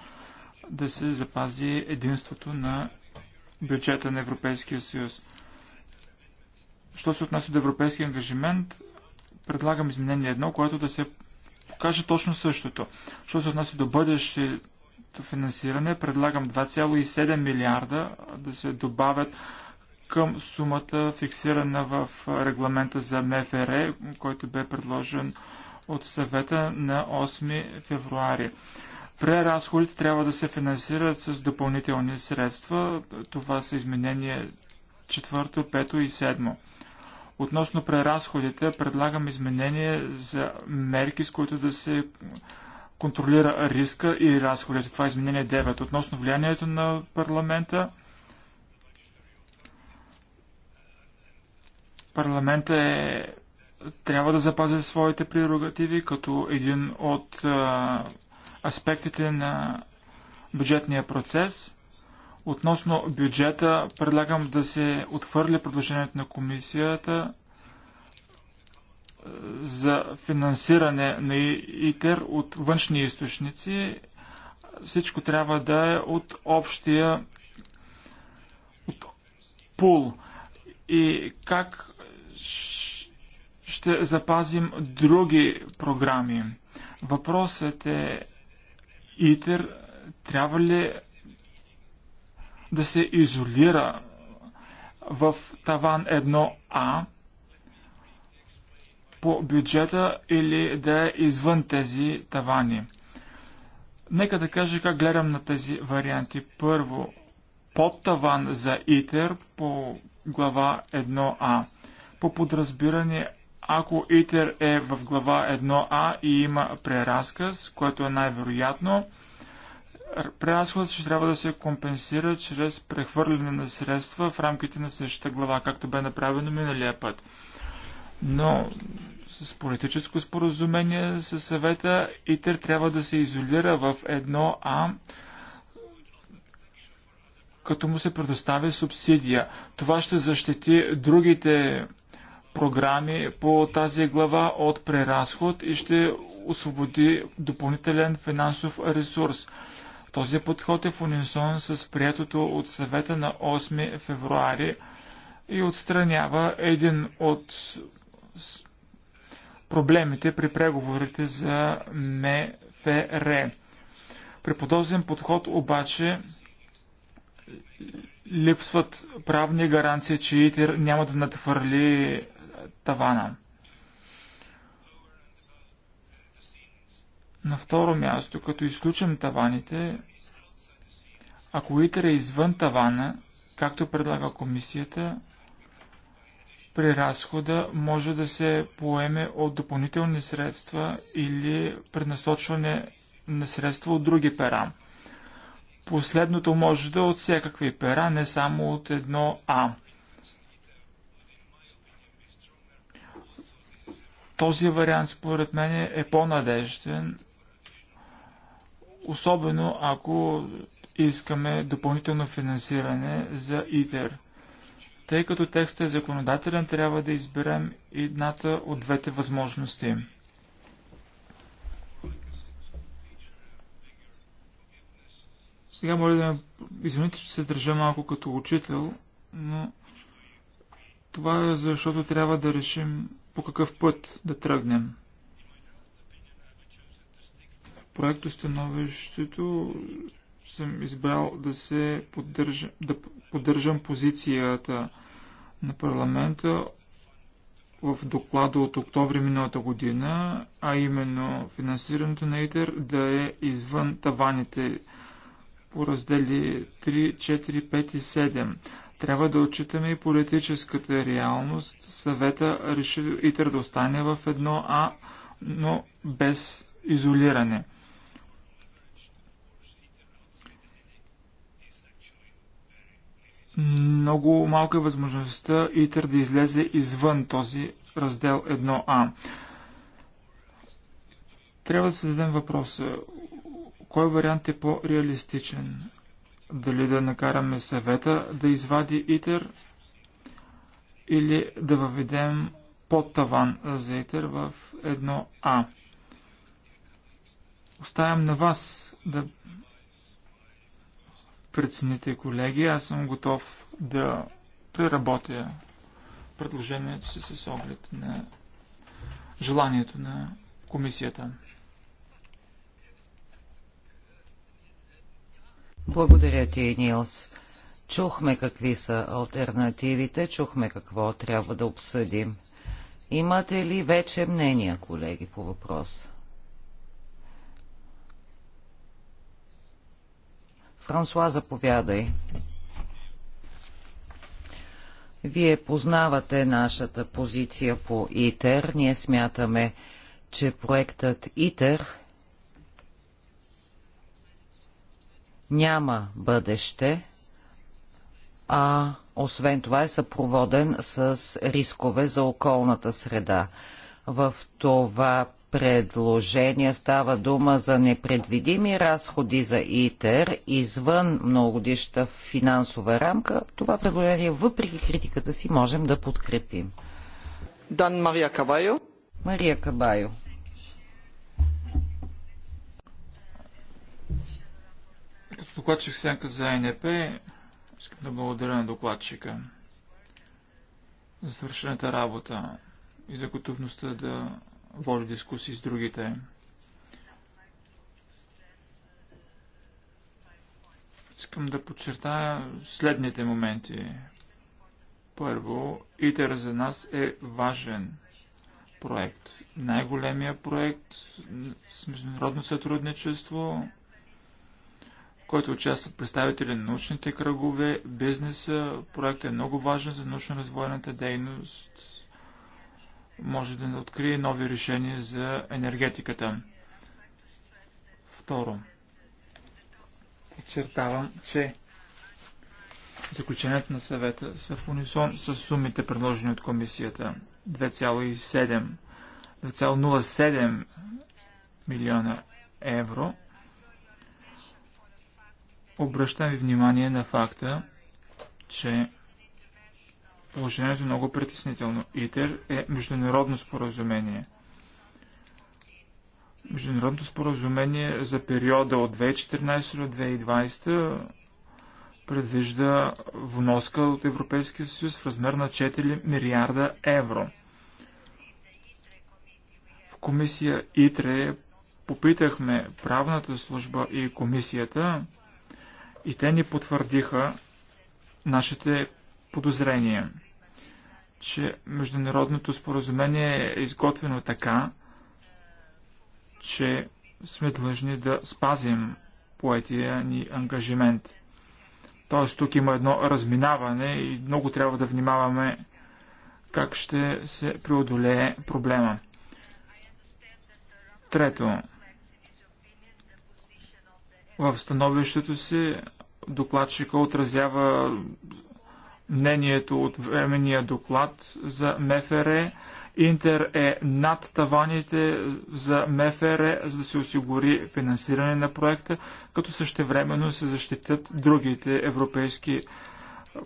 да се запази единството на бюджета на Европейския съюз. Що се отнася до европейски ангажимент, предлагам изменение едно, което да се кажа точно същото. Що се отнася до бъдещето финансиране, предлагам 2,7 милиарда да се добавят към сумата фиксирана в регламента за МФР, който бе предложен от съвета на 8 февруари. Преразходите трябва да се финансират с допълнителни средства. Това са изменения 4, 5 и 7. Относно преразходите, предлагам изменение за мерки, с които да се контролира риска и разходите. Това е изменение 9. Относно влиянието на парламента, парламента е, трябва да запази своите прерогативи като един от а, аспектите на бюджетния процес. Относно бюджета, предлагам да се отвърля предложението на комисията е, за финансиране на ИТЕР от външни източници. Всичко трябва да е от общия от пул. И как ще запазим други програми? Въпросът е ИТЕР трябва ли да се изолира в таван 1А по бюджета или да е извън тези тавани. Нека да кажа как гледам на тези варианти. Първо, под таван за ИТЕР по глава 1А. По подразбиране, ако ИТЕР е в глава 1А и има преразказ, което е най-вероятно, преразходът ще трябва да се компенсира чрез прехвърляне на средства в рамките на същата глава, както бе направено миналия път. Но с политическо споразумение със съвета ИТЕР трябва да се изолира в едно, а като му се предоставя субсидия. Това ще защити другите програми по тази глава от преразход и ще освободи допълнителен финансов ресурс. Този подход е в унисон с приятото от съвета на 8 февруари и отстранява един от проблемите при преговорите за МФР. При подобен подход обаче липсват правни гаранции, че ИТЕР няма да надхвърли тавана. На второ място, като изключим таваните, ако итър е извън тавана, както предлага комисията, при разхода може да се поеме от допълнителни средства или пренасочване на средства от други пера. Последното може да е от всякакви пера, не само от едно А. Този вариант според мен е по-надежден, особено ако искаме допълнително финансиране за ИТЕР. Тъй като текстът е законодателен, трябва да изберем едната от двете възможности. Сега моля да ме извините, че се държа малко като учител, но това е защото трябва да решим по какъв път да тръгнем. В проекто становището съм избрал да се поддържа, да поддържам позицията на парламента в доклада от октомври миналата година, а именно финансирането на ИТЕР да е извън таваните по раздели 3, 4, 5 и 7. Трябва да отчитаме и политическата реалност. Съвета реши ИТЕР да остане в едно А, но без изолиране. много малка е възможността ИТЕР да излезе извън този раздел 1А. Трябва да се зададем въпроса, кой вариант е по-реалистичен? Дали да накараме съвета да извади ИТЕР или да въведем под таван за ИТЕР в 1А? Оставям на вас да прецените, колеги. Аз съм готов да преработя предложението си с оглед на желанието на комисията. Благодаря ти, Нилс. Чухме какви са альтернативите, чухме какво трябва да обсъдим. Имате ли вече мнения, колеги, по въпроса? Франсуа, заповядай. Вие познавате нашата позиция по ИТЕР. Ние смятаме, че проектът ИТЕР няма бъдеще, а освен това е съпроводен с рискове за околната среда. В това предложения става дума за непредвидими разходи за ИТЕР извън многогодишната финансова рамка, това предложение, въпреки критиката си, можем да подкрепим. Дан Мария Кабайо. Мария Кабайо. Като докладчик сянка за НП, искам да благодаря на докладчика за свършената работа и за готовността да води дискусии с другите. Искам да подчертая следните моменти. Първо, ИТЕР за нас е важен проект. Най-големия проект с международно сътрудничество, който участват представители на научните кръгове, бизнеса. Проектът е много важен за научно-развойната дейност може да не открие нови решения за енергетиката. Второ, подчертавам, че заключенията на съвета са в унисон с сумите, предложени от комисията. 2,7 2,07 милиона евро. Обръщам ви внимание на факта, че Положението е много притеснително. ИТЕР е международно споразумение. Международното споразумение за периода от 2014 до 2020 предвижда вноска от Европейския съюз в размер на 4 милиарда евро. В комисия ИТРЕ попитахме правната служба и комисията и те ни потвърдиха нашите подозрение, че международното споразумение е изготвено така, че сме длъжни да спазим поетия ни ангажимент. Т.е. тук има едно разминаване и много трябва да внимаваме как ще се преодолее проблема. Трето. В становището си докладчика отразява мнението от временния доклад за МФР. Интер е над таваните за МФР, за да се осигури финансиране на проекта, като същевременно се защитят другите европейски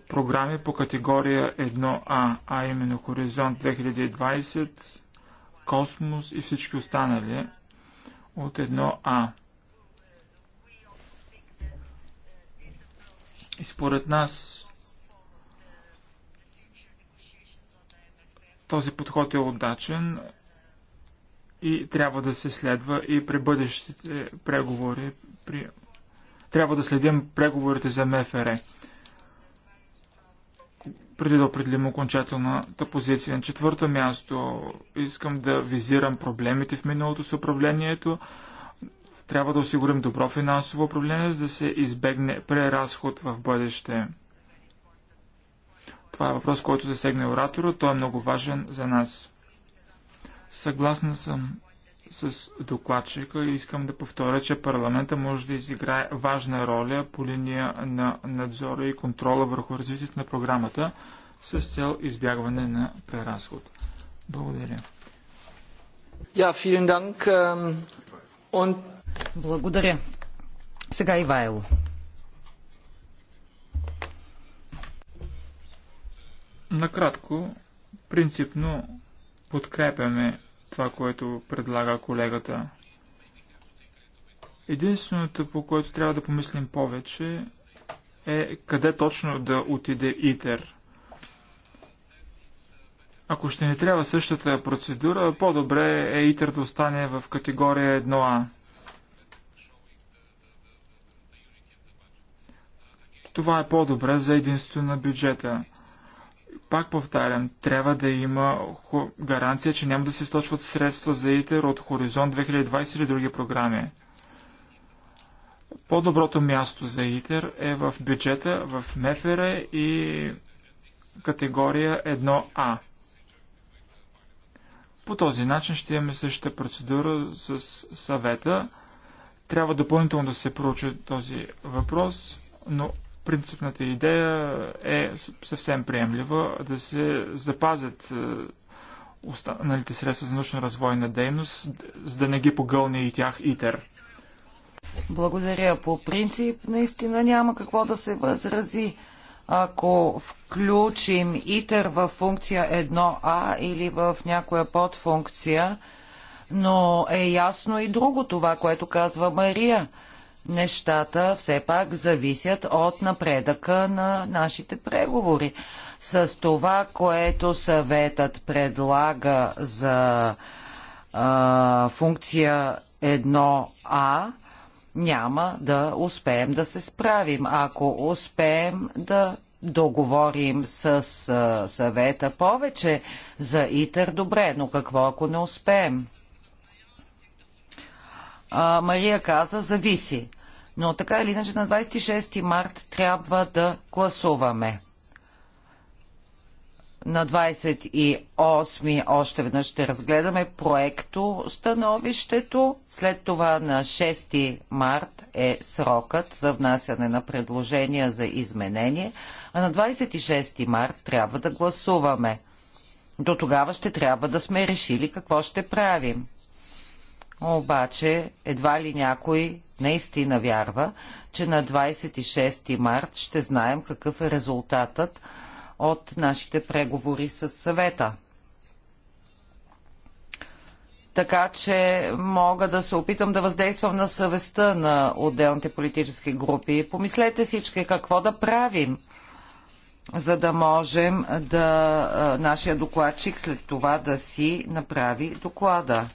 програми по категория 1А, а именно Хоризонт 2020, Космос и всички останали от 1А. И според нас Този подход е удачен и трябва да се следва и при бъдещите преговори. При... Трябва да следим преговорите за МФР преди да определим окончателната позиция. На четвърто място искам да визирам проблемите в миналото с управлението. Трябва да осигурим добро финансово управление, за да се избегне преразход в бъдеще. Това е въпрос, който засегне оратора. Той е много важен за нас. Съгласна съм с докладчика и искам да повторя, че парламента може да изиграе важна роля по линия на надзора и контрола върху развитието на програмата с цел избягване на преразход. Благодаря. Ja, vielen Dank. Ähm, und... Благодаря. Сега Ивайло. Накратко, принципно подкрепяме това, което предлага колегата. Единственото, по което трябва да помислим повече, е къде точно да отиде ИТЕР. Ако ще ни трябва същата процедура, по-добре е ИТЕР да остане в категория 1А. Това е по-добре за единството на бюджета. Пак повтарям, трябва да има гаранция, че няма да се източват средства за ИТЕР от Хоризонт 2020 или други програми. По-доброто място за ИТЕР е в бюджета, в МЕФЕРЕ и категория 1А. По този начин ще имаме същата процедура с съвета. Трябва допълнително да се проучи този въпрос, но Принципната идея е съвсем приемлива да се запазят е, останалите средства за научно-развойна дейност, за да не ги погълне и тях ИТЕР. Благодаря. По принцип, наистина няма какво да се възрази. Ако включим ИТЕР в функция 1А или в някоя подфункция, но е ясно и друго това, което казва Мария – нещата все пак зависят от напредъка на нашите преговори. С това, което съветът предлага за а, функция 1А, няма да успеем да се справим. Ако успеем да договорим с съвета повече за ИТЕР, добре, но какво ако не успеем? а, Мария каза, зависи. Но така или иначе на 26 март трябва да гласуваме. На 28 още веднъж ще разгледаме проекто становището. След това на 6 март е срокът за внасяне на предложения за изменение. А на 26 март трябва да гласуваме. До тогава ще трябва да сме решили какво ще правим обаче едва ли някой наистина вярва, че на 26 март ще знаем какъв е резултатът от нашите преговори с съвета. Така че мога да се опитам да въздействам на съвестта на отделните политически групи. Помислете всички какво да правим, за да можем да нашия докладчик след това да си направи доклада.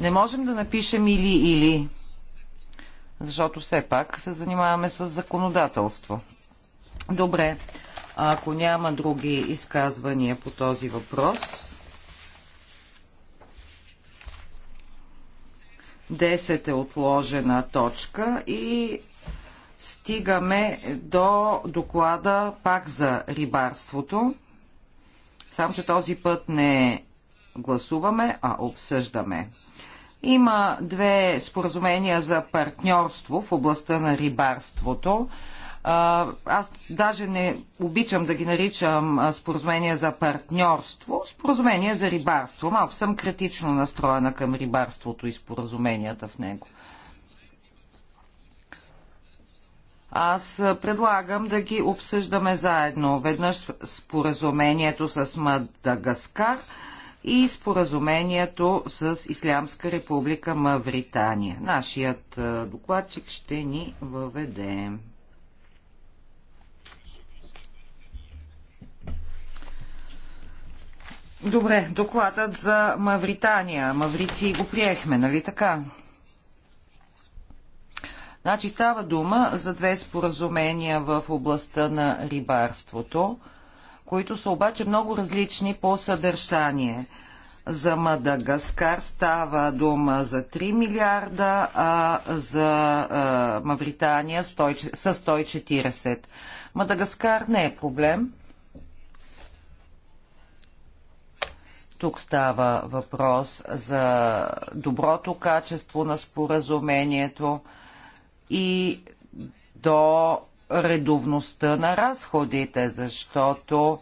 Не можем да напишем или-или, защото все пак се занимаваме с законодателство. Добре, ако няма други изказвания по този въпрос, 10 е отложена точка и стигаме до доклада пак за рибарството. Сам, че този път не гласуваме, а обсъждаме. Има две споразумения за партньорство в областта на рибарството. Аз даже не обичам да ги наричам споразумения за партньорство, споразумения за рибарство. Малко съм критично настроена към рибарството и споразуменията в него. Аз предлагам да ги обсъждаме заедно. Веднъж споразумението с Мадагаскар – и споразумението с Ислямска република Мавритания. Нашият е, докладчик ще ни въведе. Добре, докладът за Мавритания. Маврици го приехме, нали така? Значи става дума за две споразумения в областта на рибарството – които са обаче много различни по съдържание. За Мадагаскар става дума за 3 милиарда, а за а, Мавритания са 140. Мадагаскар не е проблем. Тук става въпрос за доброто качество на споразумението и до редовността на разходите, защото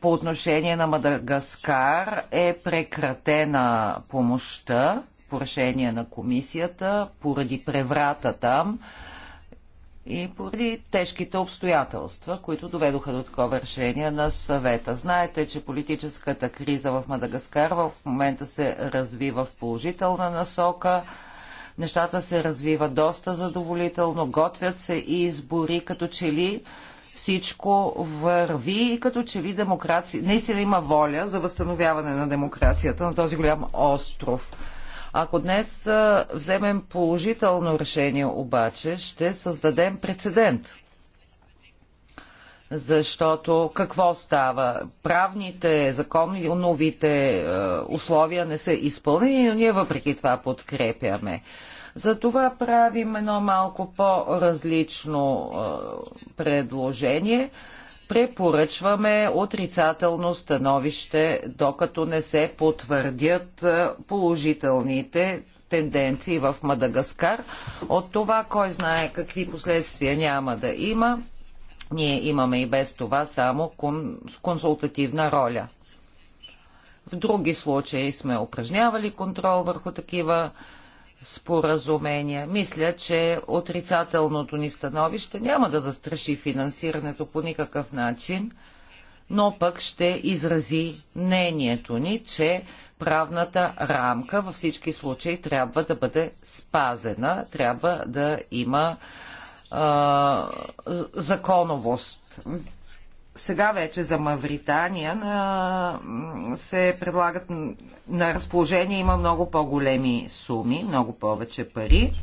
по отношение на Мадагаскар е прекратена помощта по решение на комисията поради преврата там и поради тежките обстоятелства, които доведоха до такова решение на съвета. Знаете, че политическата криза в Мадагаскар в момента се развива в положителна насока. Нещата се развиват доста задоволително, готвят се и избори, като че ли всичко върви и като че ли демокрация... Наистина има воля за възстановяване на демокрацията на този голям остров. Ако днес вземем положително решение обаче, ще създадем прецедент – защото какво става? Правните, законовите е, условия не са изпълнени, но ние въпреки това подкрепяме. Затова правим едно малко по-различно е, предложение. Препоръчваме отрицателно становище, докато не се потвърдят е, положителните тенденции в Мадагаскар. От това кой знае какви последствия няма да има ние имаме и без това само консултативна роля. В други случаи сме упражнявали контрол върху такива споразумения. Мисля, че отрицателното ни становище няма да застраши финансирането по никакъв начин, но пък ще изрази мнението ни, че правната рамка във всички случаи трябва да бъде спазена, трябва да има а, законовост. Сега вече за Мавритания на, се предлагат на разположение има много по-големи суми, много повече пари.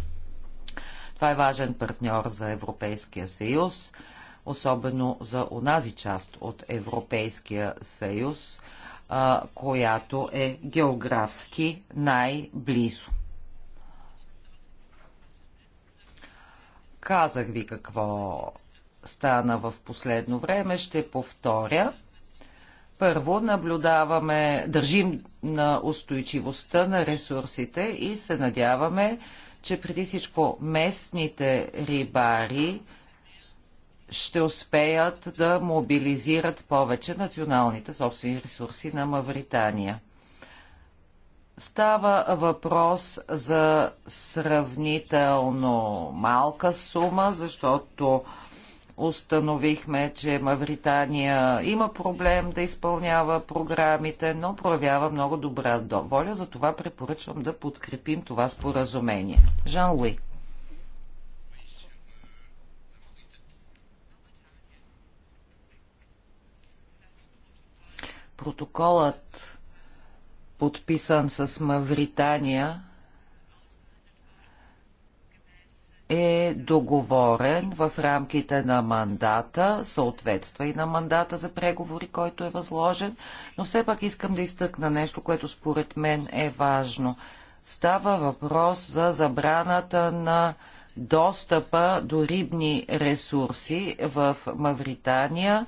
Това е важен партньор за Европейския съюз, особено за онази част от Европейския съюз, а, която е географски най-близо. Казах ви какво стана в последно време, ще повторя. Първо наблюдаваме, държим на устойчивостта на ресурсите и се надяваме, че преди всичко местните рибари ще успеят да мобилизират повече националните собствени ресурси на Мавритания. Става въпрос за сравнително малка сума, защото установихме, че Мавритания има проблем да изпълнява програмите, но проявява много добра воля. Затова препоръчвам да подкрепим това споразумение. Жан Луи. Протоколът подписан с Мавритания, е договорен в рамките на мандата, съответства и на мандата за преговори, който е възложен, но все пак искам да изтъкна нещо, което според мен е важно. Става въпрос за забраната на достъпа до рибни ресурси в Мавритания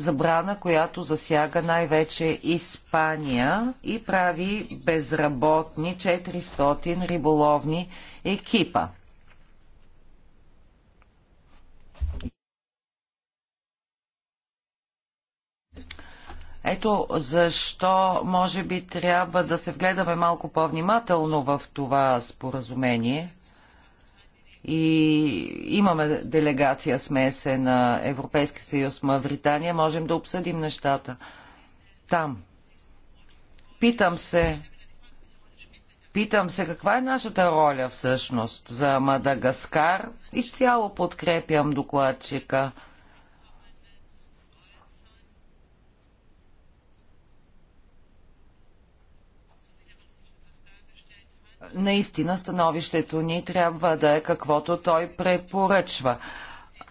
забрана, която засяга най-вече Испания и прави безработни 400 риболовни екипа. Ето защо може би трябва да се вгледаме малко по-внимателно в това споразумение и имаме делегация смесе на Европейски съюз Мавритания, можем да обсъдим нещата там. Питам се, питам се каква е нашата роля всъщност за Мадагаскар. Изцяло подкрепям докладчика. наистина становището ни трябва да е каквото той препоръчва.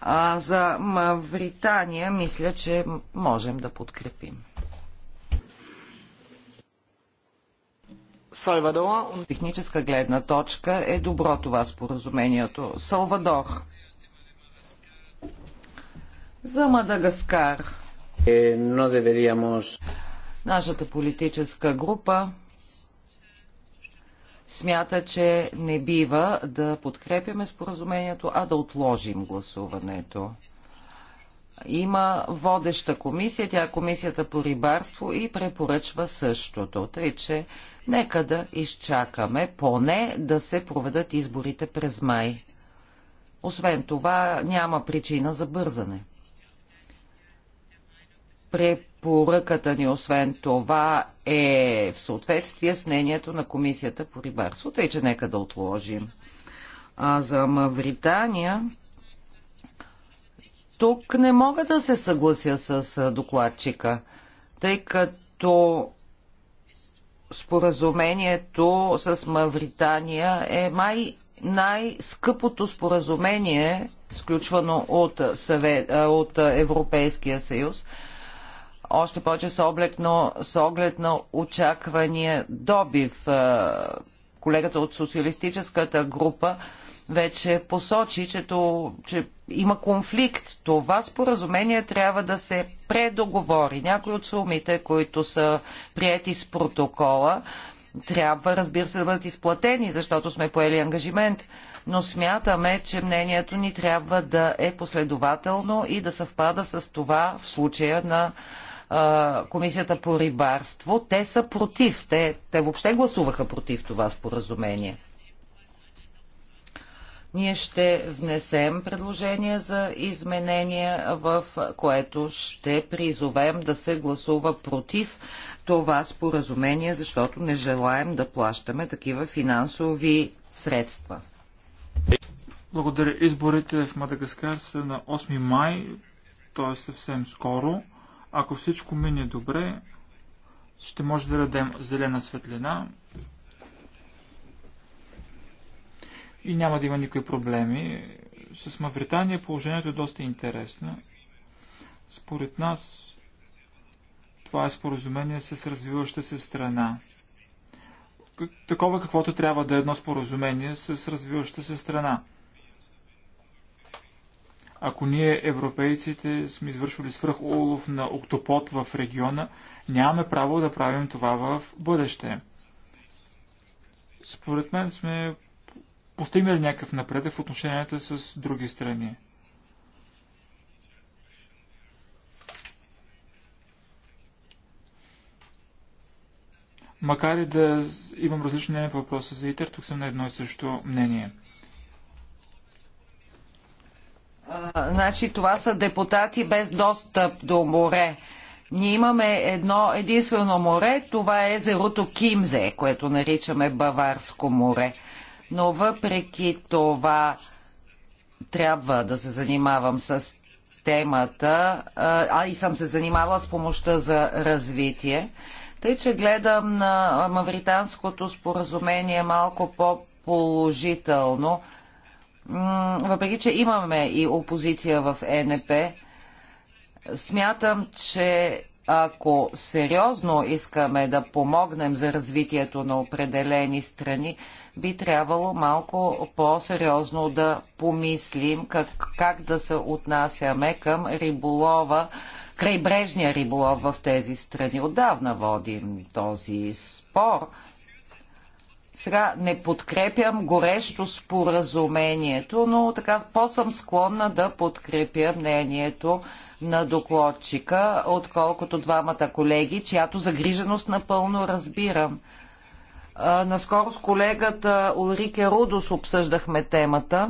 А за Мавритания мисля, че можем да подкрепим. Салвадор. От техническа гледна точка е добро това споразумението. Салвадор. За Мадагаскар. Е, но Нашата политическа група смята, че не бива да подкрепяме споразумението, а да отложим гласуването. Има водеща комисия, тя е комисията по рибарство и препоръчва същото. Тъй, че нека да изчакаме поне да се проведат изборите през май. Освен това, няма причина за бързане. Пре Поръката ни, освен това, е в съответствие с мнението на Комисията по рибарство, тъй че нека да отложим. А за Мавритания, тук не мога да се съглася с докладчика, тъй като споразумението с Мавритания е май най-скъпото споразумение, сключвано от, съвет, от Европейския съюз – още повече с, облекно, с оглед на очаквания добив. Е, колегата от социалистическата група вече посочи, че, то, че има конфликт. Това споразумение трябва да се предоговори. Някои от сумите, които са прияти с протокола, трябва, разбира се, да бъдат изплатени, защото сме поели ангажимент. Но смятаме, че мнението ни трябва да е последователно и да съвпада с това в случая на а, Комисията по рибарство, те са против. Те, те въобще гласуваха против това споразумение. Ние ще внесем предложение за изменение, в което ще призовем да се гласува против това споразумение, защото не желаем да плащаме такива финансови средства. Благодаря. Изборите в Мадагаскар са на 8 май, т.е. съвсем скоро. Ако всичко мине добре, ще може да дадем зелена светлина и няма да има никакви проблеми. С Мавритания положението е доста интересно. Според нас това е споразумение с развиваща се страна. Такова каквото трябва да е едно споразумение с развиваща се страна. Ако ние, европейците, сме извършвали свръхулов на октопод в региона, нямаме право да правим това в бъдеще. Според мен сме постигнали някакъв напредък в отношенията с други страни. Макар и да имам различни мнения по въпроса за ИТЕР, тук съм на едно и също мнение – значи това са депутати без достъп до море. Ние имаме едно единствено море, това е езерото Кимзе, което наричаме Баварско море. Но въпреки това трябва да се занимавам с темата, а и съм се занимавала с помощта за развитие. Тъй, че гледам на мавританското споразумение малко по-положително въпреки че имаме и опозиция в ЕНП, смятам, че ако сериозно искаме да помогнем за развитието на определени страни, би трябвало малко по-сериозно да помислим как, как да се отнасяме към риболова, крайбрежния риболов в тези страни. Отдавна водим този спор сега не подкрепям горещо споразумението, но така по-съм склонна да подкрепя мнението на докладчика, отколкото двамата колеги, чиято загриженост напълно разбирам. А, наскоро с колегата Улрике Рудос обсъждахме темата.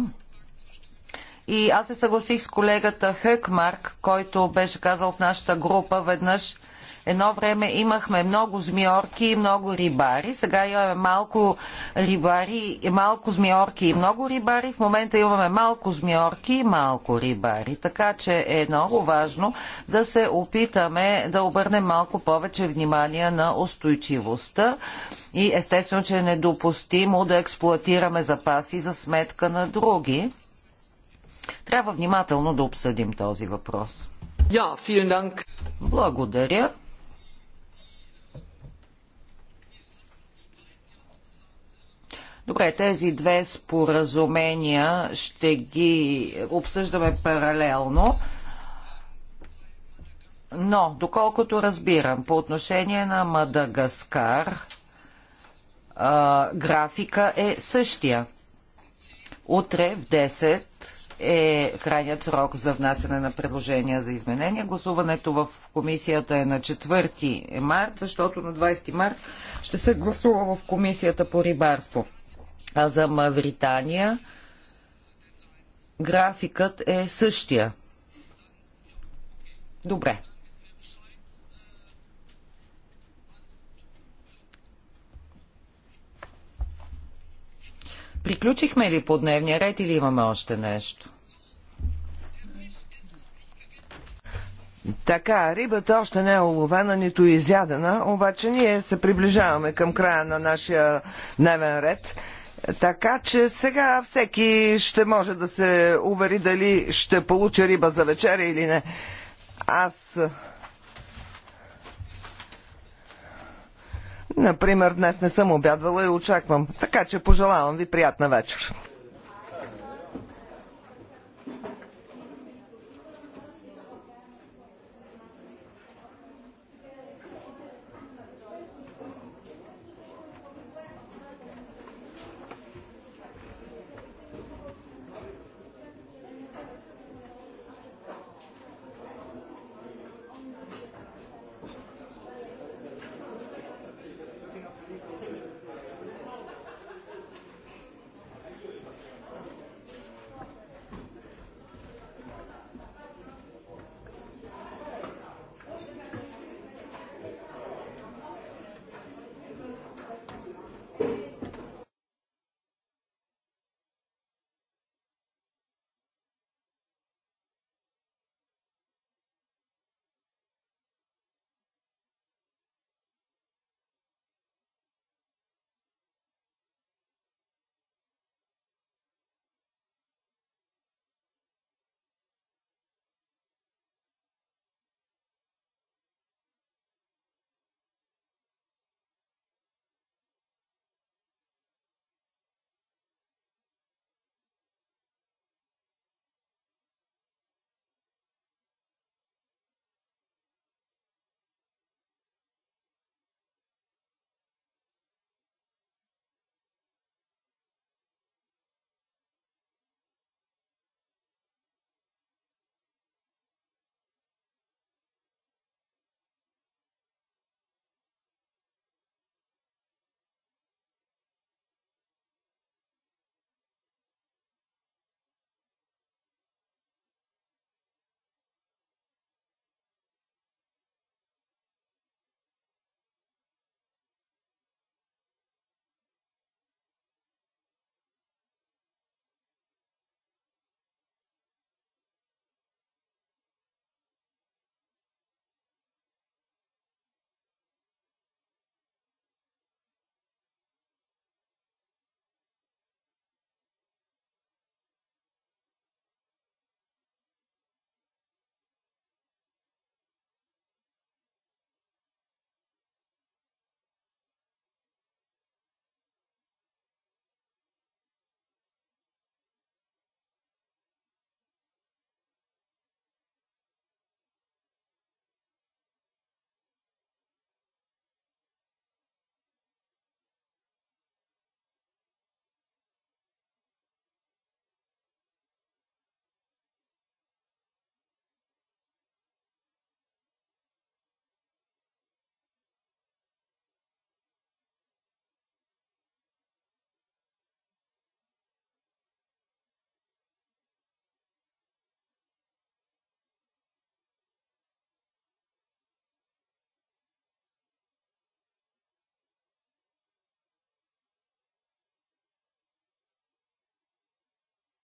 И аз се съгласих с колегата Хъкмарк, който беше казал в нашата група веднъж – Едно време имахме много змиорки и много рибари. Сега имаме малко рибари, малко змиорки и много рибари. В момента имаме малко змиорки и малко рибари. Така че е много важно да се опитаме да обърнем малко повече внимание на устойчивостта и естествено, че е недопустимо да експлуатираме запаси за сметка на други. Трябва внимателно да обсъдим този въпрос. Благодаря. Добре, тези две споразумения ще ги обсъждаме паралелно. Но, доколкото разбирам, по отношение на Мадагаскар, а, графика е същия. Утре в 10 е крайният срок за внасяне на предложения за изменения. Гласуването в комисията е на 4 март, защото на 20 март ще се гласува в комисията по рибарство. А за Мавритания графикът е същия. Добре. Приключихме ли по дневния ред или имаме още нещо? Така, рибата още не е оловена, нито изядена, обаче ние се приближаваме към края на нашия дневен ред. Така че сега всеки ще може да се увери дали ще получи риба за вечеря или не. Аз Например, днес не съм обядвала и очаквам. Така че пожелавам ви приятна вечер.